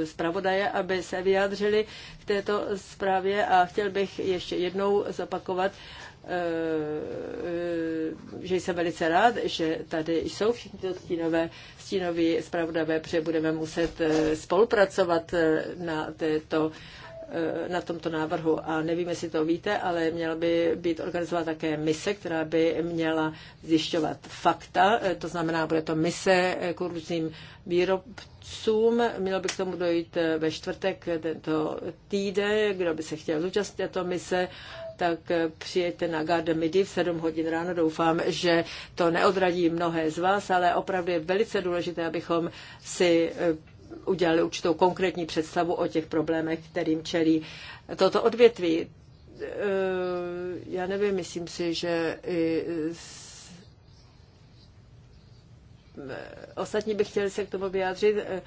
eh, zpravodaje, aby se vyjádřili k této zprávě a chtěl bych ještě jednou zopakovat, eh, že jsem velice rád, že tady jsou všichni to stínové, stínoví zpravodajové, protože budeme muset eh, spolupracovat na této Eh, na tomto návrhu a nevím, jestli to víte, ale měla by být organizována také mise, která by měla zjišťovat fakta, eh, to znamená, bude to mise eh, k různým výrobcům. Mělo by k tomu dojít ve čtvrtek tento týden, kdo by se chtěl zúčastnit této mise, tak přijďte na Garden Midi v 7 hodin ráno. Doufám, že to neodradí mnohé z vás, ale opravdu je velice důležité, abychom si udělali určitou konkrétní představu o těch problémech, kterým čelí toto odvětví. E, já nevím, myslím si, že i ostatní by chtěli se k tomu vyjádřit. E,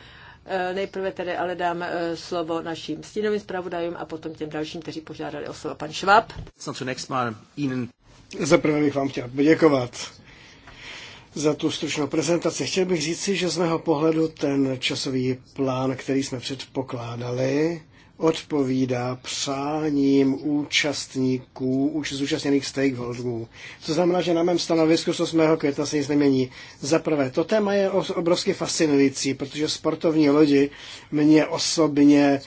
e, nejprve tedy ale dám slovo našim stínovým zpravodajům a potom těm dalším, kteří požádali o slovo. Pan Švab. Zaprvé bych vám chtěl poděkovat za tu stručnou prezentaci. Chtěl bych říci, že z mého pohledu ten časový plán, který jsme předpokládali, odpovídá přáním účastníků, už zúčastněných stakeholderů. To znamená, že na mém stanovisku z 8. května se nic nemění. Za prvé, to téma je obrovsky fascinující, protože sportovní lodi mě osobně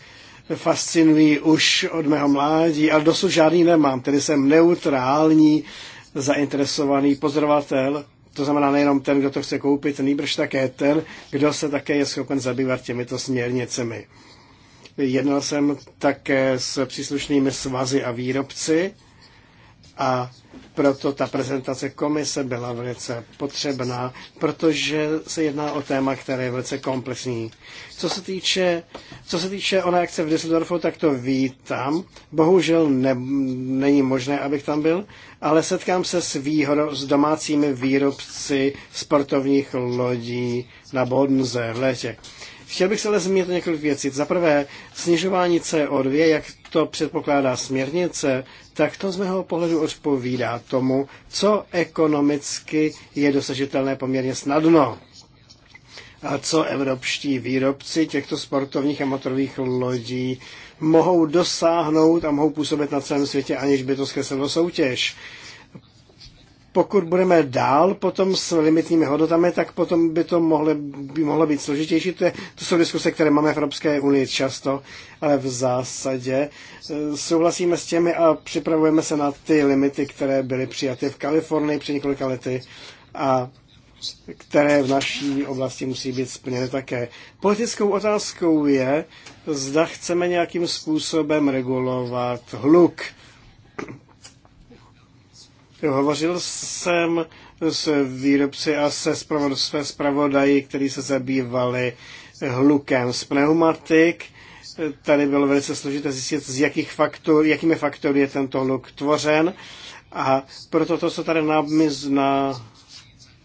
fascinují už od mého mládí, ale dosud žádný nemám, tedy jsem neutrální, zainteresovaný pozorovatel to znamená nejenom ten, kdo to chce koupit, nýbrž také ten, kdo se také je schopen zabývat těmito směrnicemi. Jednal jsem také s příslušnými svazy a výrobci a proto ta prezentace komise byla velice potřebná, protože se jedná o téma, které je velice komplexní. Co se týče, co se týče ona akce v Düsseldorfu, tak to vítám. Bohužel ne, není možné, abych tam byl, ale setkám se s, výhro, s domácími výrobci sportovních lodí na Bodnze v létě. Chtěl bych se ale zmínit několik věcí. Za prvé, snižování CO2, jak to předpokládá směrnice, tak to z mého pohledu odpovídá tomu, co ekonomicky je dosažitelné poměrně snadno. A co evropští výrobci těchto sportovních a motorových lodí mohou dosáhnout a mohou působit na celém světě, aniž by to zkreslilo soutěž pokud budeme dál potom s limitními hodnotami, tak potom by to mohlo, by mohlo být složitější. To, je, to jsou diskuse, které máme v Evropské unii často, ale v zásadě eh, souhlasíme s těmi a připravujeme se na ty limity, které byly přijaty v Kalifornii před několika lety a které v naší oblasti musí být splněny také. Politickou otázkou je, zda chceme nějakým způsobem regulovat hluk Hovořil jsem s výrobci a se své zpravodaji, který se zabývali hlukem z pneumatik. Tady bylo velice složité zjistit, z jakých faktor, jakými faktory je tento hluk tvořen. A proto to, co tady námiz na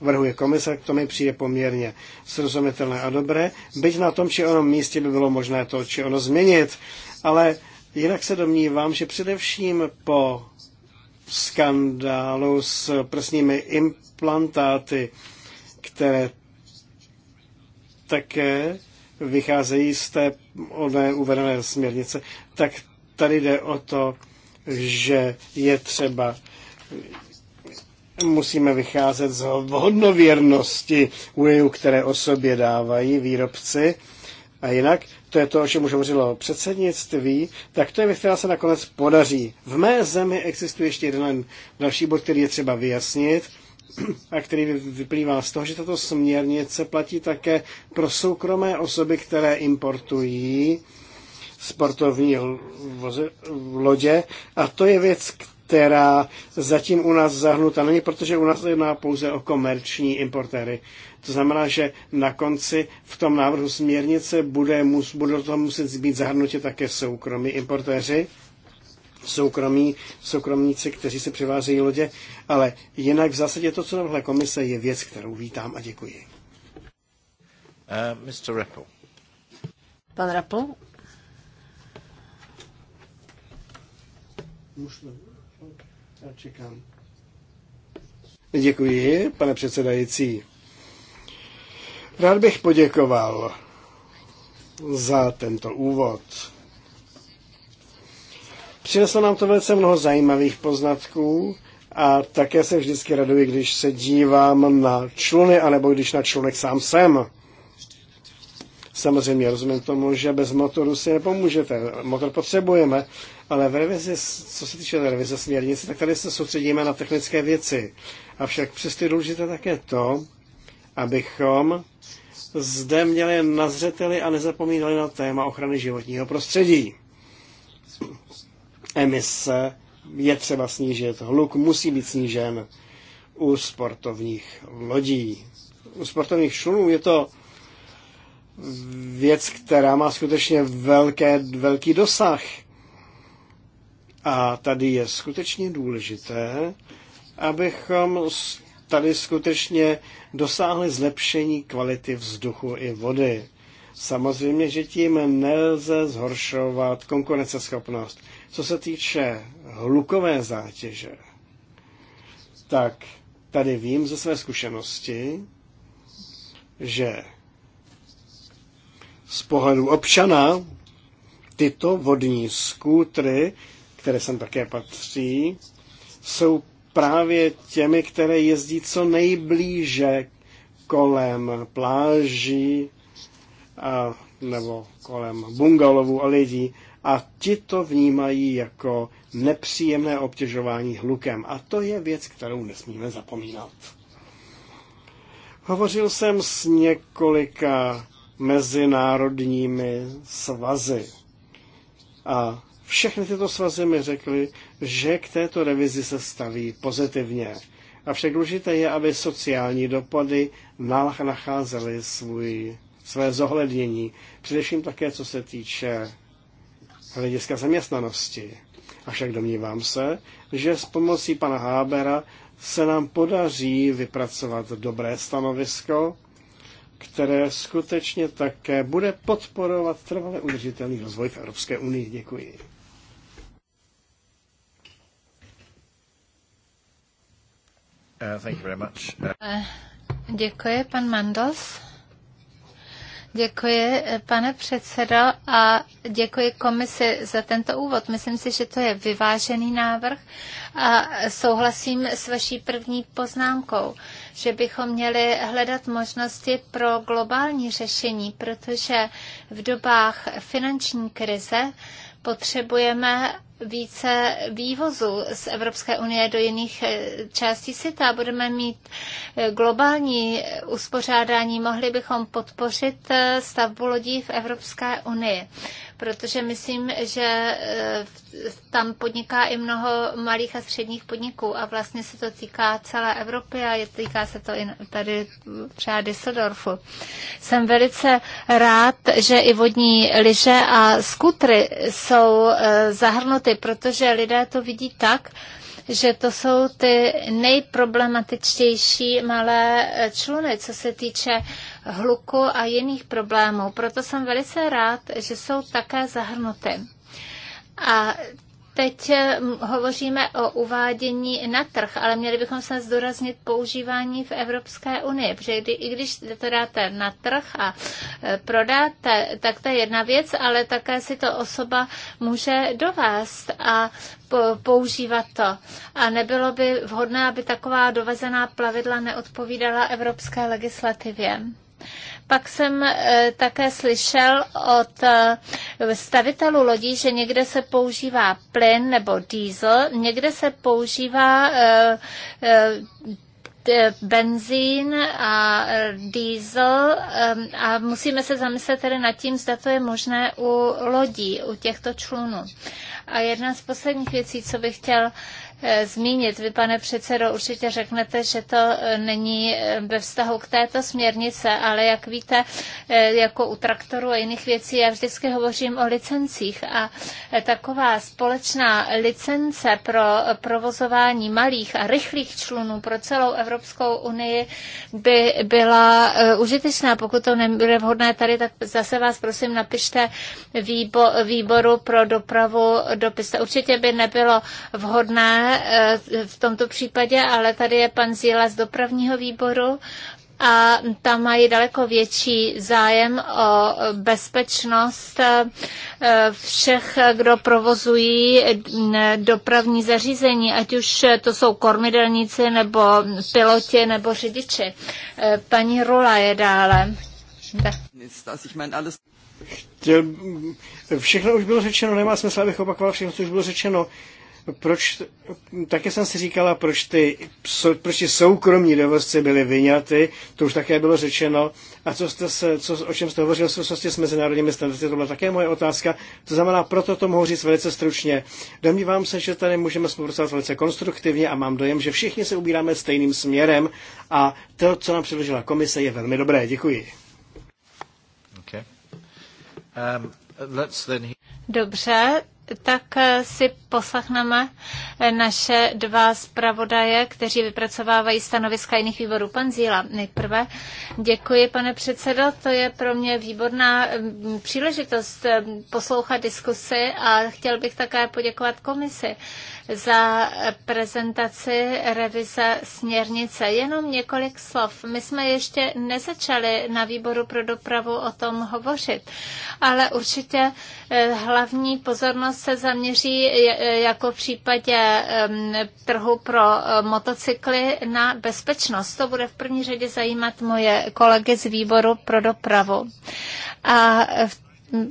vrhuje komise, to mi přijde poměrně srozumitelné a dobré. Byť na tom či onom místě by bylo možné to či ono změnit, ale jinak se domnívám, že především po skandálu s prsními implantáty, které také vycházejí z té oné uvedené směrnice, tak tady jde o to, že je třeba musíme vycházet z hodnověrnosti údajů, které o sobě dávají výrobci a jinak, to je to, o čem už hovořilo předsednictví, tak to je věc, která se nakonec podaří. V mé zemi existuje ještě jeden další bod, který je třeba vyjasnit a který vyplývá z toho, že tato směrnice platí také pro soukromé osoby, které importují sportovní lodě. A to je věc, která zatím u nás zahnuta není, protože u nás jedná pouze o komerční importéry. To znamená, že na konci v tom návrhu směrnice bude, mus, bude to muset být zahrnutě také soukromí importéři, soukromí, soukromníci, kteří se přivázejí lodě, ale jinak v zásadě to, co navrhla komise, je věc, kterou vítám a děkuji. Uh, Mr. Rappel. Pan Rappel? Možná. Já čekám. Děkuji, pane předsedající. Rád bych poděkoval za tento úvod. Přineslo nám to velice mnoho zajímavých poznatků a také se vždycky raduji, když se dívám na čluny, anebo když na člunek sám jsem. Samozřejmě rozumím tomu, že bez motoru si nepomůžete. Motor potřebujeme, ale v revizi, co se týče revize směrnice, tak tady se soustředíme na technické věci. Avšak přesto je důležité také to, abychom zde měli nazřeteli a nezapomínali na téma ochrany životního prostředí. Emise je třeba snížit, hluk musí být snížen u sportovních lodí. U sportovních šunů je to věc, která má skutečně velké, velký dosah. A tady je skutečně důležité, abychom tady skutečně dosáhli zlepšení kvality vzduchu i vody. Samozřejmě, že tím nelze zhoršovat konkurenceschopnost. Co se týče hlukové zátěže, tak tady vím ze své zkušenosti, že z pohledu občana tyto vodní skútry, které sem také patří, jsou právě těmi, které jezdí co nejblíže kolem pláží a, nebo kolem bungalovů a lidí a ti to vnímají jako nepříjemné obtěžování hlukem. A to je věc, kterou nesmíme zapomínat. Hovořil jsem s několika mezinárodními svazy. A všechny tyto svazy mi řekly, že k této revizi se staví pozitivně. Avšak důležité je, aby sociální dopady nacházely svůj, své zohlednění, především také co se týče hlediska zaměstnanosti. Avšak domnívám se, že s pomocí pana Hábera se nám podaří vypracovat dobré stanovisko, které skutečně také bude podporovat trvalé udržitelný rozvoj v Evropské unii. Děkuji. Uh, thank you very much. Uh... Eh, děkuji, pan Mandels. Děkuji, pane předsedo, a děkuji komisi za tento úvod. Myslím si, že to je vyvážený návrh a souhlasím s vaší první poznámkou, že bychom měli hledat možnosti pro globální řešení, protože v dobách finanční krize potřebujeme více vývozu z Evropské unie do jiných eh, částí světa. Budeme mít eh, globální uspořádání, mohli bychom podpořit eh, stavbu lodí v Evropské unii protože myslím, že eh, tam podniká i mnoho malých a středních podniků a vlastně se to týká celé Evropy a týká se to i tady třeba Düsseldorfu. Jsem velice rád, že i vodní lyže a skutry jsou eh, zahrnuty, protože lidé to vidí tak, že to jsou ty nejproblematičtější malé eh, čluny, co se týče hluku a jiných problémů. Proto jsem velice rád, že jsou také zahrnuty. A teď eh, hovoříme o uvádění na trh, ale měli bychom se zdůraznit používání v Evropské unii, protože kdy, i když to dáte na trh a eh, prodáte, tak to je jedna věc, ale také si to osoba může dovést a používat to. A nebylo by vhodné, aby taková dovezená plavidla neodpovídala evropské legislativě. Pak jsem eh, také slyšel od eh, stavitelů lodí, že někde se používá plyn nebo diesel, někde se používá eh, benzín a diesel a musíme se zamyslet tedy nad tím, zda to je možné u lodí, u těchto člunů. A jedna z posledních věcí, co bych chtěl Eh, zmínit. Vy, pane předsedo, určitě řeknete, že to eh, není eh, ve vztahu k této směrnice, ale jak víte, jako u traktoru a jiných věcí, já vždycky hovořím o licencích a taková společná licence pro provozování malých a rychlých člunů pro celou Evropskou unii by byla užitečná. Pokud to nebude vhodné tady, tak zase vás prosím napište výbo, výboru pro dopravu dopis. Určitě by nebylo vhodné Eh, v tomto případě, ale tady je pan Zíla z dopravního výboru a tam mají daleko větší zájem o bezpečnost eh, všech, kdo provozují eh, dopravní zařízení, ať už to jsou kormidelníci nebo piloti nebo řidiči. Paní Rula je dále. Chtěl, všechno už bylo řečeno, nemá smysl, abych opakoval všechno, co už bylo řečeno proč, také jsem si říkala, proč ty, proč ty soukromní dovozci byly vyňaty, to už také bylo řečeno. A co jste se, co, o čem jste hovořil v souvislosti s mezinárodními standardy, to byla také moje otázka. To znamená, proto to mohu říct velice stručně. Domnívám se, že tady můžeme spolupracovat velice konstruktivně a mám dojem, že všichni se ubíráme stejným směrem a to, co nám předložila komise, je velmi dobré. Děkuji. Okay. Um, let's then... Dobře, tak si poslechneme naše dva zpravodaje, kteří vypracovávají stanoviska jiných výborů. Pan Zíla, nejprve. Děkuji, pane předsedo. To je pro mě výborná mm, příležitost mm, poslouchat diskusy a chtěl bych také poděkovat komisi za prezentaci revize směrnice. Jenom několik slov. My jsme ještě nezačali na výboru pro dopravu o tom hovořit, ale určitě eh, hlavní pozornost se zaměří eh, jako v případě ehm, trhu pro eh, motocykly na bezpečnost. To bude v první řadě zajímat moje kolegy z výboru pro dopravu. A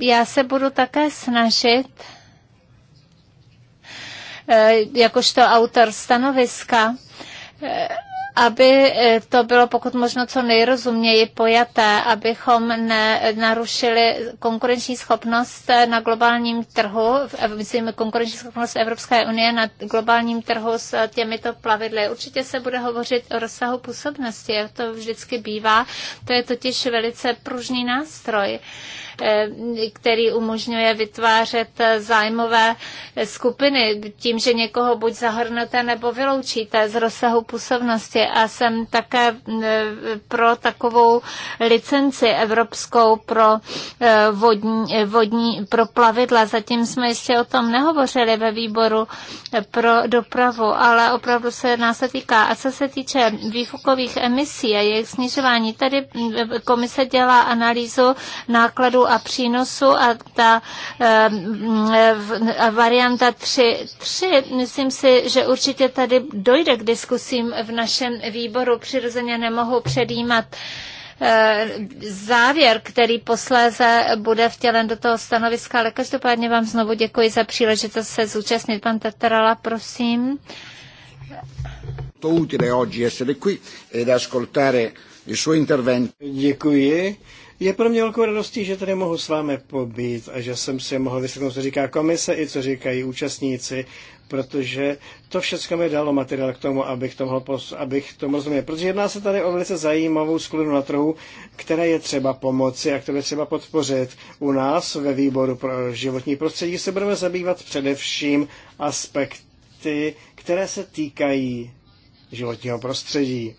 já se budu také snažit Eh, jakožto autor stanoviska, eh, aby eh, to bylo pokud možno co nejrozuměji pojaté, abychom nenarušili konkurenční schopnost na globálním trhu, myslím konkurenční schopnost Evropské unie na globálním trhu s těmito plavidly. Určitě se bude hovořit o rozsahu působnosti, jak to vždycky bývá. To je totiž velice pružný nástroj Eh, který umožňuje vytvářet eh, zájmové skupiny tím, že někoho buď zahrnete nebo vyloučíte z rozsahu působnosti. A jsem také eh, pro takovou licenci evropskou pro vodní, vodní pro plavidla. Zatím jsme ještě o tom nehovořili ve výboru pro dopravu, ale opravdu se nás to týká. A co se týče výfukových emisí a jejich snižování, tady mm, komise dělá analýzu nákladů a přínosu a ta eh, a varianta 3, 3, myslím si, že určitě tady dojde k diskusím v našem výboru. Přirozeně nemohu předjímat eh, závěr, který posléze bude vtělen do toho stanoviska, ale každopádně vám znovu děkuji za příležitost se zúčastnit. Pan Tatarala, prosím. To Utile oggi essere qui ed ascoltare il suo intervento. Děkuji. Je pro mě velkou radostí, že tady mohu s vámi pobít a že jsem si mohl vyslechnout, co říká komise i co říkají účastníci, protože to všechno mi dalo materiál k tomu, abych to mohl pos- abych tomu rozuměl. Protože jedná se tady o velice zajímavou skupinu na trhu, které je třeba pomoci a které je třeba podpořit. U nás ve výboru pro životní prostředí se budeme zabývat především aspekty, které se týkají životního prostředí.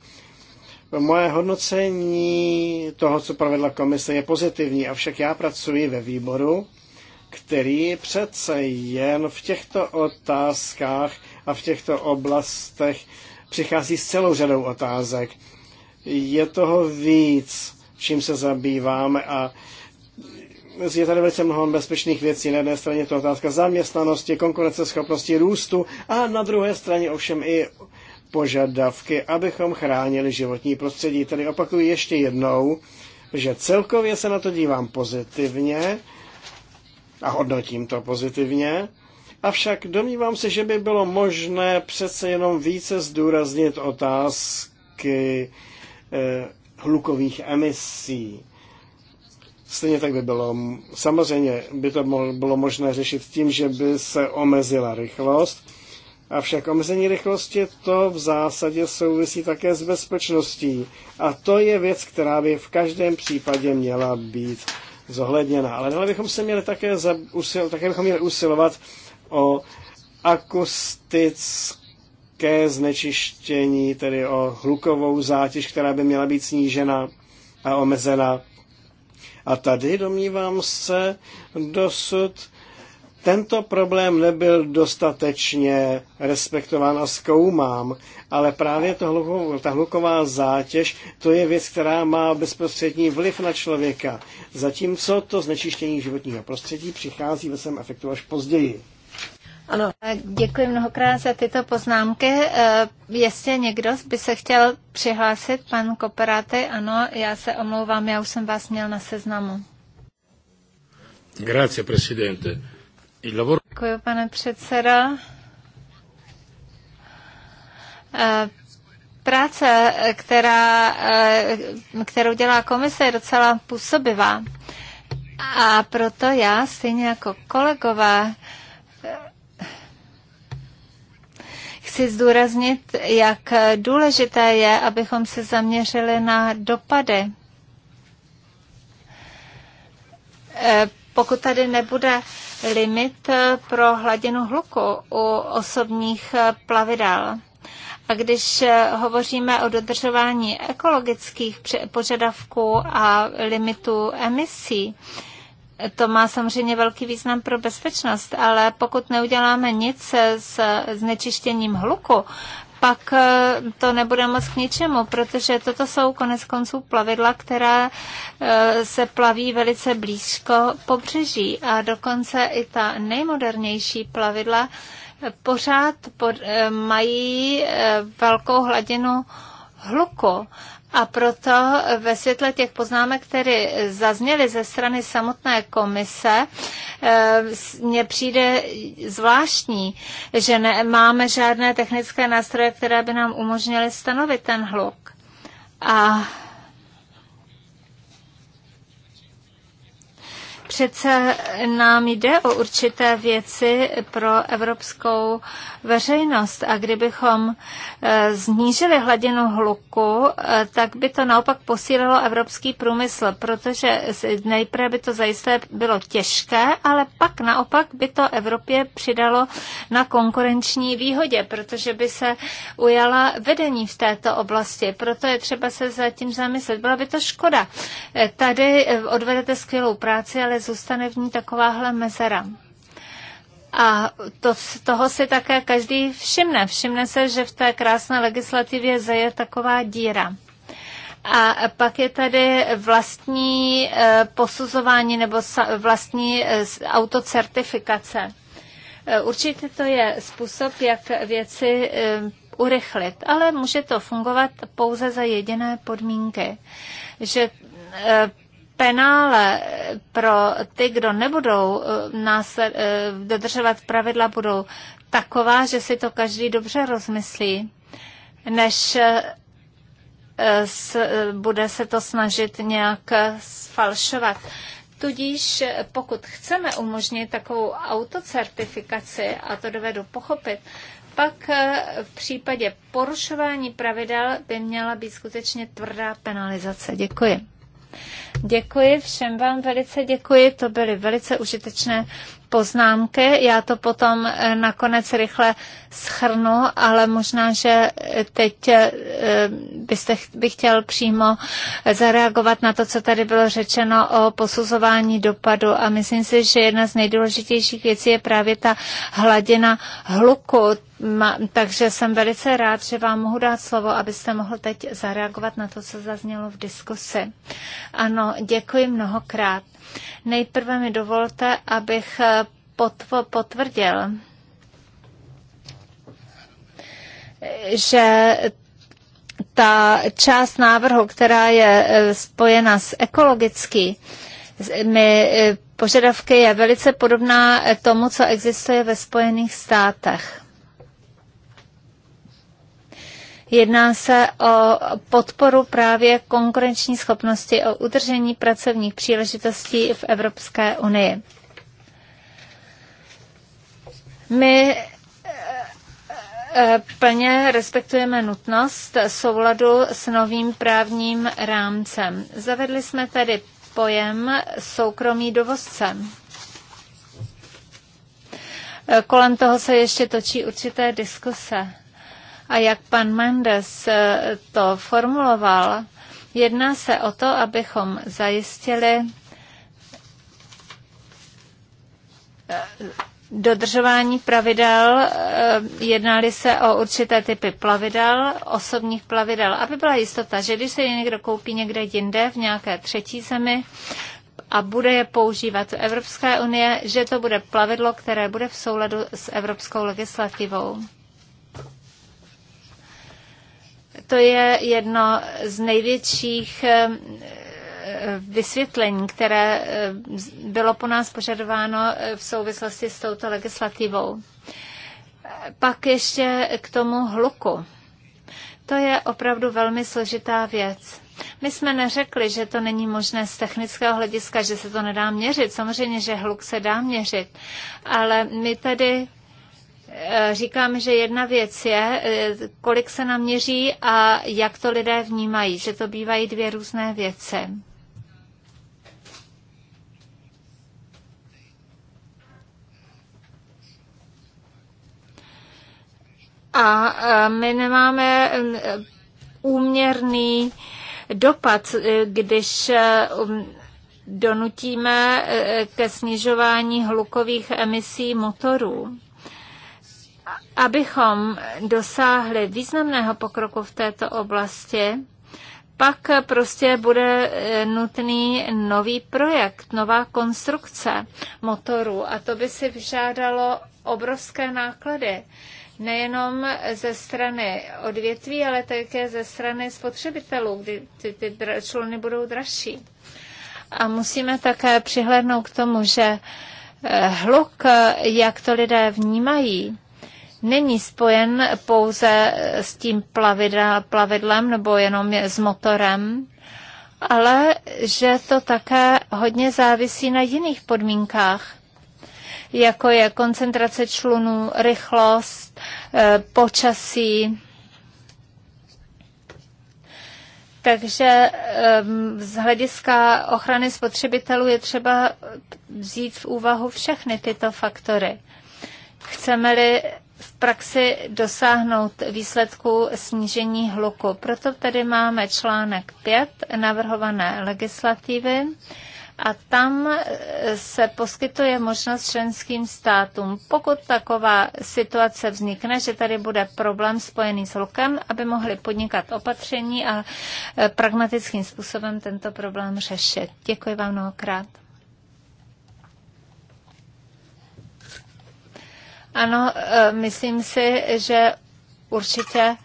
Moje hodnocení toho, co provedla komise, je pozitivní, avšak já pracuji ve výboru, který přece jen v těchto otázkách a v těchto oblastech přichází s celou řadou otázek. Je toho víc, čím se zabýváme a je tady velice mnoho bezpečných věcí. Na jedné straně je to otázka zaměstnanosti, konkurenceschopnosti, růstu a na druhé straně ovšem i požadavky, abychom chránili životní prostředí. Tedy opakuji ještě jednou, že celkově se na to dívám pozitivně a hodnotím to pozitivně, avšak domnívám se, že by bylo možné přece jenom více zdůraznit otázky eh, hlukových emisí. Stejně tak by bylo, samozřejmě by to bylo možné řešit tím, že by se omezila rychlost, Avšak omezení rychlosti to v zásadě souvisí také s bezpečností. A to je věc, která by v každém případě měla být zohledněna. Ale dále bychom se měli také, za, usil, také bychom měli usilovat o akustické znečištění, tedy o hlukovou zátěž, která by měla být snížena a omezena. A tady, domnívám se, dosud tento problém nebyl dostatečně respektován a zkoumám, ale právě to hluko, ta hluková zátěž, to je věc, která má bezprostřední vliv na člověka, zatímco to znečištění životního prostředí přichází ve svém efektu až později. Ano, děkuji mnohokrát za tyto poznámky. Eh, jestli někdo by se chtěl přihlásit, pan Koperáty, ano, já se omlouvám, já už jsem vás měl na seznamu. Grazie, presidente. Děkuji, pane předseda. Eh, práce, která, eh, kterou dělá komise, je docela působivá. A proto já, stejně jako kolegové, eh, chci zdůraznit, jak důležité je, abychom se zaměřili na dopady. Pokud tady nebude limit pro hladinu hluku u osobních plavidel. A když hovoříme o dodržování ekologických požadavků a limitů emisí, to má samozřejmě velký význam pro bezpečnost, ale pokud neuděláme nic s znečištěním hluku, pak eh, to nebude moc k ničemu, protože toto jsou konec konců plavidla, která eh, se plaví velice blízko pobřeží a dokonce i ta nejmodernější plavidla eh, pořád pod, mají velkou hladinu hluku a proto ve světle těch poznámek, které zazněly ze strany samotné komise, eh, mně přijde zvláštní, že nemáme žádné technické nástroje, které by nám umožnily stanovit ten hluk. A Přece nám jde o určité věci pro evropskou veřejnost a kdybychom e, znížili hladinu hluku, e, tak by to naopak posílilo evropský průmysl, protože nejprve by to zajisté bylo těžké, ale pak naopak by to Evropě přidalo na konkurenční výhodě, protože by se ujala vedení v této oblasti. Proto je třeba se zatím zamyslet. Byla by to škoda. E, tady odvedete skvělou práci, ale zůstane v ní takováhle mezera. A to, toho si také každý všimne. Všimne se, že v té krásné legislativě zaje taková díra. A pak je tady vlastní eh, posuzování nebo vlastní eh, autocertifikace. Eh, určitě to je způsob, jak věci urychlit, ale může to fungovat pouze za jediné podmínky, že penále pro ty, kdo nebudou eh, násled, eh, dodržovat pravidla, budou taková, že si to každý dobře rozmyslí, než eh, bude se to snažit nějak sfalšovat. Tudíž pokud chceme umožnit takovou autocertifikaci, a to dovedu pochopit, pak v případě porušování pravidel by měla být skutečně tvrdá penalizace. Děkuji. Děkuji všem vám, velice děkuji, to byly velice užitečné poznámky. Já to potom eh, nakonec rychle schrnu, ale možná, že eh, teď eh, byste, bych chtěl přímo zareagovat na to, co tady bylo řečeno o posuzování dopadu. A myslím si, že jedna z nejdůležitějších věcí je právě ta hladina hluku. Takže jsem velice rád, že vám mohu dát slovo, abyste mohl teď zareagovat na to, co zaznělo v diskusi. Ano, děkuji mnohokrát. Nejprve mi dovolte, abych potvrdil, že ta část návrhu, která je e, spojena s ekologický, my e, požadavky je velice podobná tomu, co existuje ve Spojených státech. Jedná se o podporu právě konkurenční schopnosti o udržení pracovních příležitostí v Evropské unii. My eh, eh, Plně respektujeme nutnost souladu s novým právním rámcem. Zavedli jsme tedy pojem soukromý dovozce. Eh, kolem toho se ještě točí určité diskuse. A jak pan Mendes eh, to formuloval, jedná se o to, abychom zajistili eh, dodržování pravidel, eh, jednali se o určité typy plavidel, osobních plavidel, aby byla jistota, že když se je někdo koupí někde jinde, v nějaké třetí zemi, a bude je používat v Evropské unie, že to bude plavidlo, které bude v souladu s evropskou legislativou. To je jedno z největších eh, eh, vysvětlení, které eh, bylo po nás požadováno v souvislosti s touto legislativou. Pak ještě k tomu hluku. To je opravdu velmi složitá věc. My jsme neřekli, že to není možné z technického hlediska, že se to nedá měřit. Samozřejmě, že hluk se dá měřit, ale my tady Eh, říkám, že jedna věc je, eh, kolik se naměří a jak to lidé vnímají, že to bývají dvě různé věci. A eh, my nemáme úměrný dopad, když um, donutíme ke snižování hlukových emisí motorů. Abychom dosáhli významného pokroku v této oblasti, pak prostě bude eh, nutný nový projekt, nová konstrukce motorů a to by si vyžádalo obrovské náklady nejenom ze strany odvětví, ale také ze strany spotřebitelů, kdy ty, ty čluny budou dražší. A musíme také přihlédnout k tomu, že eh, hluk, jak to lidé vnímají, není spojen pouze s tím plavidla, plavidlem nebo jenom s motorem, ale že to také hodně závisí na jiných podmínkách, jako je koncentrace člunů, rychlost, eh, počasí. Takže ehm, z hlediska ochrany spotřebitelů je třeba vzít v úvahu všechny tyto faktory. Chceme-li v praxi dosáhnout výsledku snížení hluku. Proto tady máme článek 5 navrhované legislativy a tam e, se poskytuje možnost členským státům, pokud taková situace vznikne, že tady bude problém spojený s hlukem, aby mohli podnikat opatření a e, pragmatickým způsobem tento problém řešit. Děkuji vám mnohokrát. Ano, e, myslím si, že určitě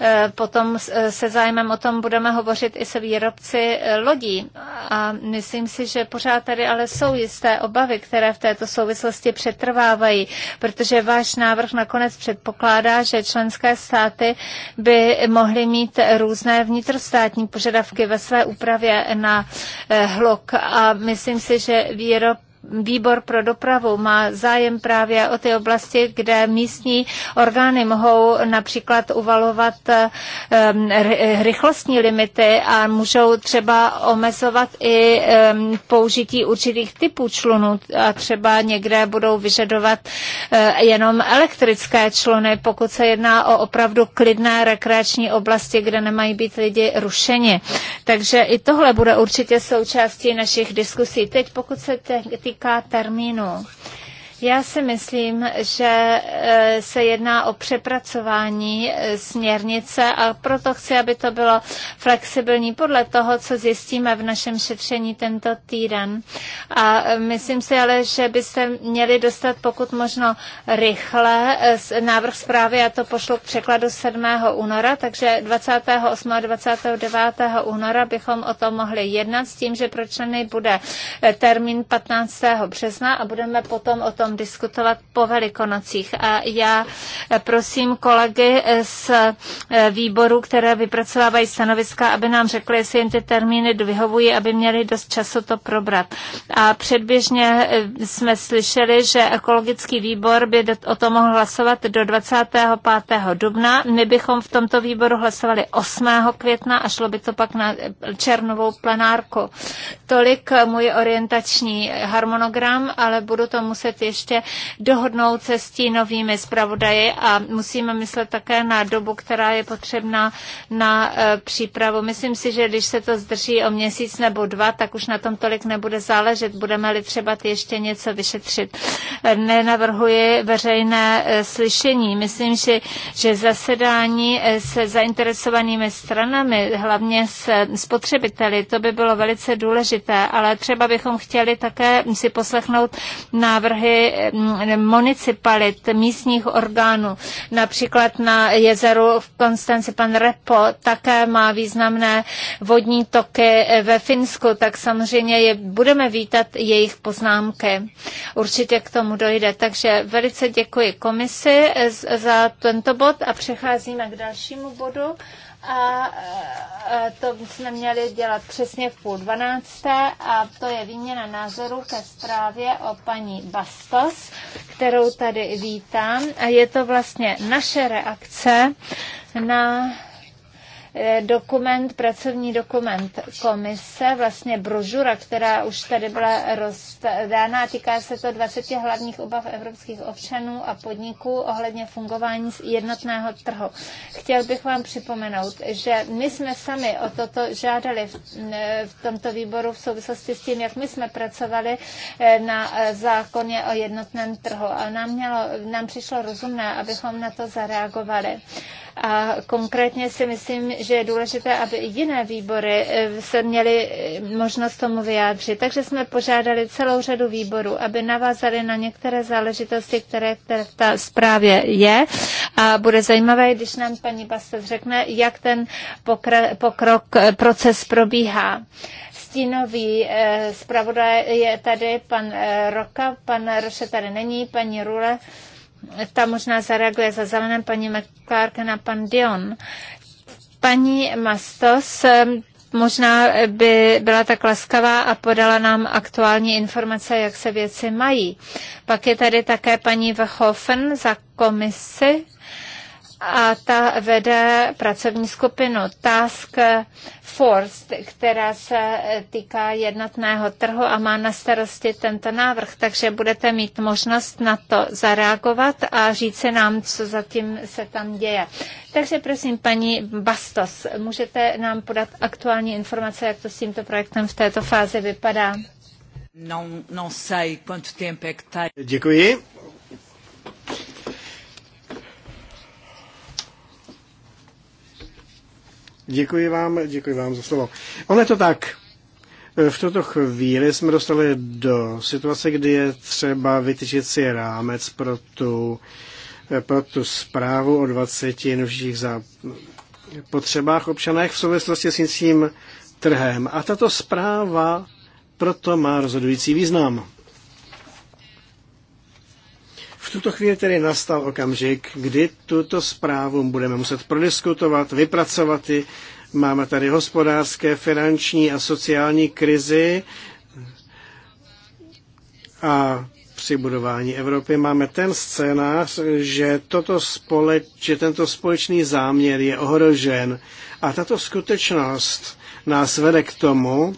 e, Potom e, se zájmem o tom budeme hovořit i se výrobci lodí. A myslím si, že pořád tady ale jsou jisté obavy, které v této souvislosti přetrvávají, protože váš návrh nakonec předpokládá, že členské státy by mohly mít různé vnitrostátní požadavky ve své úpravě na hluk. A myslím si, že výrob výbor pro dopravu má zájem právě o ty oblasti, kde místní orgány mohou například uvalovat ehm, rychlostní limity a můžou třeba omezovat i ehm, použití určitých typů člunů a třeba někde budou vyžadovat eh, jenom elektrické čluny, pokud se jedná o opravdu klidné rekreační oblasti, kde nemají být lidi rušeni. Takže i tohle bude určitě součástí našich diskusí. Teď pokud se týká týká termínu já si myslím, že eh, se jedná o přepracování eh, směrnice a proto chci, aby to bylo flexibilní podle toho, co zjistíme v našem šetření tento týden. A eh, myslím si ale, že byste měli dostat pokud možno rychle návrh zprávy, já to pošlu k překladu 7. února, takže 28. a 29. února bychom o tom mohli jednat s tím, že pro členy bude termín 15. března a budeme potom o tom tom diskutovat po velikonocích. A já prosím kolegy z eh, výboru, které vypracovávají stanoviska, aby nám řekli, jestli jim ty termíny vyhovují, aby měli dost času to probrat. A předběžně eh, jsme slyšeli, že ekologický výbor by o tom mohl hlasovat do 25. dubna. My bychom v tomto výboru hlasovali 8. května a šlo by to pak na eh, černovou plenárku. Tolik můj orientační harmonogram, ale budu to muset ještě ještě dohodnout se s novými zpravodaji a musíme myslet také na dobu, která je potřebná na eh, přípravu. Myslím si, že když se to zdrží o měsíc nebo dva, tak už na tom tolik nebude záležet. Budeme-li třeba ještě něco vyšetřit. Eh, nenavrhuji veřejné eh, slyšení. Myslím, si, že zasedání se zainteresovanými stranami, hlavně s spotřebiteli, to by bylo velice důležité, ale třeba bychom chtěli také si poslechnout návrhy Eh, municipalit, místních orgánů. Například na jezeru v Konstanci pan Repo také má významné vodní toky eh, ve Finsku, tak samozřejmě je, budeme vítat jejich poznámky. Určitě k tomu dojde. Takže velice děkuji komisi eh, za tento bod a přecházíme k dalšímu bodu a to jsme měli dělat přesně v půl dvanácté a to je výměna názoru ke zprávě o paní Bastos, kterou tady vítám a je to vlastně naše reakce na Eh, dokument, pracovní dokument komise, vlastně brožura, která už tady byla rozdána týká se to 20 hlavních obav evropských občanů a podniků ohledně fungování jednotného trhu. Chtěl bych vám připomenout, že my jsme sami o toto žádali v eh, tomto výboru v souvislosti s tím, jak my jsme pracovali eh, na zákoně o jednotném trhu. A nám, mělo, nám přišlo rozumné, abychom na to zareagovali. A konkrétně si myslím, že je důležité, aby i jiné výbory eh, se měly eh, možnost tomu vyjádřit. Takže jsme požádali celou řadu výborů, aby navázali na některé záležitosti, které, které v té zprávě je. A bude zajímavé, když nám paní Bastet řekne, jak ten pokra- pokrok, eh, proces probíhá stínový zpravodaj je tady, pan Roka, pan Roše tady není, paní Rule ta možná zareaguje za zeleném paní McClarken a pan Dion. Paní Mastos eh, možná by byla tak laskavá a podala nám aktuální informace, jak se věci mají. Pak je tady také paní Vhofen za komisi a ta vede pracovní skupinu Task Force, která se týká jednotného trhu a má na starosti tento návrh, takže budete mít možnost na to zareagovat a říci nám, co zatím se tam děje. Takže prosím, paní Bastos, můžete nám podat aktuální informace, jak to s tímto projektem v této fázi vypadá? Děkuji. Děkuji vám, děkuji vám za slovo. Ono je to tak. V tuto chvíli jsme dostali do situace, kdy je třeba vytyčit si rámec pro tu, pro tu zprávu o 20 novších za potřebách občanech v souvislosti s tím trhem. A tato zpráva proto má rozhodující význam tuto chvíli tedy nastal okamžik, kdy tuto zprávu budeme muset prodiskutovat, vypracovat ji. Máme tady hospodářské, finanční a sociální krizi a při budování Evropy máme ten scénář, že, toto společ, že tento společný záměr je ohrožen. A tato skutečnost nás vede k tomu,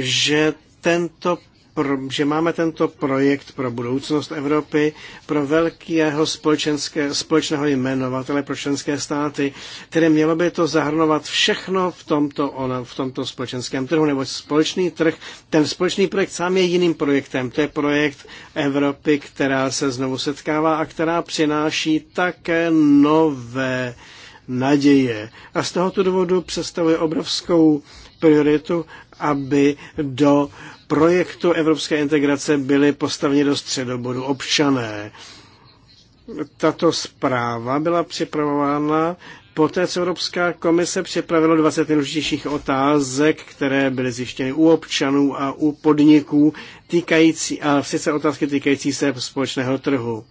že tento pro, že máme tento projekt pro budoucnost Evropy, pro velkého společenské, společného jmenovatele pro členské státy, které mělo by to zahrnovat všechno v tomto, ono, v tomto společenském trhu, nebo společný trh. Ten společný projekt sám je jiným projektem. To je projekt Evropy, která se znovu setkává a která přináší také nové naděje. A z tohoto důvodu představuje obrovskou prioritu, aby do projektu evropské integrace byli postaveni do středobodu občané. Tato zpráva byla připravována poté, co Evropská komise připravila 20 nejdůležitějších otázek, které byly zjištěny u občanů a u podniků, týkající, a sice otázky týkající se společného trhu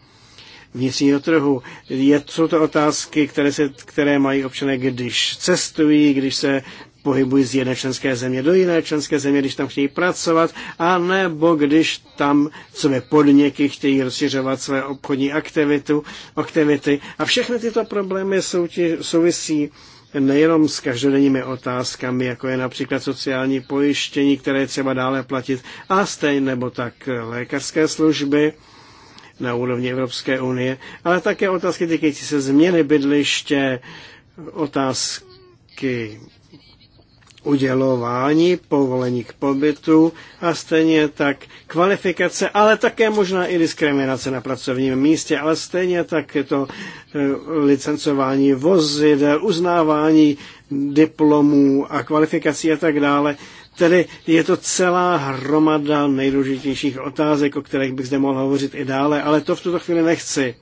vnitřního trhu. Je, jsou to otázky, které, se, které mají občané, když cestují, když se pohybují z jedné členské země do jiné členské země, když tam chtějí pracovat, a nebo když tam své podniky chtějí rozšiřovat své obchodní aktivitu, aktivity. A všechny tyto problémy jsou tě, souvisí nejenom s každodenními otázkami, jako je například sociální pojištění, které je třeba dále platit, a stejně nebo tak lékařské služby na úrovni Evropské unie, ale také otázky týkající se změny bydliště, otázky udělování povolení k pobytu a stejně tak kvalifikace, ale také možná i diskriminace na pracovním místě, ale stejně tak je to eh, licencování vozidel, uznávání diplomů a kvalifikací a tak dále. Tedy je to celá hromada nejdůležitějších otázek, o kterých bych zde mohl hovořit i dále, ale to v tuto chvíli nechci.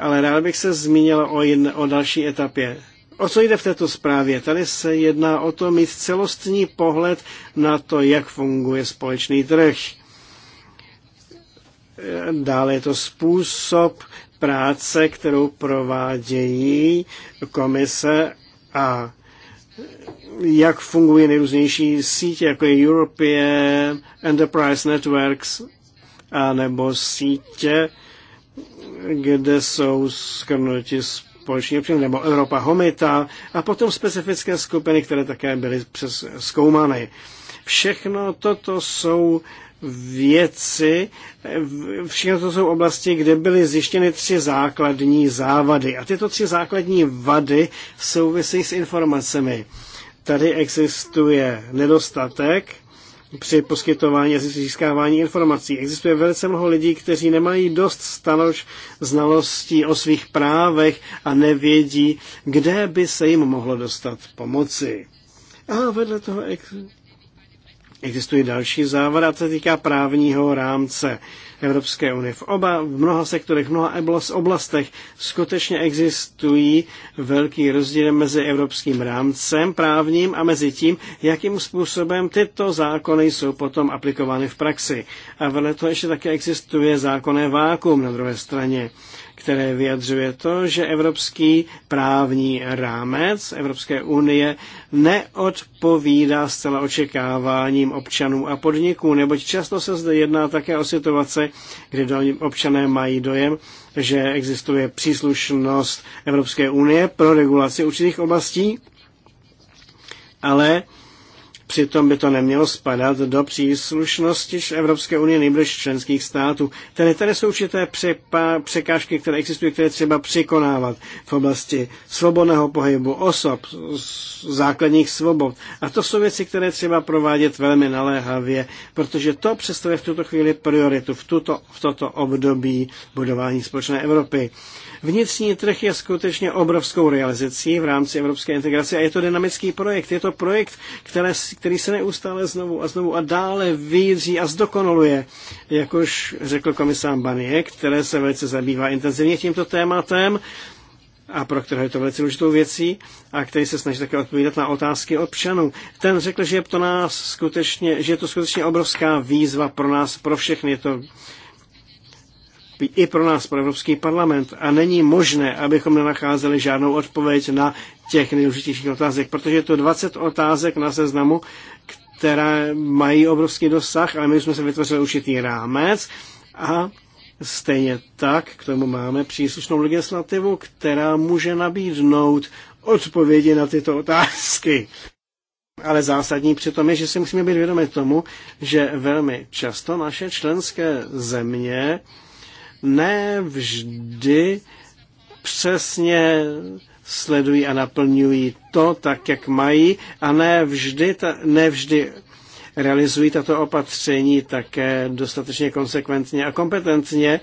Ale rád bych se zmínil o, jedn, o další etapě O co jde v této zprávě? Tady se jedná o to mít celostní pohled na to, jak funguje společný trh. Dále je to způsob práce, kterou provádějí komise a jak fungují nejrůznější sítě, jako je European Enterprise Networks, a nebo sítě, kde jsou skrnuti společně občan nebo Europa Hometa a potom specifické skupiny, které také byly přes zkoumány. Všechno toto jsou věci, všechno to jsou oblasti, kde byly zjištěny tři základní závady. A tyto tři základní vady souvisí s informacemi. Tady existuje nedostatek, při poskytování a získávání informací. Existuje velice mnoho lidí, kteří nemají dost stanož znalostí o svých právech a nevědí, kde by se jim mohlo dostat pomoci. A vedle toho ex- existuje další závada, co se týká právního rámce. Uh, Evropské unie. V, oba, v mnoha sektorech, v mnoha oblastech skutečně existují velký rozdíl mezi evropským rámcem právním a mezi tím, jakým způsobem tyto zákony jsou potom aplikovány v praxi. A vedle toho ještě také existuje zákonné vákum na druhé straně které vyjadřuje to, že evropský právní rámec Evropské unie neodpovídá zcela očekáváním občanů a podniků, neboť často se zde jedná také o situace, kdy občané mají dojem, že existuje příslušnost Evropské unie pro regulaci určitých oblastí, ale Přitom by to nemělo spadat do příslušnosti Evropské unie nejbliž členských států. Tady, tady jsou určité přepa, překážky, které existují, které třeba překonávat v oblasti svobodného pohybu osob, základních svobod. A to jsou věci, které třeba provádět velmi naléhavě, protože to představuje v tuto chvíli prioritu v, tuto, v toto období budování společné Evropy. Vnitřní trh je skutečně obrovskou realizací v rámci evropské integrace a je to dynamický projekt. Je to projekt, které, který se neustále znovu a znovu a dále vyjíří a zdokonaluje, jak už řekl komisár Banie, které se velice zabývá intenzivně tímto tématem a pro kterého je to velice důležitou věcí a který se snaží také odpovídat na otázky občanů. Ten řekl, že je to nás skutečně, že je to skutečně obrovská výzva pro nás, pro všechny. Je to i pro nás, pro Evropský parlament. A není možné, abychom nenacházeli žádnou odpověď na těch nejdůležitějších otázek, protože je to 20 otázek na seznamu, které mají obrovský dosah, ale my jsme se vytvořili určitý rámec a stejně tak k tomu máme příslušnou legislativu, která může nabídnout odpovědi na tyto otázky. Ale zásadní přitom je, že si musíme být vědomi tomu, že velmi často naše členské země ne vždy přesně sledují a naplňují to tak, jak mají a ne vždy, ta, ne vždy realizují tato opatření také dostatečně konsekventně a kompetentně.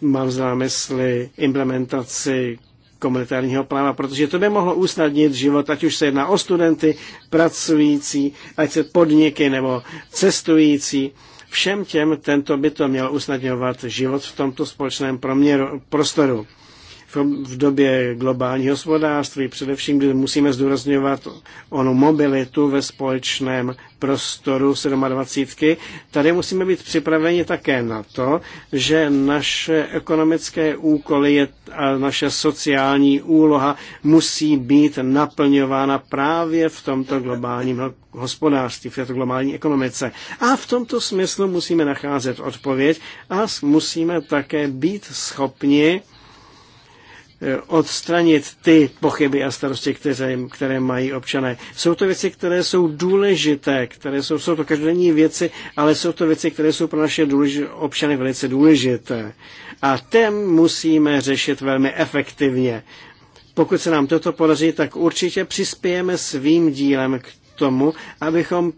Mám na mysli implementaci komunitárního práva, protože to by mohlo usnadnit život, ať už se jedná o studenty, pracující, ať se podniky nebo cestující. Všem těm tento by to měl usnadňovat život v tomto společném proměru, prostoru v době globálního hospodářství, především kdy musíme zdůrazňovat onu mobilitu ve společném prostoru 27. Tady musíme být připraveni také na to, že naše ekonomické úkoly a naše sociální úloha musí být naplňována právě v tomto globálním hospodářství, v této globální ekonomice. A v tomto smyslu musíme nacházet odpověď a musíme také být schopni Eh, odstranit ty pochyby a starosti, které, které mají občané. Jsou to věci, které jsou důležité, které jsou, jsou to každodenní věci, ale jsou to věci, které jsou pro naše důležité občany velice důležité. A tem musíme řešit velmi efektivně. Pokud se nám toto podaří, tak určitě přispějeme svým dílem k tomu, abychom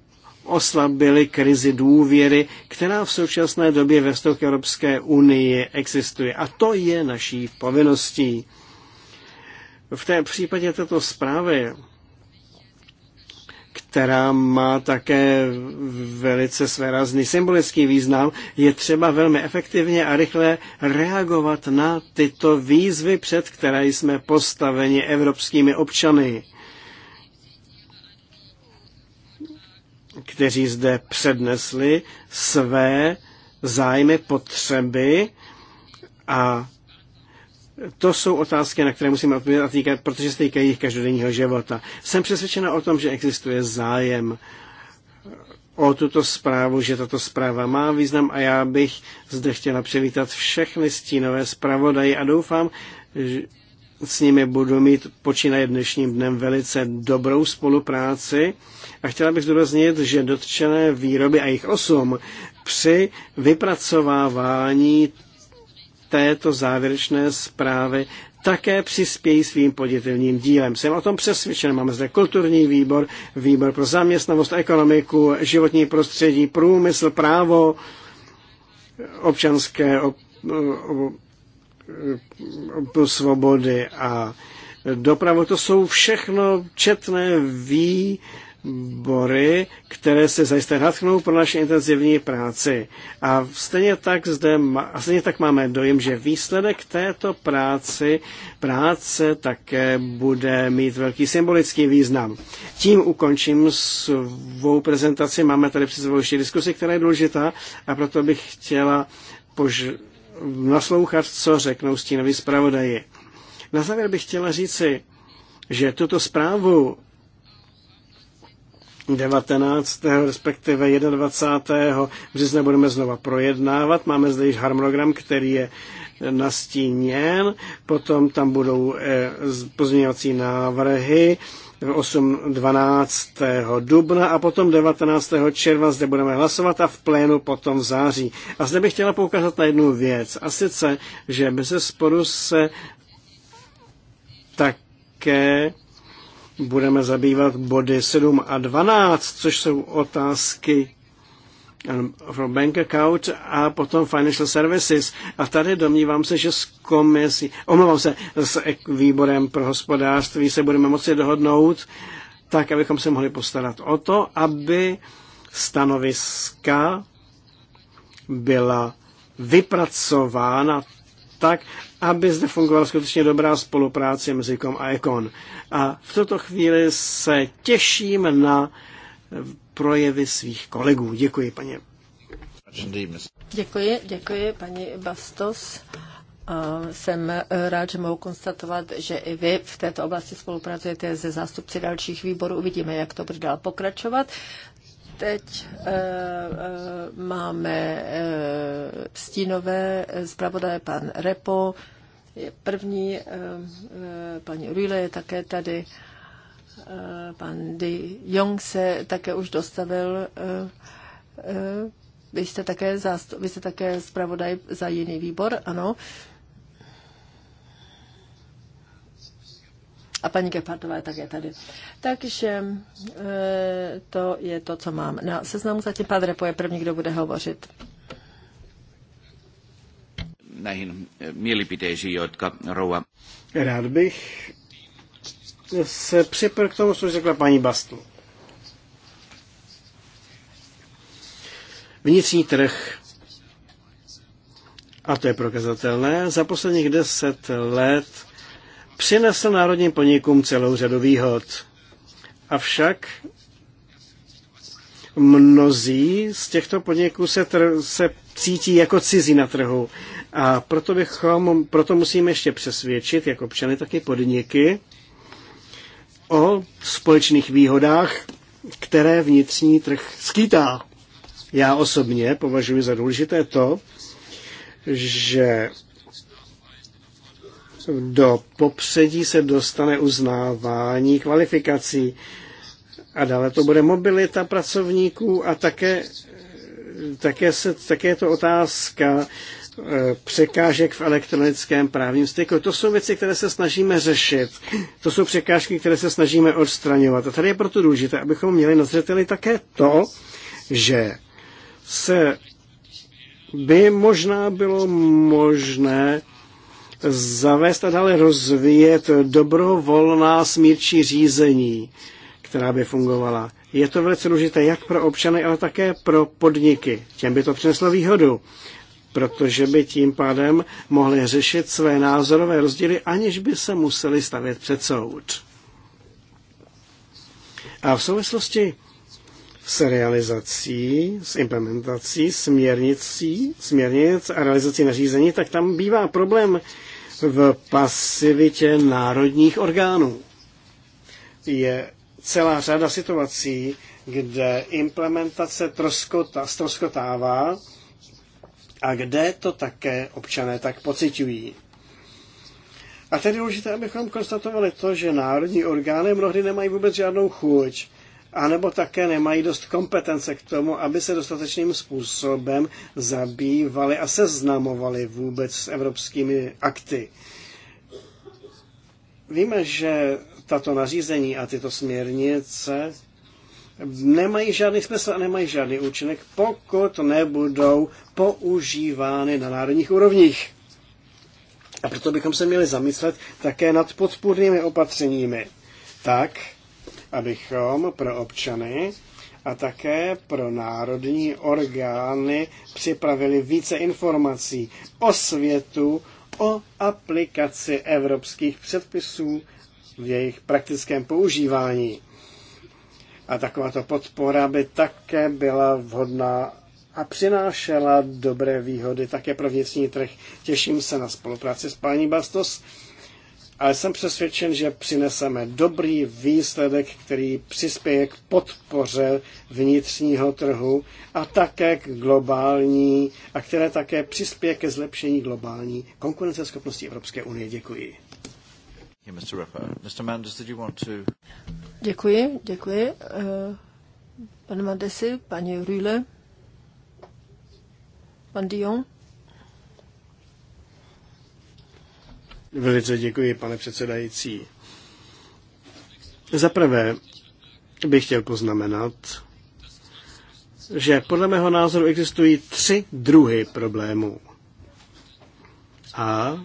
oslabili krizi důvěry, která v současné době ve vztahu Evropské unii existuje. A to je naší povinností. V té případě této zprávy, která má také velice svérazný symbolický význam, je třeba velmi efektivně a rychle reagovat na tyto výzvy, před které jsme postaveni evropskými občany kteří zde přednesli své zájmy, potřeby a to jsou otázky, na které musíme odpovědět, a týkat, protože se týkají jejich každodenního života. Jsem přesvědčena o tom, že existuje zájem o tuto zprávu, že tato zpráva má význam a já bych zde chtěla přivítat všechny stínové zpravodaji a doufám, s nimi budu mít počínaje dnešním dnem velice dobrou spolupráci a chtěla bych zdůraznit, že dotčené výroby a jich osm při vypracovávání této závěrečné zprávy také přispějí svým poditelným dílem. Jsem o tom přesvědčen. Máme zde kulturní výbor, výbor pro zaměstnanost, ekonomiku, životní prostředí, průmysl, právo, občanské, Eh, svobody a dopravu. To jsou všechno četné výbory, které se zajisté natknou pro naše intenzivní práci. A stejně tak, zde, a stejně tak máme dojem, že výsledek této práci, práce také bude mít velký symbolický význam. Tím ukončím svou prezentaci. Máme tady před sebou ještě diskusi, která je důležitá a proto bych chtěla pož- naslouchat, co řeknou stínoví zpravodaji. Na závěr bych chtěla říci, že tuto zprávu 19. respektive 21. března budeme znova projednávat. Máme zde již harmonogram, který je nastíněn, potom tam budou eh, pozměňovací návrhy 8. 12. dubna a potom 19. června zde budeme hlasovat a v plénu potom v září. A zde bych chtěla poukázat na jednu věc a sice, že bez sporu se také budeme zabývat body 7 a 12, což jsou otázky pro um, bank account a potom financial services. A tady domnívám se, že s komisí, omlouvám se, s výborem pro hospodářství se budeme moci dohodnout, tak abychom se mohli postarat o to, aby stanoviska byla vypracována tak, aby zde fungovala skutečně dobrá spolupráce mezi KOM a EKON. A v tuto chvíli se těším na projevy svých kolegů. Děkuji, paní. Děkuji, děkuji, paní Bastos. A jsem rád, že mohu konstatovat, že i vy v této oblasti spolupracujete se zástupci dalších výborů. Uvidíme, jak to bude dál pokračovat teď uh, máme uh, stínové zpravodaje pan Repo, je první, uh, uh, paní Rüle je také tady. Uh, Eh, pan Di Jong se také už dostavil. Eh, eh, vy jste také, zástup, vy jste také zpravodaj za jiný výbor, ano. A paní Gepardová je také tady. Takže to je to, co mám. Na seznamu zatím pan Repo je první, kdo bude hovořit. Näihin mielipiteisiin, jotka rouva... Rád bych se připr k tomu, co řekla paní Bastl, Vnitřní trh, a to je prokazatelné, za posledních deset let přinesl národním podnikům celou řadu výhod. Avšak mnozí z těchto podniků se, tr- se cítí jako cizí na trhu. A proto, bychom, proto musíme ještě přesvědčit, jako občany, tak i podniky, o společných výhodách, které vnitřní trh skýtá. Já osobně považuji za důležité to, že do popředí se dostane uznávání kvalifikací a dále to bude mobilita pracovníků a také, také, se, také je to otázka Eh, překážek v elektronickém právním styku. To jsou věci, které se snažíme řešit. To jsou překážky, které se snažíme odstraňovat. A tady je proto důležité, abychom měli na zřeteli také to, že se by možná bylo možné zavést a dále rozvíjet dobrovolná smírčí řízení, která by fungovala. Je to velice důležité jak pro občany, ale také pro podniky. Těm by to přineslo výhodu protože by tím pádem mohli řešit své názorové rozdíly, aniž by se museli stavět před soud. A v souvislosti s realizací, s implementací směrnicí, směrnic a realizací nařízení, tak tam bývá problém v pasivitě národních orgánů. Je celá řada situací, kde implementace troskota, stroskotává a kde to také občané tak pociťují. A tedy je důležité, abychom konstatovali to, že národní orgány mnohdy nemají vůbec žádnou chuť, anebo také nemají dost kompetence k tomu, aby se dostatečným způsobem zabývali a seznamovali vůbec s evropskými akty. Víme, že tato nařízení a tyto směrnice nemají žádný smysl a nemají žádný účinek, pokud nebudou používány na národních úrovních. A proto bychom se měli zamyslet také nad podpůrnými opatřeními. Tak, abychom pro občany a také pro národní orgány připravili více informací o světu, o aplikaci evropských předpisů v jejich praktickém používání. A takováto podpora by také byla vhodná a přinášela dobré výhody také pro vnitřní trh. Těším se na spolupráci s paní Bastos, ale jsem přesvědčen, že přineseme dobrý výsledek, který přispěje k podpoře vnitřního trhu a také k globální, a které také přispěje ke zlepšení globální konkurenceschopnosti Evropské unie. Děkuji. Mr. Mr. Manders, did you want to... Děkuji, děkuji. Eh, pane Madesi, paní Rühle, pan Dion. Velice děkuji, pane předsedající. Za prvé bych chtěl poznamenat, že podle mého názoru existují tři druhy problémů. A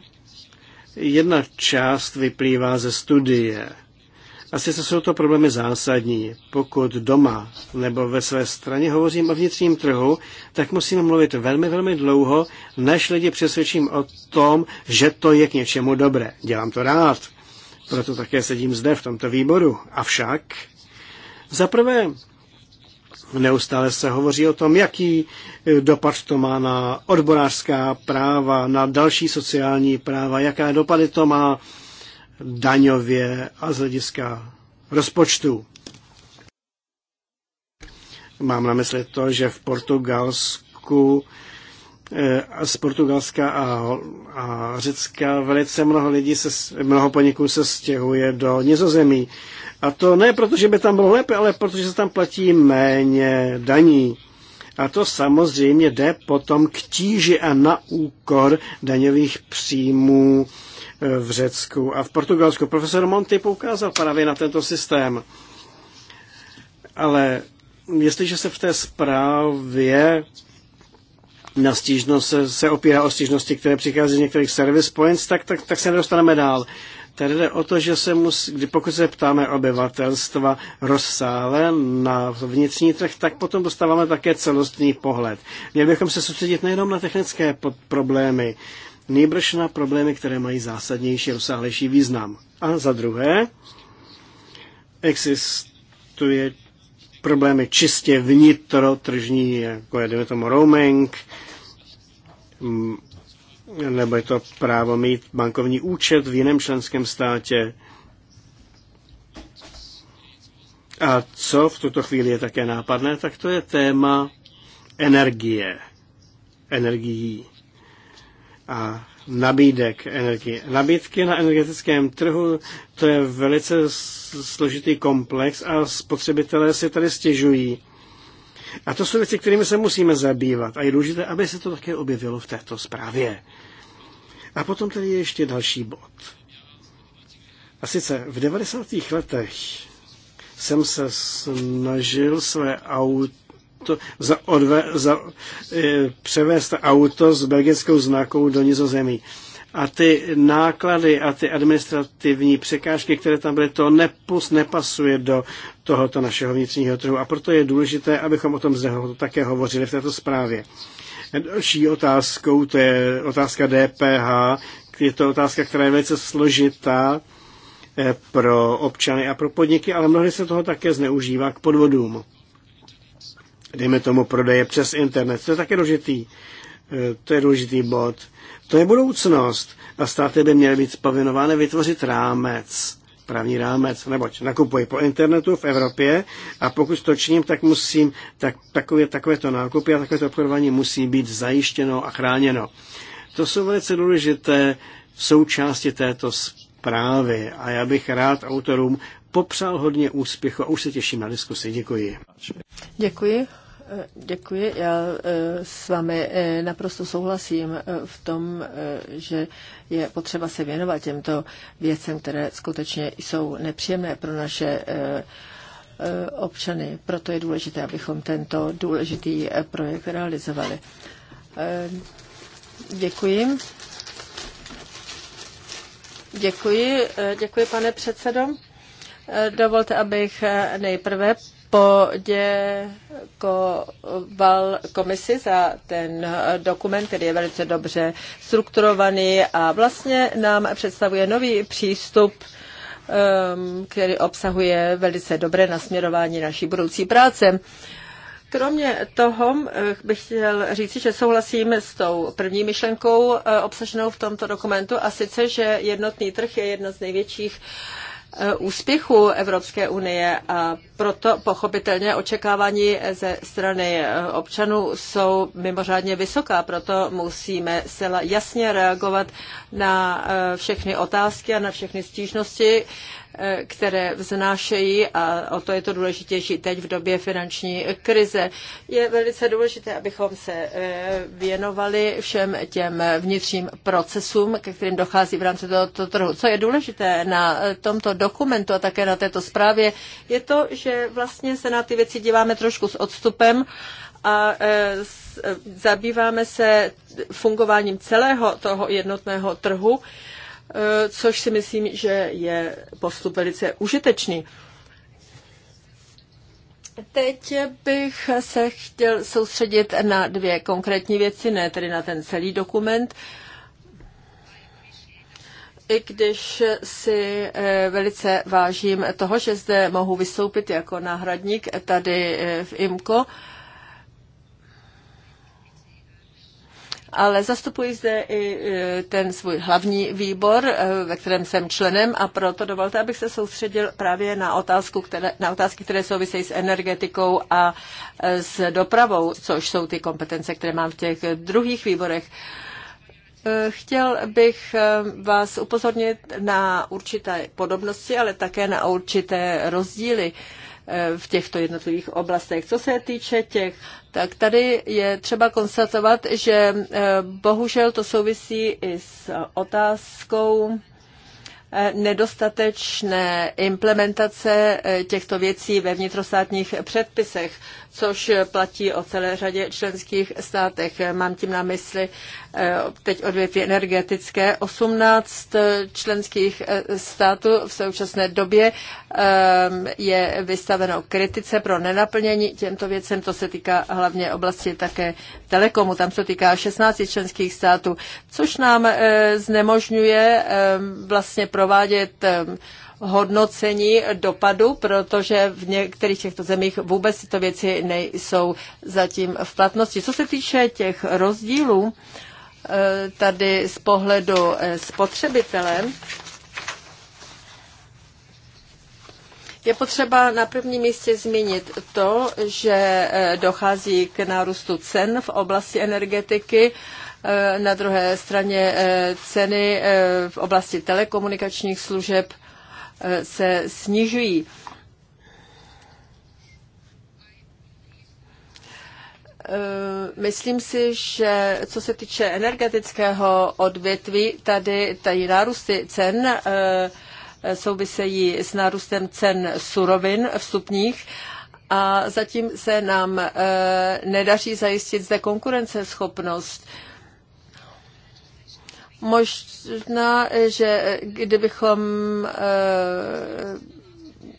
jedna část vyplývá ze studie – asi se jsou to problémy zásadní. Pokud doma nebo ve své straně hovořím o vnitřním trhu, tak musím mluvit velmi, velmi dlouho, než lidi přesvědčím o tom, že to je k něčemu dobré. Dělám to rád. Proto také sedím zde v tomto výboru. Avšak, za prvé, Neustále se hovoří o tom, jaký dopad to má na odborářská práva, na další sociální práva, jaká dopady to má daňově a z hlediska rozpočtu. Mám na mysli to, že v Portugalsku eh, z Portugalska a, a Řecka velice mnoho lidí, se, mnoho podniků se stěhuje do Nizozemí. A to ne proto, že by tam bylo lépe, ale protože se tam platí méně daní. A to samozřejmě jde potom k tíži a na úkor daňových příjmů v Řecku a v Portugalsku. Profesor Monty poukázal právě na tento systém. Ale jestliže se v té zprávě na stížnost, se opírá o stížnosti, které přichází z některých service points, tak, tak, tak se nedostaneme dál. Tady jde o to, že se musí, kdy pokud se ptáme obyvatelstva rozsále na vnitřní trh, tak potom dostáváme také celostní pohled. Měli bychom se soustředit nejenom na technické problémy, nejbrž na problémy, které mají zásadnější, rozsáhlejší význam. A za druhé, existuje problémy čistě vnitrotržní, jako je, tomu, roaming, mm, nebo je to právo mít bankovní účet v jiném členském státě. A co v tuto chvíli je také nápadné, tak to je téma energie. Energií a nabídek energie. Nabídky na energetickém trhu, to je velice složitý komplex a spotřebitelé si tady stěžují. A to jsou věci, kterými se musíme zabývat. A je důležité, aby se to také objevilo v této zprávě. A potom tady je ještě další bod. A sice v 90. letech jsem se snažil své auto auto, za, odve, za e, převést auto s belgickou znakou do nizozemí. A ty náklady a ty administrativní překážky, které tam byly, to nepus, nepasuje do tohoto našeho vnitřního trhu. A proto je důležité, abychom o tom zde také hovořili v této zprávě. Další otázkou, to je otázka DPH, je to otázka, která je velice složitá e, pro občany a pro podniky, ale mnohdy se toho také zneužívá k podvodům dejme tomu, prodeje přes internet. To je také důležitý, e, to je důležitý bod. To je budoucnost a státy by měly být povinovány vytvořit rámec, právní rámec, neboť nakupuji po internetu v Evropě a pokud to činím, tak musím, tak takové, takovéto nákupy a takovéto obchodování musí být zajištěno a chráněno. To jsou velice důležité součásti této zprávy a já bych rád autorům popřál hodně úspěchu a už se těším na diskusi. Děkuji. Děkuji. Eh, děkuji. Já eh, s vámi eh, naprosto souhlasím v tom, že je potřeba se věnovat těmto věcem, které skutečně jsou nepříjemné pro naše občany. Proto je důležité, abychom tento důležitý projekt realizovali. Děkuji. Děkuji, děkuji pane předsedo. Dovolte, abych nejprve poděkoval komisi za ten dokument, který je velice dobře strukturovaný a vlastně nám představuje nový přístup, um, který obsahuje velice dobré nasměrování naší budoucí práce. Kromě toho eh, bych chtěl říci, že souhlasím s tou první myšlenkou eh, obsaženou v tomto dokumentu a sice, že jednotný trh je jedna z největších uh, Eh, úspěchu Evropské unie a proto pochopitelně očekávání ze strany eh, občanů jsou mimořádně vysoká, proto musíme zcela jasně reagovat na eh, všechny otázky a na všechny stížnosti, Eh, které vznášejí a o to je to důležitější teď v době finanční krize. Je velice důležité, abychom se eh, věnovali všem těm vnitřním procesům, ke kterým dochází v rámci tohoto trhu. Co je důležité na eh, tomto dokumentu a také na této zprávě, je to, že vlastně se na ty věci díváme trošku s odstupem a zabýváme se fungováním celého toho jednotného trhu Eh, což si myslím, že je postup velice užitečný. Teď bych se chtěl soustředit na dvě konkrétní věci, ne tedy na ten celý dokument. I když si eh, velice vážím toho, že zde mohu vystoupit jako náhradník tady eh, v IMCO, ale zastupuji zde i e, ten svůj hlavní výbor, e, ve kterém jsem členem a proto dovolte, abych se soustředil právě na, otázku, které, na otázky, které souvisejí s energetikou a e, s dopravou, což jsou ty kompetence, které mám v těch druhých výborech. Chtěl bych vás upozornit na určité podobnosti, ale také na určité rozdíly v těchto jednotlivých oblastech. Co se týče těch, tak tady je třeba konstatovat, že eh, bohužel to souvisí i s otázkou eh, nedostatečné implementace eh, těchto věcí ve vnitrostátních předpisech, což platí o celé řadě členských státech. Mám tím na mysli Eh, teď odvětví energetické. 18 eh, členských eh, států v současné době je vystaveno kritice pro nenaplnění těmto věcem. To se týká hlavně oblasti také telekomu. Tam se týká 16 členských států, což nám znemožňuje vlastně provádět hodnocení dopadu, protože v některých těchto zemích vůbec tyto věci nejsou zatím v platnosti. Co se týče těch rozdílů, Eh, tady z pohledu eh, spotřebitele, Je potřeba na prvním místě zmínit to, že eh, dochází k nárůstu cen v oblasti energetiky, na druhé straně ceny v oblasti telekomunikačních služeb se snižují. Eh, myslím si, že co se týče energetického odvětví, tady tady nárůsty cen eh, souvisejí s nárůstem cen surovin vstupních a zatím se nám eh, nedaří zajistit zde konkurenceschopnost. Možná, že kdybychom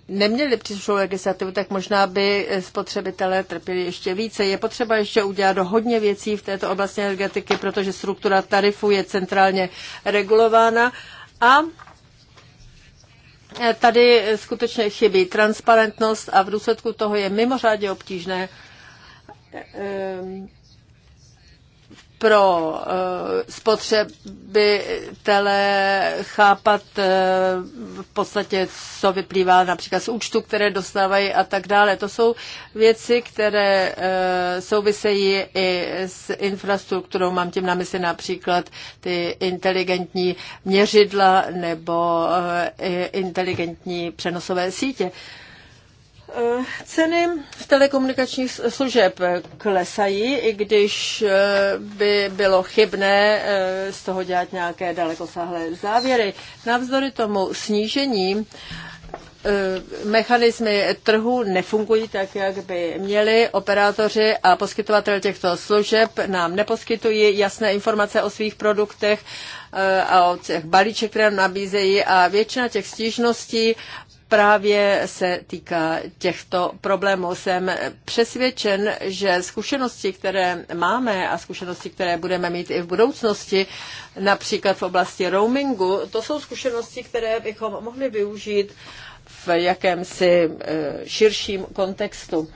neměli příslušnou legislativu, tak možná by spotřebitelé trpěli ještě více. Je potřeba ještě udělat hodně věcí v této oblasti energetiky, protože struktura tarifů je centrálně regulována a tady skutečně chybí transparentnost a v důsledku toho je mimořádně obtížné pro uh, spotřebitele chápat uh, v podstatě, co vyplývá například z účtu, které dostávají a tak dále. To jsou věci, které uh, souvisejí i s infrastrukturou. Mám tím na mysli například ty inteligentní měřidla nebo uh, inteligentní přenosové sítě. Uh, Eh, ceny telekomunikačních služeb eh, klesají, i když eh, by bylo chybné z toho dělat nějaké dalekosáhlé závěry. Navzdory tomu snížení mechanismy trhu nefungují tak, jak by měli. Operátoři a poskytovatel těchto služeb nám neposkytují jasné informace o svých produktech a o těch balíček, které nabízejí a většina těch stížností právě se týká těchto problémů. Jsem přesvědčen, že zkušenosti, které máme a zkušenosti, které budeme mít i v budoucnosti, například v oblasti roamingu, to jsou zkušenosti, které bychom mohli využít v jakémsi eh, širším kontextu.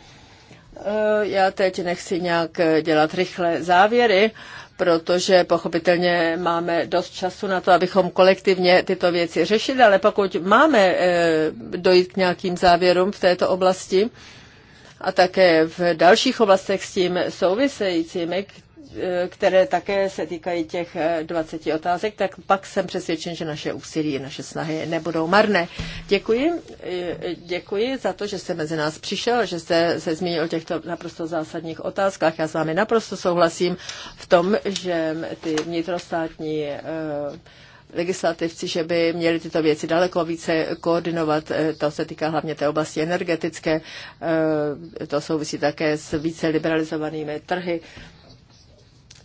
Eh, já teď nechci nějak eh, dělat rychlé závěry, protože pochopitelně máme dost času na to, abychom kolektivně tyto věci řešili, ale pokud máme eh, dojít k nějakým závěrům v této oblasti, a také v dalších oblastech s tím souvisejícími, které také se týkají těch 20 eh, otázek, tak pak jsem přesvědčen, že naše úsilí, naše snahy nebudou marné. Děkuji, eh, děkuji za to, že jste mezi nás přišel, že jste se zmínil o těchto naprosto zásadních otázkách. Já s vámi naprosto souhlasím v tom, že ty vnitrostátní eh, legislativci, že by měli tyto věci daleko více koordinovat. To se týká hlavně té oblasti energetické, to souvisí také s více liberalizovanými trhy.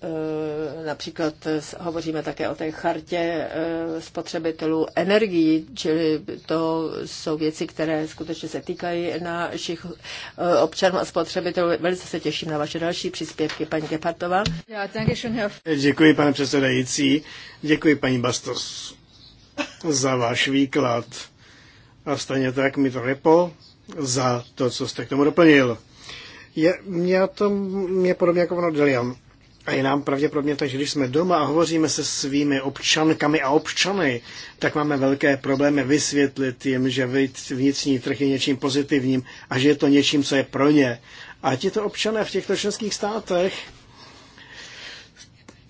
Eh, například hovoříme také o té chartě eh, spotřebitelů energií, čili to jsou věci, které skutečně se týkají našich eh, občanů a spotřebitelů. Velice se těším na vaše další příspěvky, paní Gepartová. Děkuji, pane předsedající. Děkuji, paní Bastos, za váš výklad. A stejně tak mi to repo za to, co jste k tomu doplnil. Je, mě, to, mě podobně jako ono Delian a je nám pravděpodobně tak, že když jsme doma a hovoříme se svými občankami a občany, tak máme velké problémy vysvětlit jim, že vnitřní trh je něčím pozitivním a že je to něčím, co je pro ně. A tito občané v těchto členských státech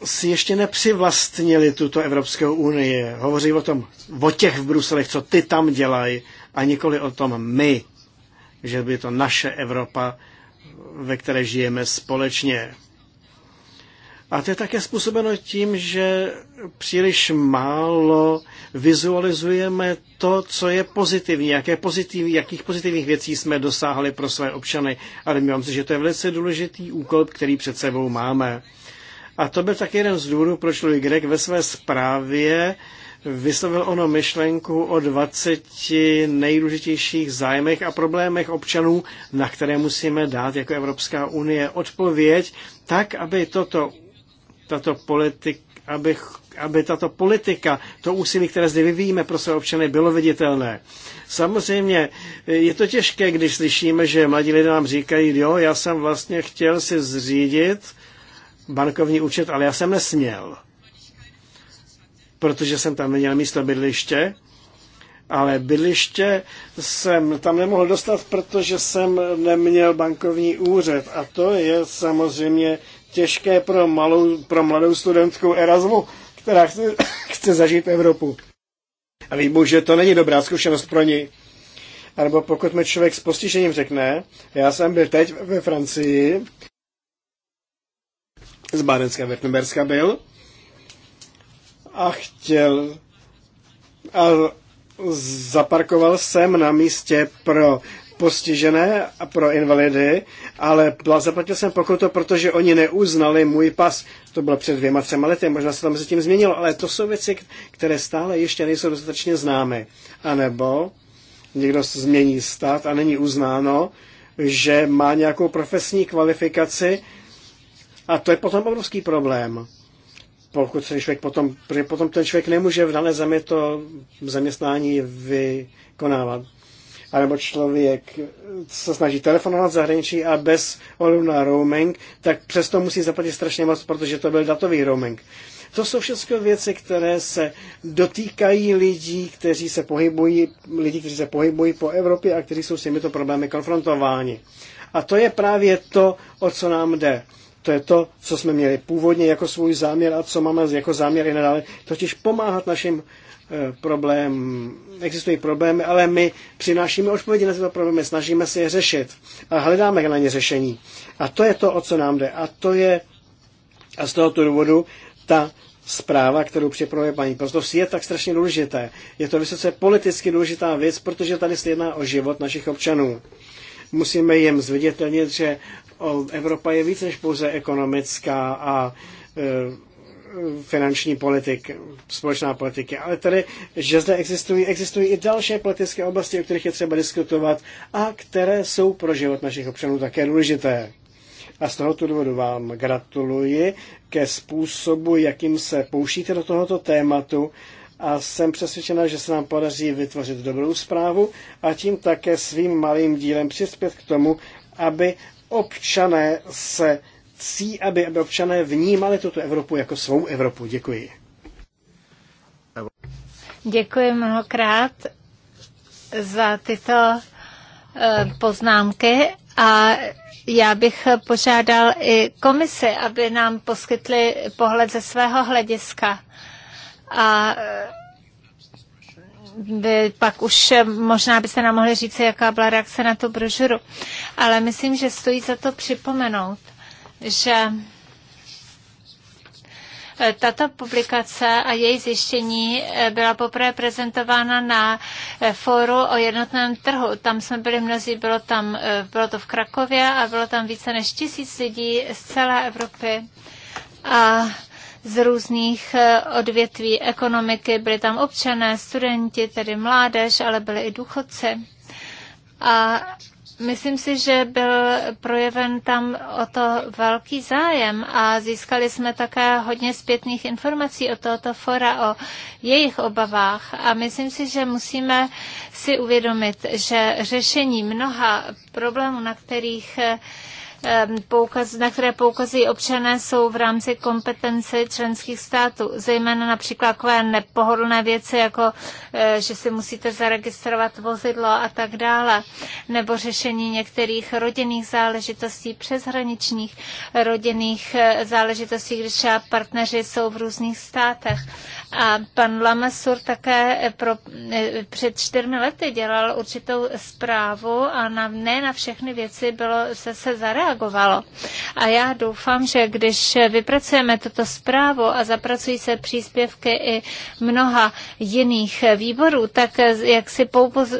si ještě nepřivlastnili tuto Evropskou unii. Hovoří o tom, o těch v Bruselech, co ty tam dělají, a nikoli o tom my, že by to naše Evropa, ve které žijeme společně. A to je také způsobeno tím, že příliš málo vizualizujeme to, co je pozitivní, jaké pozitiv, jakých pozitivních věcí jsme dosáhli pro své občany. A domnívám se, že to je velice důležitý úkol, který před sebou máme. A to byl také jeden z důvodů, proč Louis Greg ve své zprávě vyslovil ono myšlenku o 20 nejdůležitějších zájmech a problémech občanů, na které musíme dát jako Evropská unie odpověď, tak, aby toto tato politik, aby, aby tato politika, to úsilí, které zde vyvíjíme pro své občany, bylo viditelné. Samozřejmě je to těžké, když slyšíme, že mladí lidé nám říkají, jo, já jsem vlastně chtěl si zřídit bankovní účet, ale já jsem nesměl, protože jsem tam měl místo bydliště, ale bydliště jsem tam nemohl dostat, protože jsem neměl bankovní úřad. A to je samozřejmě těžké pro, malou, pro mladou studentku Erasmu, která chce, chce zažít Evropu. A ví že to není dobrá zkušenost pro ní. A nebo pokud mi člověk s postižením řekne, já jsem byl teď ve Francii, z Bárenska, Wittenberska byl, a chtěl, a zaparkoval jsem na místě pro postižené a pro invalidy, ale zaplatil jsem pokutu, protože oni neuznali můj pas. To bylo před dvěma, třema lety, možná se tam se tím změnilo, ale to jsou věci, které stále ještě nejsou dostatečně známy. A nebo někdo změní stát a není uznáno, že má nějakou profesní kvalifikaci a to je potom obrovský problém. Pokud ten člověk potom, protože potom ten člověk nemůže v dané zemi to zaměstnání vykonávat anebo člověk se snaží telefonovat v zahraničí a bez ohledu na roaming, tak přesto musí zaplatit strašně moc, protože to byl datový roaming. To jsou všechno věci, které se dotýkají lidí, kteří se pohybují, lidí, kteří se pohybují po Evropě a kteří jsou s těmito problémy konfrontováni. A to je právě to, o co nám jde. To je to, co jsme měli původně jako svůj záměr a co máme jako záměr i nadále, totiž pomáhat našim Eh, problém, existují problémy, ale my přinášíme odpovědi na tyto problémy, snažíme se je řešit a hledáme na ně řešení. A to je to, o co nám jde. A to je, a z tohoto důvodu, ta zpráva, kterou připravuje paní Prostovsky, je tak strašně důležité. Je to vysoce politicky důležitá věc, protože tady se jedná o život našich občanů. Musíme jim zviditelnit, že Evropa je víc než pouze ekonomická a eh, finanční politiky, společná politiky, ale tady, že zde existují, existují i další politické oblasti, o kterých je třeba diskutovat a které jsou pro život našich občanů také důležité. A z tohoto důvodu vám gratuluji ke způsobu, jakým se pouštíte do tohoto tématu a jsem přesvědčena, že se nám podaří vytvořit dobrou zprávu a tím také svým malým dílem přispět k tomu, aby občané se chcí, aby občané vnímali tuto Evropu jako svou Evropu. Děkuji. Děkuji mnohokrát za tyto eh, poznámky a já bych požádal i komisi, aby nám poskytli pohled ze svého hlediska. A by, eh, pak už možná byste nám mohli říct, jaká byla reakce na tu brožuru. Ale myslím, že stojí za to připomenout, že eh, tato publikace a její zjištění eh, byla poprvé prezentována na eh, fóru o jednotném trhu. Tam jsme byli mnozí, bylo, tam, bylo to v Krakově a bylo tam více než tisíc lidí z celé Evropy. A z různých odvětví ekonomiky. Byli tam občané, studenti, tedy mládež, ale byli i důchodci. A Myslím si, že byl projeven tam o to velký zájem a získali jsme také hodně zpětných informací o tohoto fora, o jejich obavách a myslím si, že musíme si uvědomit, že řešení mnoha problémů, na kterých Ehm, poukaz, na které poukazují občané, jsou v rámci kompetence členských států. Zejména například takové nepohodlné věci, jako eh, že si musíte zaregistrovat vozidlo a tak dále, nebo řešení některých rodinných záležitostí, přeshraničních rodinných eh, záležitostí, když třeba partneři jsou v různých státech. A pan Lamasur také eh, pro, eh, před čtyřmi lety dělal určitou zprávu a na, ne na všechny věci bylo, se, se zareagovalo. A já doufám, že když vypracujeme tuto zprávu a zapracují se příspěvky i mnoha jiných výborů, tak eh, jak si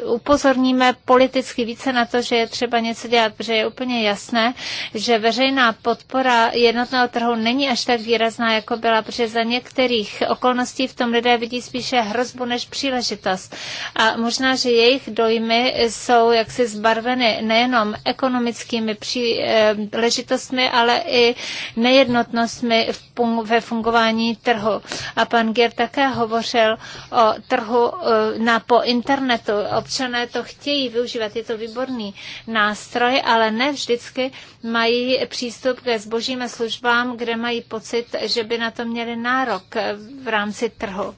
upozorníme politicky více na to, že je třeba něco dělat, protože je úplně jasné, že veřejná podpora jednotného trhu není až tak výrazná, jako byla, protože za některých okolností v tom lidé vidí spíše hrozbu než příležitost. A možná, že jejich dojmy jsou jaksi zbarveny nejenom ekonomickými příležitostmi, eh, ale i nejednotnostmi ve fungování trhu. A pan Gier také hovořil o trhu eh, na po internetu. Občané to chtějí využívat, je to výborný nástroj, ale ne vždycky mají přístup ke zbožím a službám, kde mají pocit, že by na to měli nárok eh, v rámci trhu.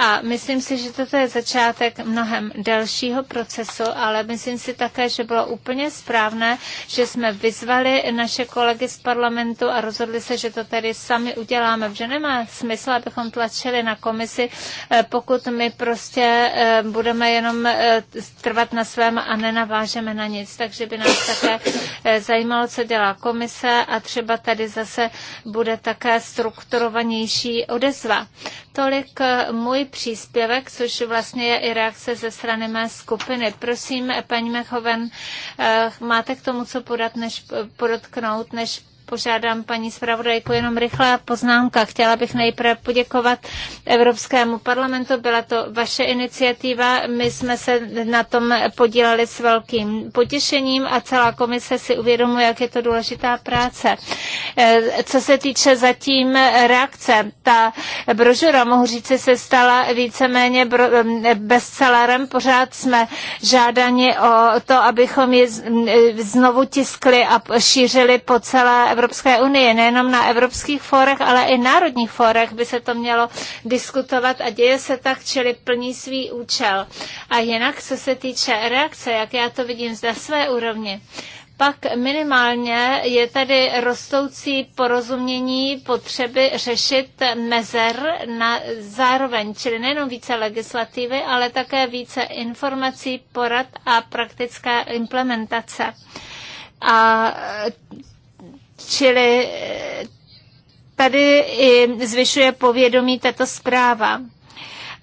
A myslím si, že toto je začátek mnohem delšího procesu, ale myslím si také, že bylo úplně správné, že jsme vyzvali naše kolegy z parlamentu a rozhodli se, že to tady sami uděláme, že nemá smysl, abychom tlačili na komisi, eh, pokud my prostě eh, budeme jenom eh, trvat na svém a nenavážeme na nic. Takže by nás také zajímalo, co dělá komise a třeba tady zase bude také strukturovanější odezva. Tolik můj příspěvek, což vlastně je i reakce ze strany mé skupiny. Prosím, paní Mechoven, eh, máte k tomu co podat, než, eh, podotknout, než Požádám paní zpravodajku jenom rychlá poznámka. Chtěla bych nejprve poděkovat Evropskému parlamentu. Byla to vaše iniciativa. My jsme se na tom podíleli s velkým potěšením a celá komise si uvědomuje, jak je to důležitá práce. E, co se týče zatím reakce, ta brožura, mohu říct, se stala víceméně bestsellerem. Pořád jsme žádani o to, abychom ji znovu tiskli a šířili po celé Evropské unie, nejenom na evropských fórech, ale i národních fórech by se to mělo diskutovat a děje se tak, čili plní svý účel. A jinak, co se týče reakce, jak já to vidím zde své úrovni, pak minimálně je tady rostoucí porozumění potřeby řešit mezer na zároveň, čili nejenom více legislativy, ale také více informací, porad a praktická implementace. A Čili eh, tady i zvyšuje povědomí tato zpráva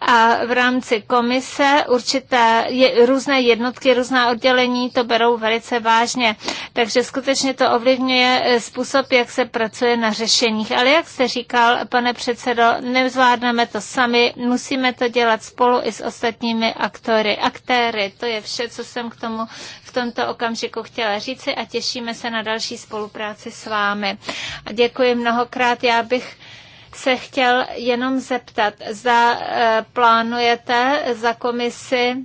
a v rámci komise určité je, různé jednotky, různá oddělení to berou velice vážně. Takže skutečně to ovlivňuje eh, způsob, jak se pracuje na řešeních. Ale jak jste říkal, pane předsedo, nezvládneme to sami, musíme to dělat spolu i s ostatními aktory, aktéry. To je vše, co jsem k tomu v tomto okamžiku chtěla říci a těšíme se na další spolupráci s vámi. A děkuji mnohokrát. Já bych se chtěl jenom zeptat, zda e, plánujete za komisi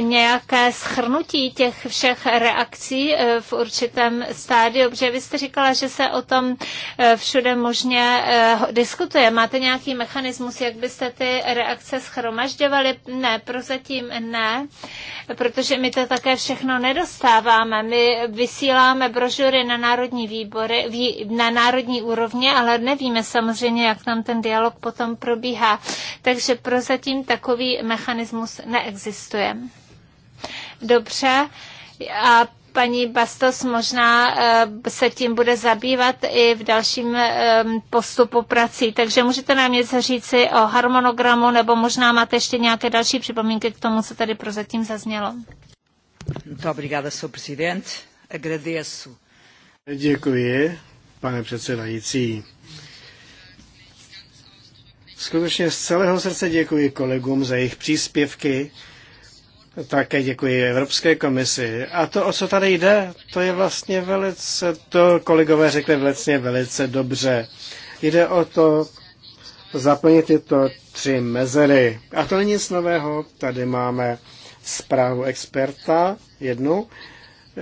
nějaké schrnutí těch všech reakcí e, v určitém stádiu, protože vy jste říkala, že se o tom e, všude možně diskutuje. Máte nějaký mechanismus, jak byste ty reakce schromažďovali? Ne, prozatím ne, protože my to také všechno nedostáváme. My vysíláme brožury na národní výbory, na národní úrovně, ale nevíme samozřejmě, jak jak tam ten dialog potom probíhá. Takže prozatím takový mechanismus neexistuje. Dobře. A paní Bastos možná eh, se tím bude zabývat i v dalším eh, postupu prací. Takže můžete nám něco říci o harmonogramu, nebo možná máte ještě nějaké další připomínky k tomu, co tady prozatím zaznělo. Děkuji, pane předsedající. Skutečně z celého srdce děkuji kolegům za jejich příspěvky. Také děkuji Evropské komisi. A to, o co tady jde, to je vlastně velice, to kolegové řekli vlastně velice dobře. Jde o to zaplnit tyto tři mezery. A to není nic nového. Tady máme zprávu experta, jednu,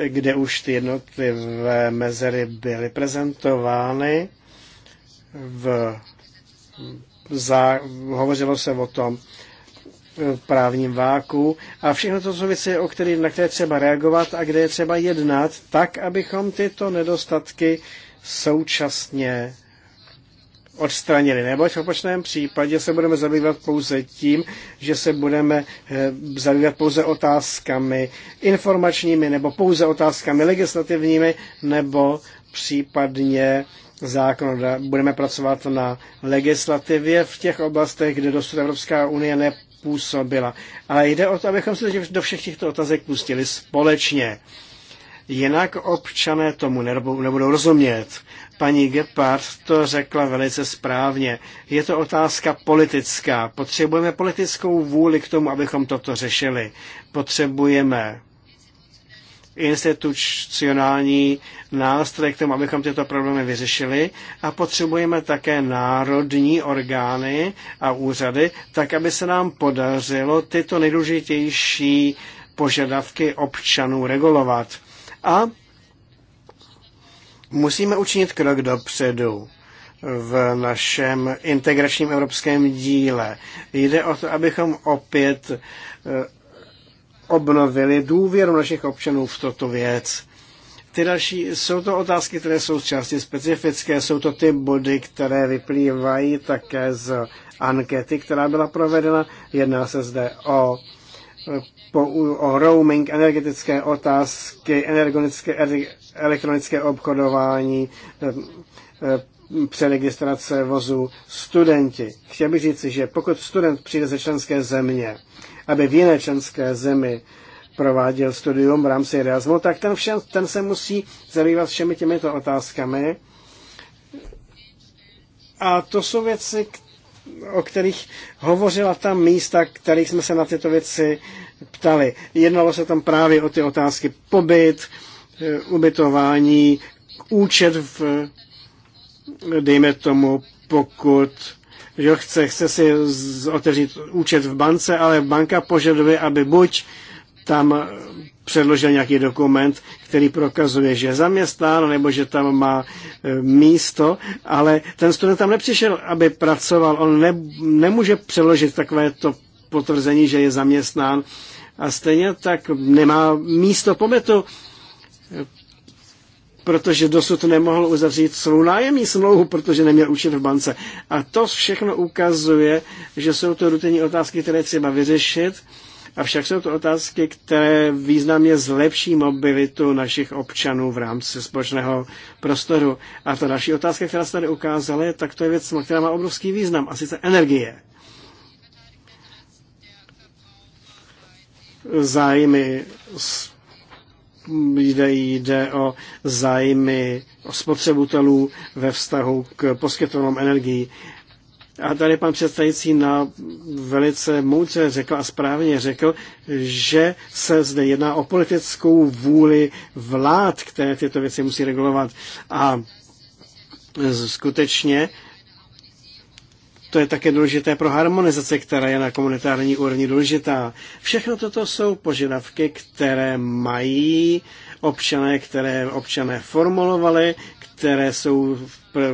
kde už ty jednotlivé mezery byly prezentovány v za, hovořilo se o tom eh, právním váku a všechno to jsou věci, o který, na které třeba reagovat a kde je třeba jednat, tak, abychom tyto nedostatky současně odstranili. Neboť v opačném případě se budeme zabývat pouze tím, že se budeme eh, zabývat pouze otázkami informačními nebo pouze otázkami legislativními nebo případně zákon. Budeme pracovat na legislativě v těch oblastech, kde dosud Evropská unie nepůsobila. Ale jde o to, abychom se do všech těchto otázek pustili společně. Jinak občané tomu nebudou rozumět. Paní Gepard to řekla velice správně. Je to otázka politická. Potřebujeme politickou vůli k tomu, abychom toto řešili. Potřebujeme institucionální nástroj k tomu, abychom tyto problémy vyřešili a potřebujeme také národní orgány a úřady, tak aby se nám podařilo tyto nejdůležitější požadavky občanů regulovat. A musíme učinit krok dopředu v našem integračním evropském díle. Jde o to, abychom opět eh, obnovili důvěru našich občanů v toto věc. Ty další, jsou to otázky, které jsou části specifické, jsou to ty body, které vyplývají také z ankety, která byla provedena. Jedná se zde o, po, o roaming, energetické otázky, energetické, elektronické obchodování, eh, přeregistrace vozů studenti. Chtěl bych říci, že pokud student přijde ze členské země, aby v jiné členské zemi prováděl studium v rámci Erasmu, tak ten, všem, ten se musí zabývat všemi těmito otázkami. A to jsou věci, o kterých hovořila ta místa, kterých jsme se na tyto věci ptali. Jednalo se tam právě o ty otázky pobyt, eh, ubytování, účet v, dejme tomu, pokud že chce, chce si otevřít účet v bance, ale banka požaduje, aby buď tam předložil nějaký dokument, který prokazuje, že je zaměstnán nebo že tam má e, místo, ale ten student tam nepřišel, aby pracoval. On ne, nemůže přeložit takovéto potvrzení, že je zaměstnán a stejně tak nemá místo pobytu protože dosud nemohl uzavřít svou nájemní smlouvu, protože neměl účet v bance. A to všechno ukazuje, že jsou to rutinní otázky, které třeba vyřešit, avšak jsou to otázky, které významně zlepší mobilitu našich občanů v rámci společného prostoru. A ta další otázka, která se tady ukázala, tak to je věc, která má obrovský význam, a sice energie. zájmy jde, jde o zájmy spotřebitelů ve vztahu k poskytovatelům energií. A tady pan představící na velice moudře řekl a správně řekl, že se zde jedná o politickou vůli vlád, které tyto věci musí regulovat. A skutečně to je také důležité pro harmonizaci, která je na komunitární úrovni důležitá. Všechno toto jsou požadavky, které mají občané, které občané formulovali, které jsou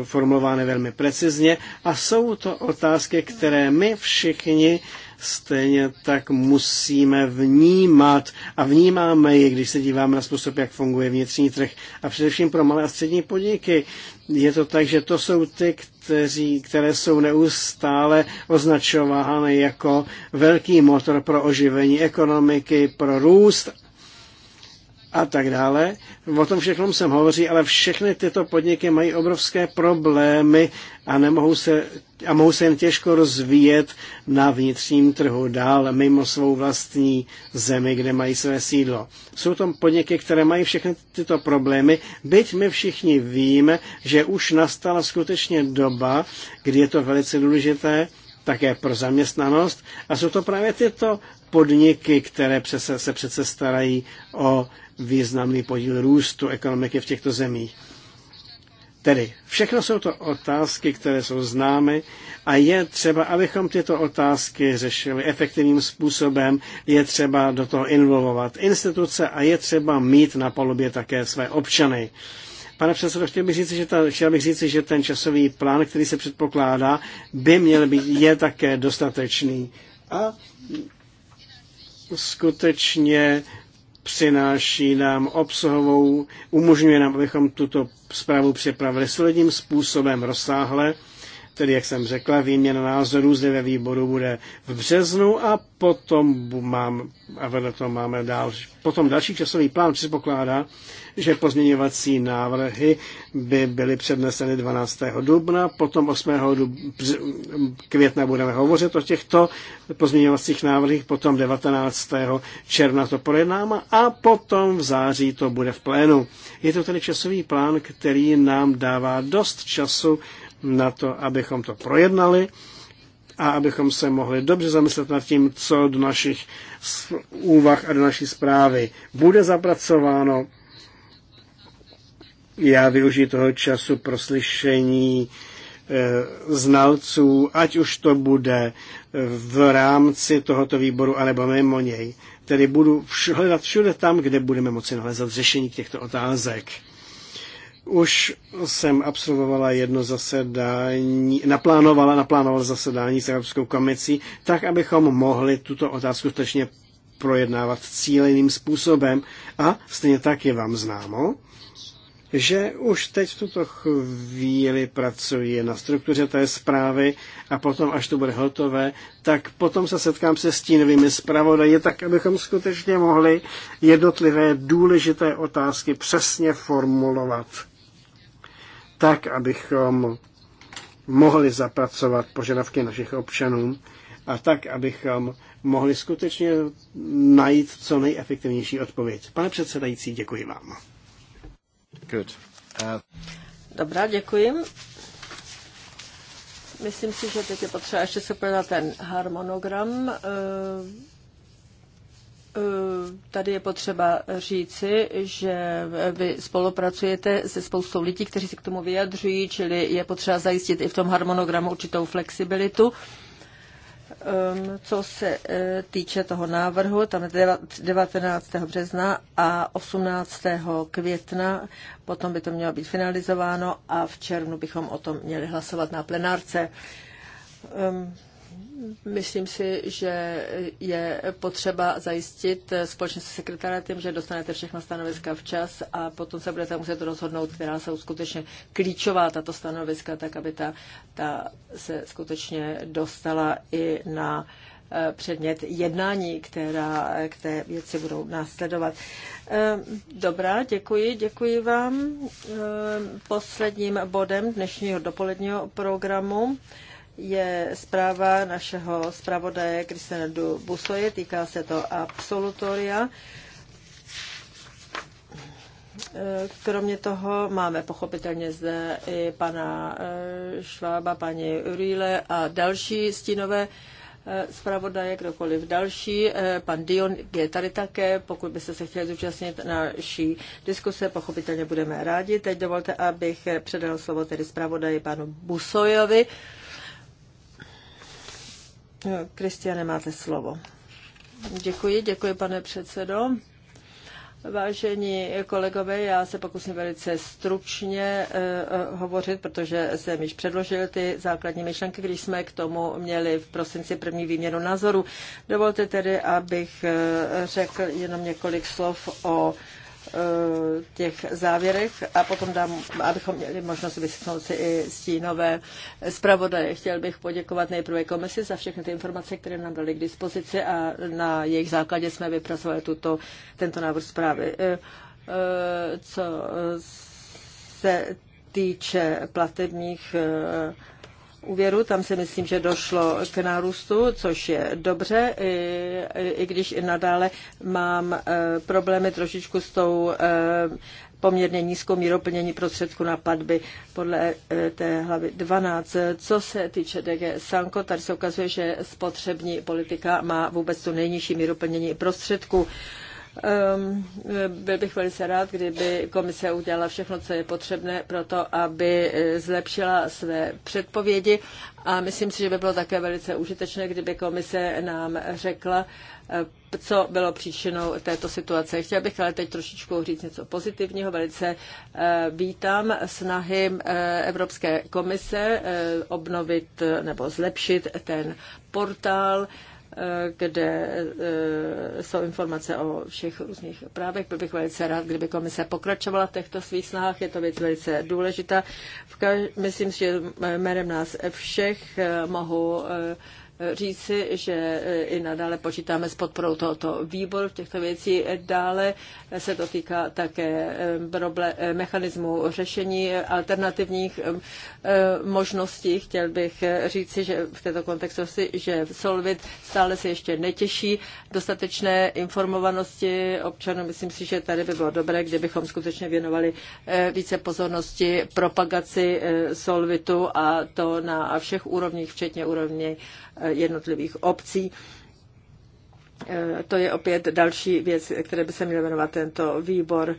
formulovány velmi precizně a jsou to otázky, které my všichni stejně tak musíme vnímat a vnímáme je, když se díváme na způsob, jak funguje vnitřní trh a především pro malé a střední podniky. Je to tak, že to jsou ty, kteří, které jsou neustále označovány jako velký motor pro oživení ekonomiky, pro růst a tak dále. O tom všechnom jsem hovoří, ale všechny tyto podniky mají obrovské problémy a, nemohou se, a mohou se jen těžko rozvíjet na vnitřním trhu dál mimo svou vlastní zemi, kde mají své sídlo. Jsou tam podniky, které mají všechny tyto problémy, byť my všichni víme, že už nastala skutečně doba, kdy je to velice důležité, také pro zaměstnanost. A jsou to právě tyto podniky, které přece, se přece starají o významný podíl růstu ekonomiky v těchto zemích. Tedy všechno jsou to otázky, které jsou známy a je třeba, abychom tyto otázky řešili efektivním způsobem, je třeba do toho involvovat instituce a je třeba mít na palubě také své občany. Pane předsedo, chtěl bych, říct, že ta, chtěl bych říct, že ten časový plán, který se předpokládá, by měl být, je také dostatečný. A skutečně přináší nám obsahovou, umožňuje nám, abychom tuto zprávu připravili solidním způsobem rozsáhle Tedy, jak jsem řekla, výměna názorů zde ve výboru bude v březnu a potom mám, a vedle toho máme dál, potom další časový plán předpokládá, že pozměňovací návrhy by byly předneseny 12. dubna, potom 8. května budeme hovořit o těchto pozměňovacích návrhích, potom 19. června to projednáme a potom v září to bude v plénu. Je to tedy časový plán, který nám dává dost času na to, abychom to projednali a abychom se mohli dobře zamyslet nad tím, co do našich úvah a do naší zprávy bude zapracováno. Já využiju toho času pro slyšení eh, znalců, ať už to bude v rámci tohoto výboru, anebo mimo něj. Tedy budu hledat všude tam, kde budeme moci nalézat řešení těchto otázek. Už jsem absolvovala jedno zasedání, naplánovala, naplánovala zasedání s Evropskou komisí, tak, abychom mohli tuto otázku skutečně projednávat cíleným způsobem. A stejně tak je vám známo, že už teď v tuto chvíli pracuji na struktuře té zprávy a potom, až to bude hotové, tak potom se setkám se stínovými zpravodaji, tak abychom skutečně mohli jednotlivé důležité otázky přesně formulovat tak, abychom mohli zapracovat požadavky našich občanů a tak, abychom mohli skutečně najít co nejefektivnější odpověď. Pane předsedající, děkuji vám. Good. Uh... Dobrá, děkuji. Myslím si, že teď je potřeba ještě se podat ten harmonogram. Uh Eh, tady je potřeba říci, že vy spolupracujete se spoustou lidí, kteří se k tomu vyjadřují, čili je potřeba zajistit i v tom harmonogramu určitou flexibilitu. Ehm, co se eh, týče toho návrhu, tam je 19. března a 18. května, potom by to mělo být finalizováno a v červnu bychom o tom měli hlasovat na plenárce. Ehm, Myslím si, že je potřeba zajistit společně se sekretariatem, že dostanete všechna stanoviska včas a potom se budete muset rozhodnout, která jsou skutečně klíčová tato stanoviska, tak aby ta, ta se skutečně dostala i na eh, předmět jednání, která, té věci budou následovat. Eh, dobrá, děkuji, děkuji vám. Eh, posledním bodem dnešního dopoledního programu je zpráva našeho zpravodaje Kristiana du Busoje, týká se to absolutoria. Kromě toho máme pochopitelně zde i pana eh, Švába, paní Uríle a další stínové eh, zpravodaje, kdokoliv další. Eh, pan Dion je tady také, pokud byste se chtěli zúčastnit naší diskuse, pochopitelně budeme rádi. Teď dovolte, abych předal slovo tedy zpravodaji panu Busojovi. Kristiane, máte slovo. Děkuji, děkuji, pane předsedo. Vážení kolegové, já se pokusím velice stručně uh, hovořit, protože jsem již předložil ty základní myšlenky, když jsme k tomu měli v prosinci první výměnu názoru. Dovolte tedy, abych uh, řekl jenom několik slov o uh, Eh, těch závěrech a potom dám, abychom měli možnost vysvětlit si i stínové zpravodaje. Chtěl bych poděkovat nejprve komisi za všechny ty informace, které nám dali k dispozici a na jejich základě jsme vypracovali tuto, tento návrh zprávy. Eh, eh, co se týče platebních úvěru, tam si myslím, že došlo k nárůstu, což je dobře, i, i když i nadále mám e, problémy trošičku s tou e, poměrně nízkou mírou plnění prostředku na platby podle e, té hlavy 12. Co se týče DG Sanko, tady se ukazuje, že spotřební politika má vůbec tu nejnižší míru plnění prostředku. Byl ehm, e, bych velice rád, kdyby komise udělala všechno, co je potřebné pro to, aby e, zlepšila své předpovědi a myslím si, že by bylo také velice užitečné, kdyby komise nám řekla, e, co bylo příčinou této situace. Chtěla bych ale teď trošičku říct něco pozitivního. Velice vítám snahy Evropské komise obnovit nebo zlepšit ten portál kde eh, jsou informace o všech různých právech. Byl bych velice rád, kdyby komise pokračovala v těchto svých snahách. Je to věc velice důležitá. Myslím, že jménem nás všech eh, mohu eh, říci, že eh, i nadále počítáme s podporou tohoto výboru v těchto věcí. Dále se to týká také eh, eh, mechanismu řešení alternativních možností. Chtěl bych říci, že v této kontextu si, že Solvit stále se ještě netěší dostatečné informovanosti občanů. Myslím si, že tady by bylo dobré, kdybychom skutečně věnovali více pozornosti propagaci Solvitu a to na všech úrovních, včetně úrovně jednotlivých obcí. Eh, to je opět další věc, které by se měl věnovat tento výbor.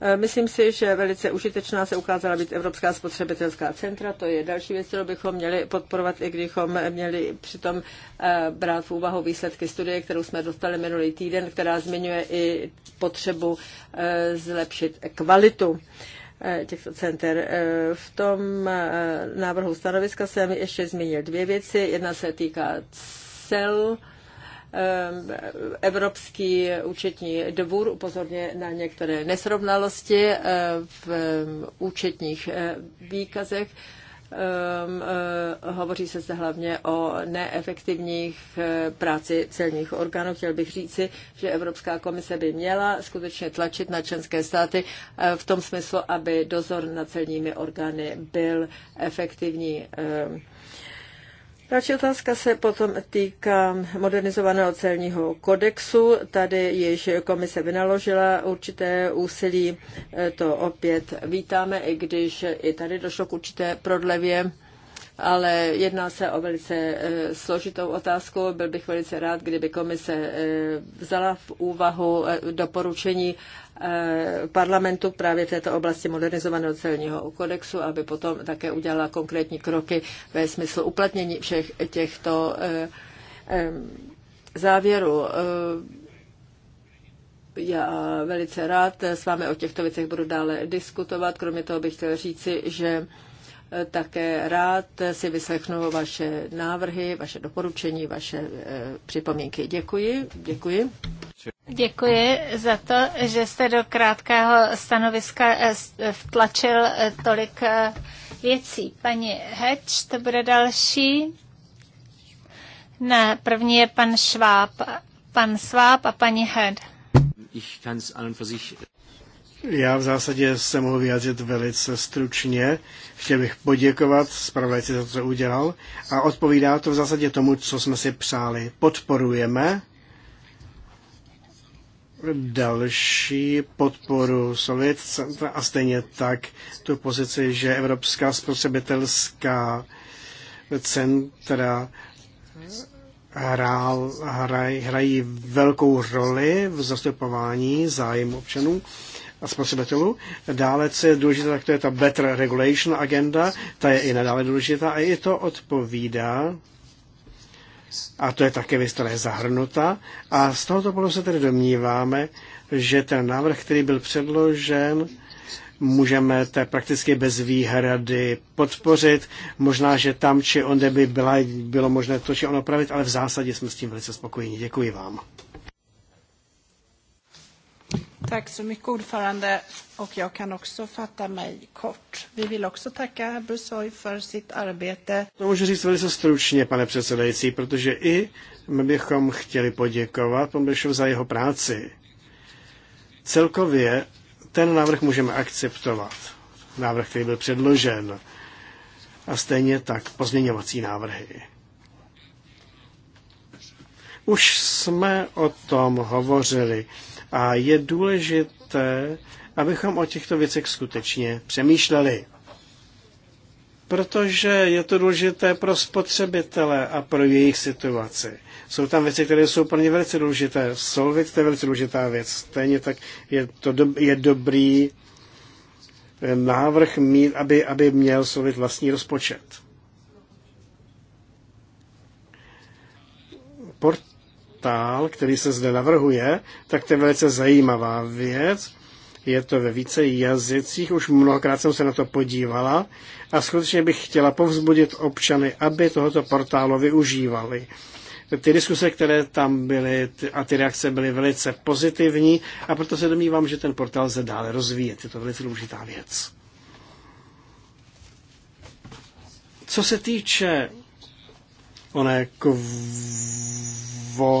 Eh, myslím si, že velice užitečná se ukázala být Evropská spotřebitelská centra. To je další věc, kterou bychom měli podporovat, i kdybychom měli přitom eh, brát v úvahu výsledky studie, kterou jsme dostali minulý týden, která zmiňuje i potřebu zlepšit kvalitu. Eh, těchto center. Eh, v tom eh, návrhu stanoviska jsem ještě zmínil dvě věci. Jedna se týká cel. Evropský účetní dvůr upozorně na některé nesrovnalosti v účetních výkazech. Ehm, eh, hovoří se zde hlavně o neefektivních eh, práci celních orgánů. Chtěl bych říci, že Evropská komise by měla skutečně tlačit na členské státy eh, v tom smyslu, aby dozor nad celními orgány byl efektivní. Ehm, Další otázka se potom týká modernizovaného celního kodexu. Tady již komise vynaložila určité úsilí, e, to opět vítáme, i když i tady došlo k určité prodlevě ale jedná se o velice e, složitou otázku. Byl bych velice rád, kdyby komise e, vzala v úvahu e, doporučení parlamentu právě v této oblasti modernizovaného celního kodexu, aby potom také udělala konkrétní kroky ve smyslu uplatnění všech těchto závěrů. Já velice rád s vámi o těchto věcech budu dále diskutovat. Kromě toho bych chtěl říci, že také rád si vyslechnu vaše návrhy, vaše doporučení, vaše eh, připomínky. Děkuji, děkuji. Děkuji za to, že jste do krátkého stanoviska eh, eh, vtlačil tolik věcí. Paní Heč, to bude další. Ne, první je pan Šváb, pan Sváb a paní Head. Já v zásadě se mohu vyjádřit velice stručně. Chtěl bych poděkovat zpravodajci za to, co udělal. A odpovídá to v zásadě tomu, co jsme si přáli. Podporujeme další podporu Sovět centra a stejně tak tu pozici, že Evropská spotřebitelská centra hrál, hraj, hrají velkou roli v zastupování zájmu občanů a spotřebitelů. Dále, co je důležité, tak to je ta Better Regulation agenda, ta je i nadále důležitá a i to odpovídá a to je také věc, která je zahrnuta. A z tohoto pohledu se tedy domníváme, že ten návrh, který byl předložen, můžeme té prakticky bez výhrady podpořit. Možná, že tam či onde by byla, bylo možné to či ono opravit, ale v zásadě jsme s tím velice spokojeni. Děkuji vám. Tack så mycket ordförande och jag kan också fatta mig kort. Vi vill också tacka för sitt arbete. To můžu říct velice stručně, pane předsedající, protože i my bychom chtěli poděkovat panu Bešov za jeho práci. Celkově ten návrh můžeme akceptovat. Návrh, který byl předložen. A stejně tak pozměňovací návrhy. Už jsme o tom hovořili. A je důležité, abychom o těchto věcech skutečně přemýšleli. Protože je to důležité pro spotřebitele a pro jejich situaci. Jsou tam věci, které jsou pro ně velice důležité. Solvit to je velice důležitá věc. Stejně tak je, to do, je dobrý eh, návrh mít, aby, aby měl Solvit vlastní rozpočet. portál, který se zde navrhuje, tak to je velice zajímavá věc. Je to ve více jazycích, už mnohokrát jsem se na to podívala a skutečně bych chtěla povzbudit občany, aby tohoto portálu využívali. Ty diskuse, které tam byly a ty reakce byly velice pozitivní a proto se domnívám, že ten portál se dále rozvíjet. Je to velice důležitá věc. Co se týče oné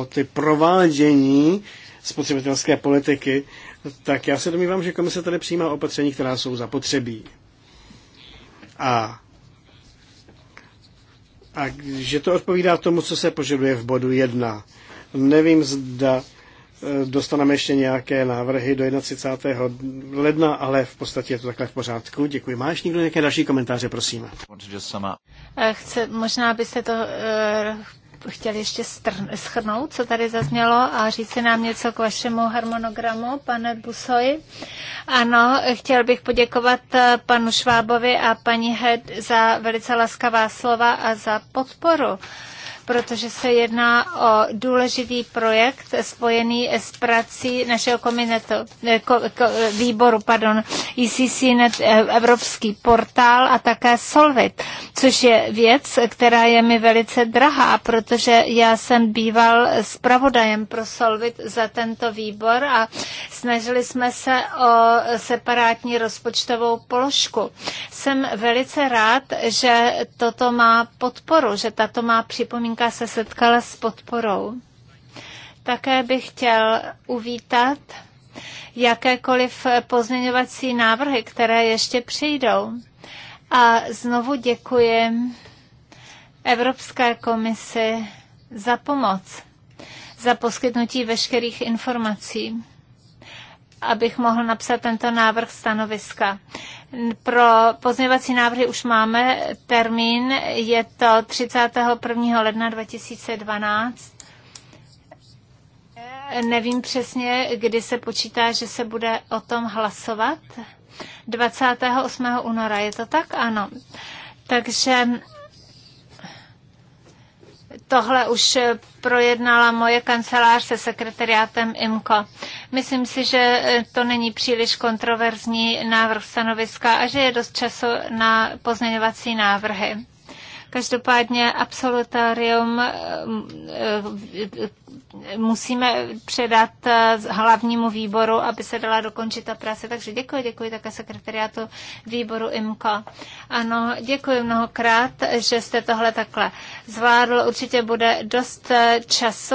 ty provádění spotřebitelské politiky, tak já se domnívám, že komise tady přijímá opatření, která jsou zapotřebí. A, a že to odpovídá tomu, co se požaduje v bodu 1. Nevím, zda Eh, dostaneme ještě nějaké návrhy do 31. ledna, ale v podstatě je to takhle v pořádku. Děkuji. Máš někdo nějaké další komentáře, prosím? Eh, chce, možná byste to uh, chtěli ještě schrnout, co tady zaznělo a říct si nám něco k vašemu harmonogramu, pane Busoji. Ano, chtěl bych poděkovat panu Švábovi a paní Hed za velice laskavá slova a za podporu. Uh, protože se jedná o důležitý projekt spojený s prací našeho kominetu, eh, ko, ko, výboru pardon, ECC net, eh, Evropský portál a také Solvit, což je věc, která je mi velice drahá, protože já jsem býval zpravodajem pro Solvit za tento výbor a snažili jsme se o separátní rozpočtovou položku. Jsem velice rád, že toto má podporu, že tato má připomínku myšlenka se setkala s podporou. Také bych chtěl uvítat jakékoliv pozměňovací návrhy, které ještě přijdou. A znovu děkuji Evropské komisi za pomoc, za poskytnutí veškerých informací, abych mohl napsat tento návrh stanoviska. Pro pozměvací návrhy už máme termín, je to 31. ledna 2012. Nevím přesně, kdy se počítá, že se bude o tom hlasovat. 28. února, je to tak? Ano. Takže Tohle už projednala moje kancelář se sekretariátem IMCO. Myslím si, že e, to není příliš kontroverzní návrh stanoviska a že je dost času na pozměňovací návrhy. Každopádně absolutárium eh, musíme předat eh, hlavnímu výboru, aby se dala dokončit ta práce. Takže děkuji, děkuji také sekretariátu výboru IMKO. Ano, děkuji mnohokrát, že jste tohle takhle zvládl. Určitě bude dost eh, času,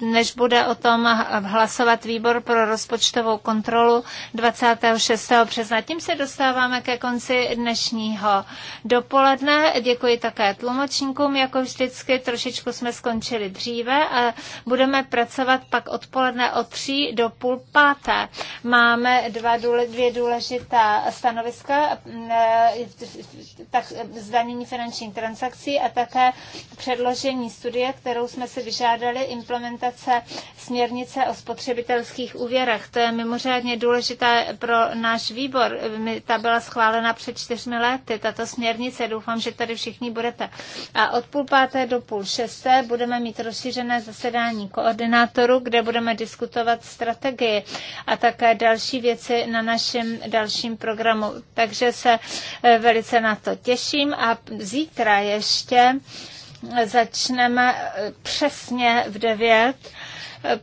než bude o tom hlasovat výbor pro rozpočtovou kontrolu 26. března. Tím se dostáváme ke konci dnešního dopoledne. Děkuji také tlumočníkům, jako vždycky trošičku jsme skončili dříve a budeme pracovat pak odpoledne od tří do půl páté. Máme dva, dvě důležitá stanoviska, e, tak zdanění finančních transakcí a také předložení studie, kterou jsme si vyžádali, implementace směrnice o spotřebitelských úvěrech. To je mimořádně důležité pro náš výbor. Ta byla schválena před čtyřmi lety, tato směrnice. Doufám, že tady všichni bude, chcete. A od půl páté do půl šesté budeme mít rozšířené zasedání koordinátorů, kde budeme diskutovat strategii a také další věci na našem dalším programu. Takže se eh, velice na to těším a zítra ještě začneme eh, přesně v devět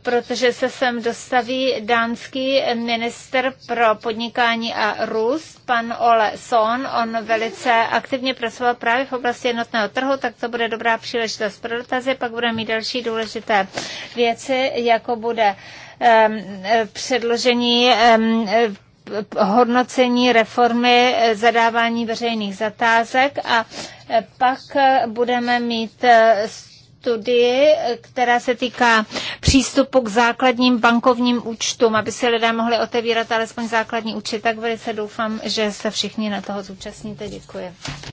protože se sem dostaví dánský minister pro podnikání a růst, pan Ole Son. On velice aktivně pracoval právě v oblasti jednotného trhu, tak to bude dobrá příležitost pro dotazy. Pak budeme mít další důležité věci, jako bude um, předložení um, hodnocení reformy zadávání veřejných zatázek a pak budeme mít studii, která se týká přístupu k základním bankovním účtům, aby si lidé mohli otevírat alespoň základní účty, tak velice doufám, že se všichni na toho zúčastníte. Děkuji.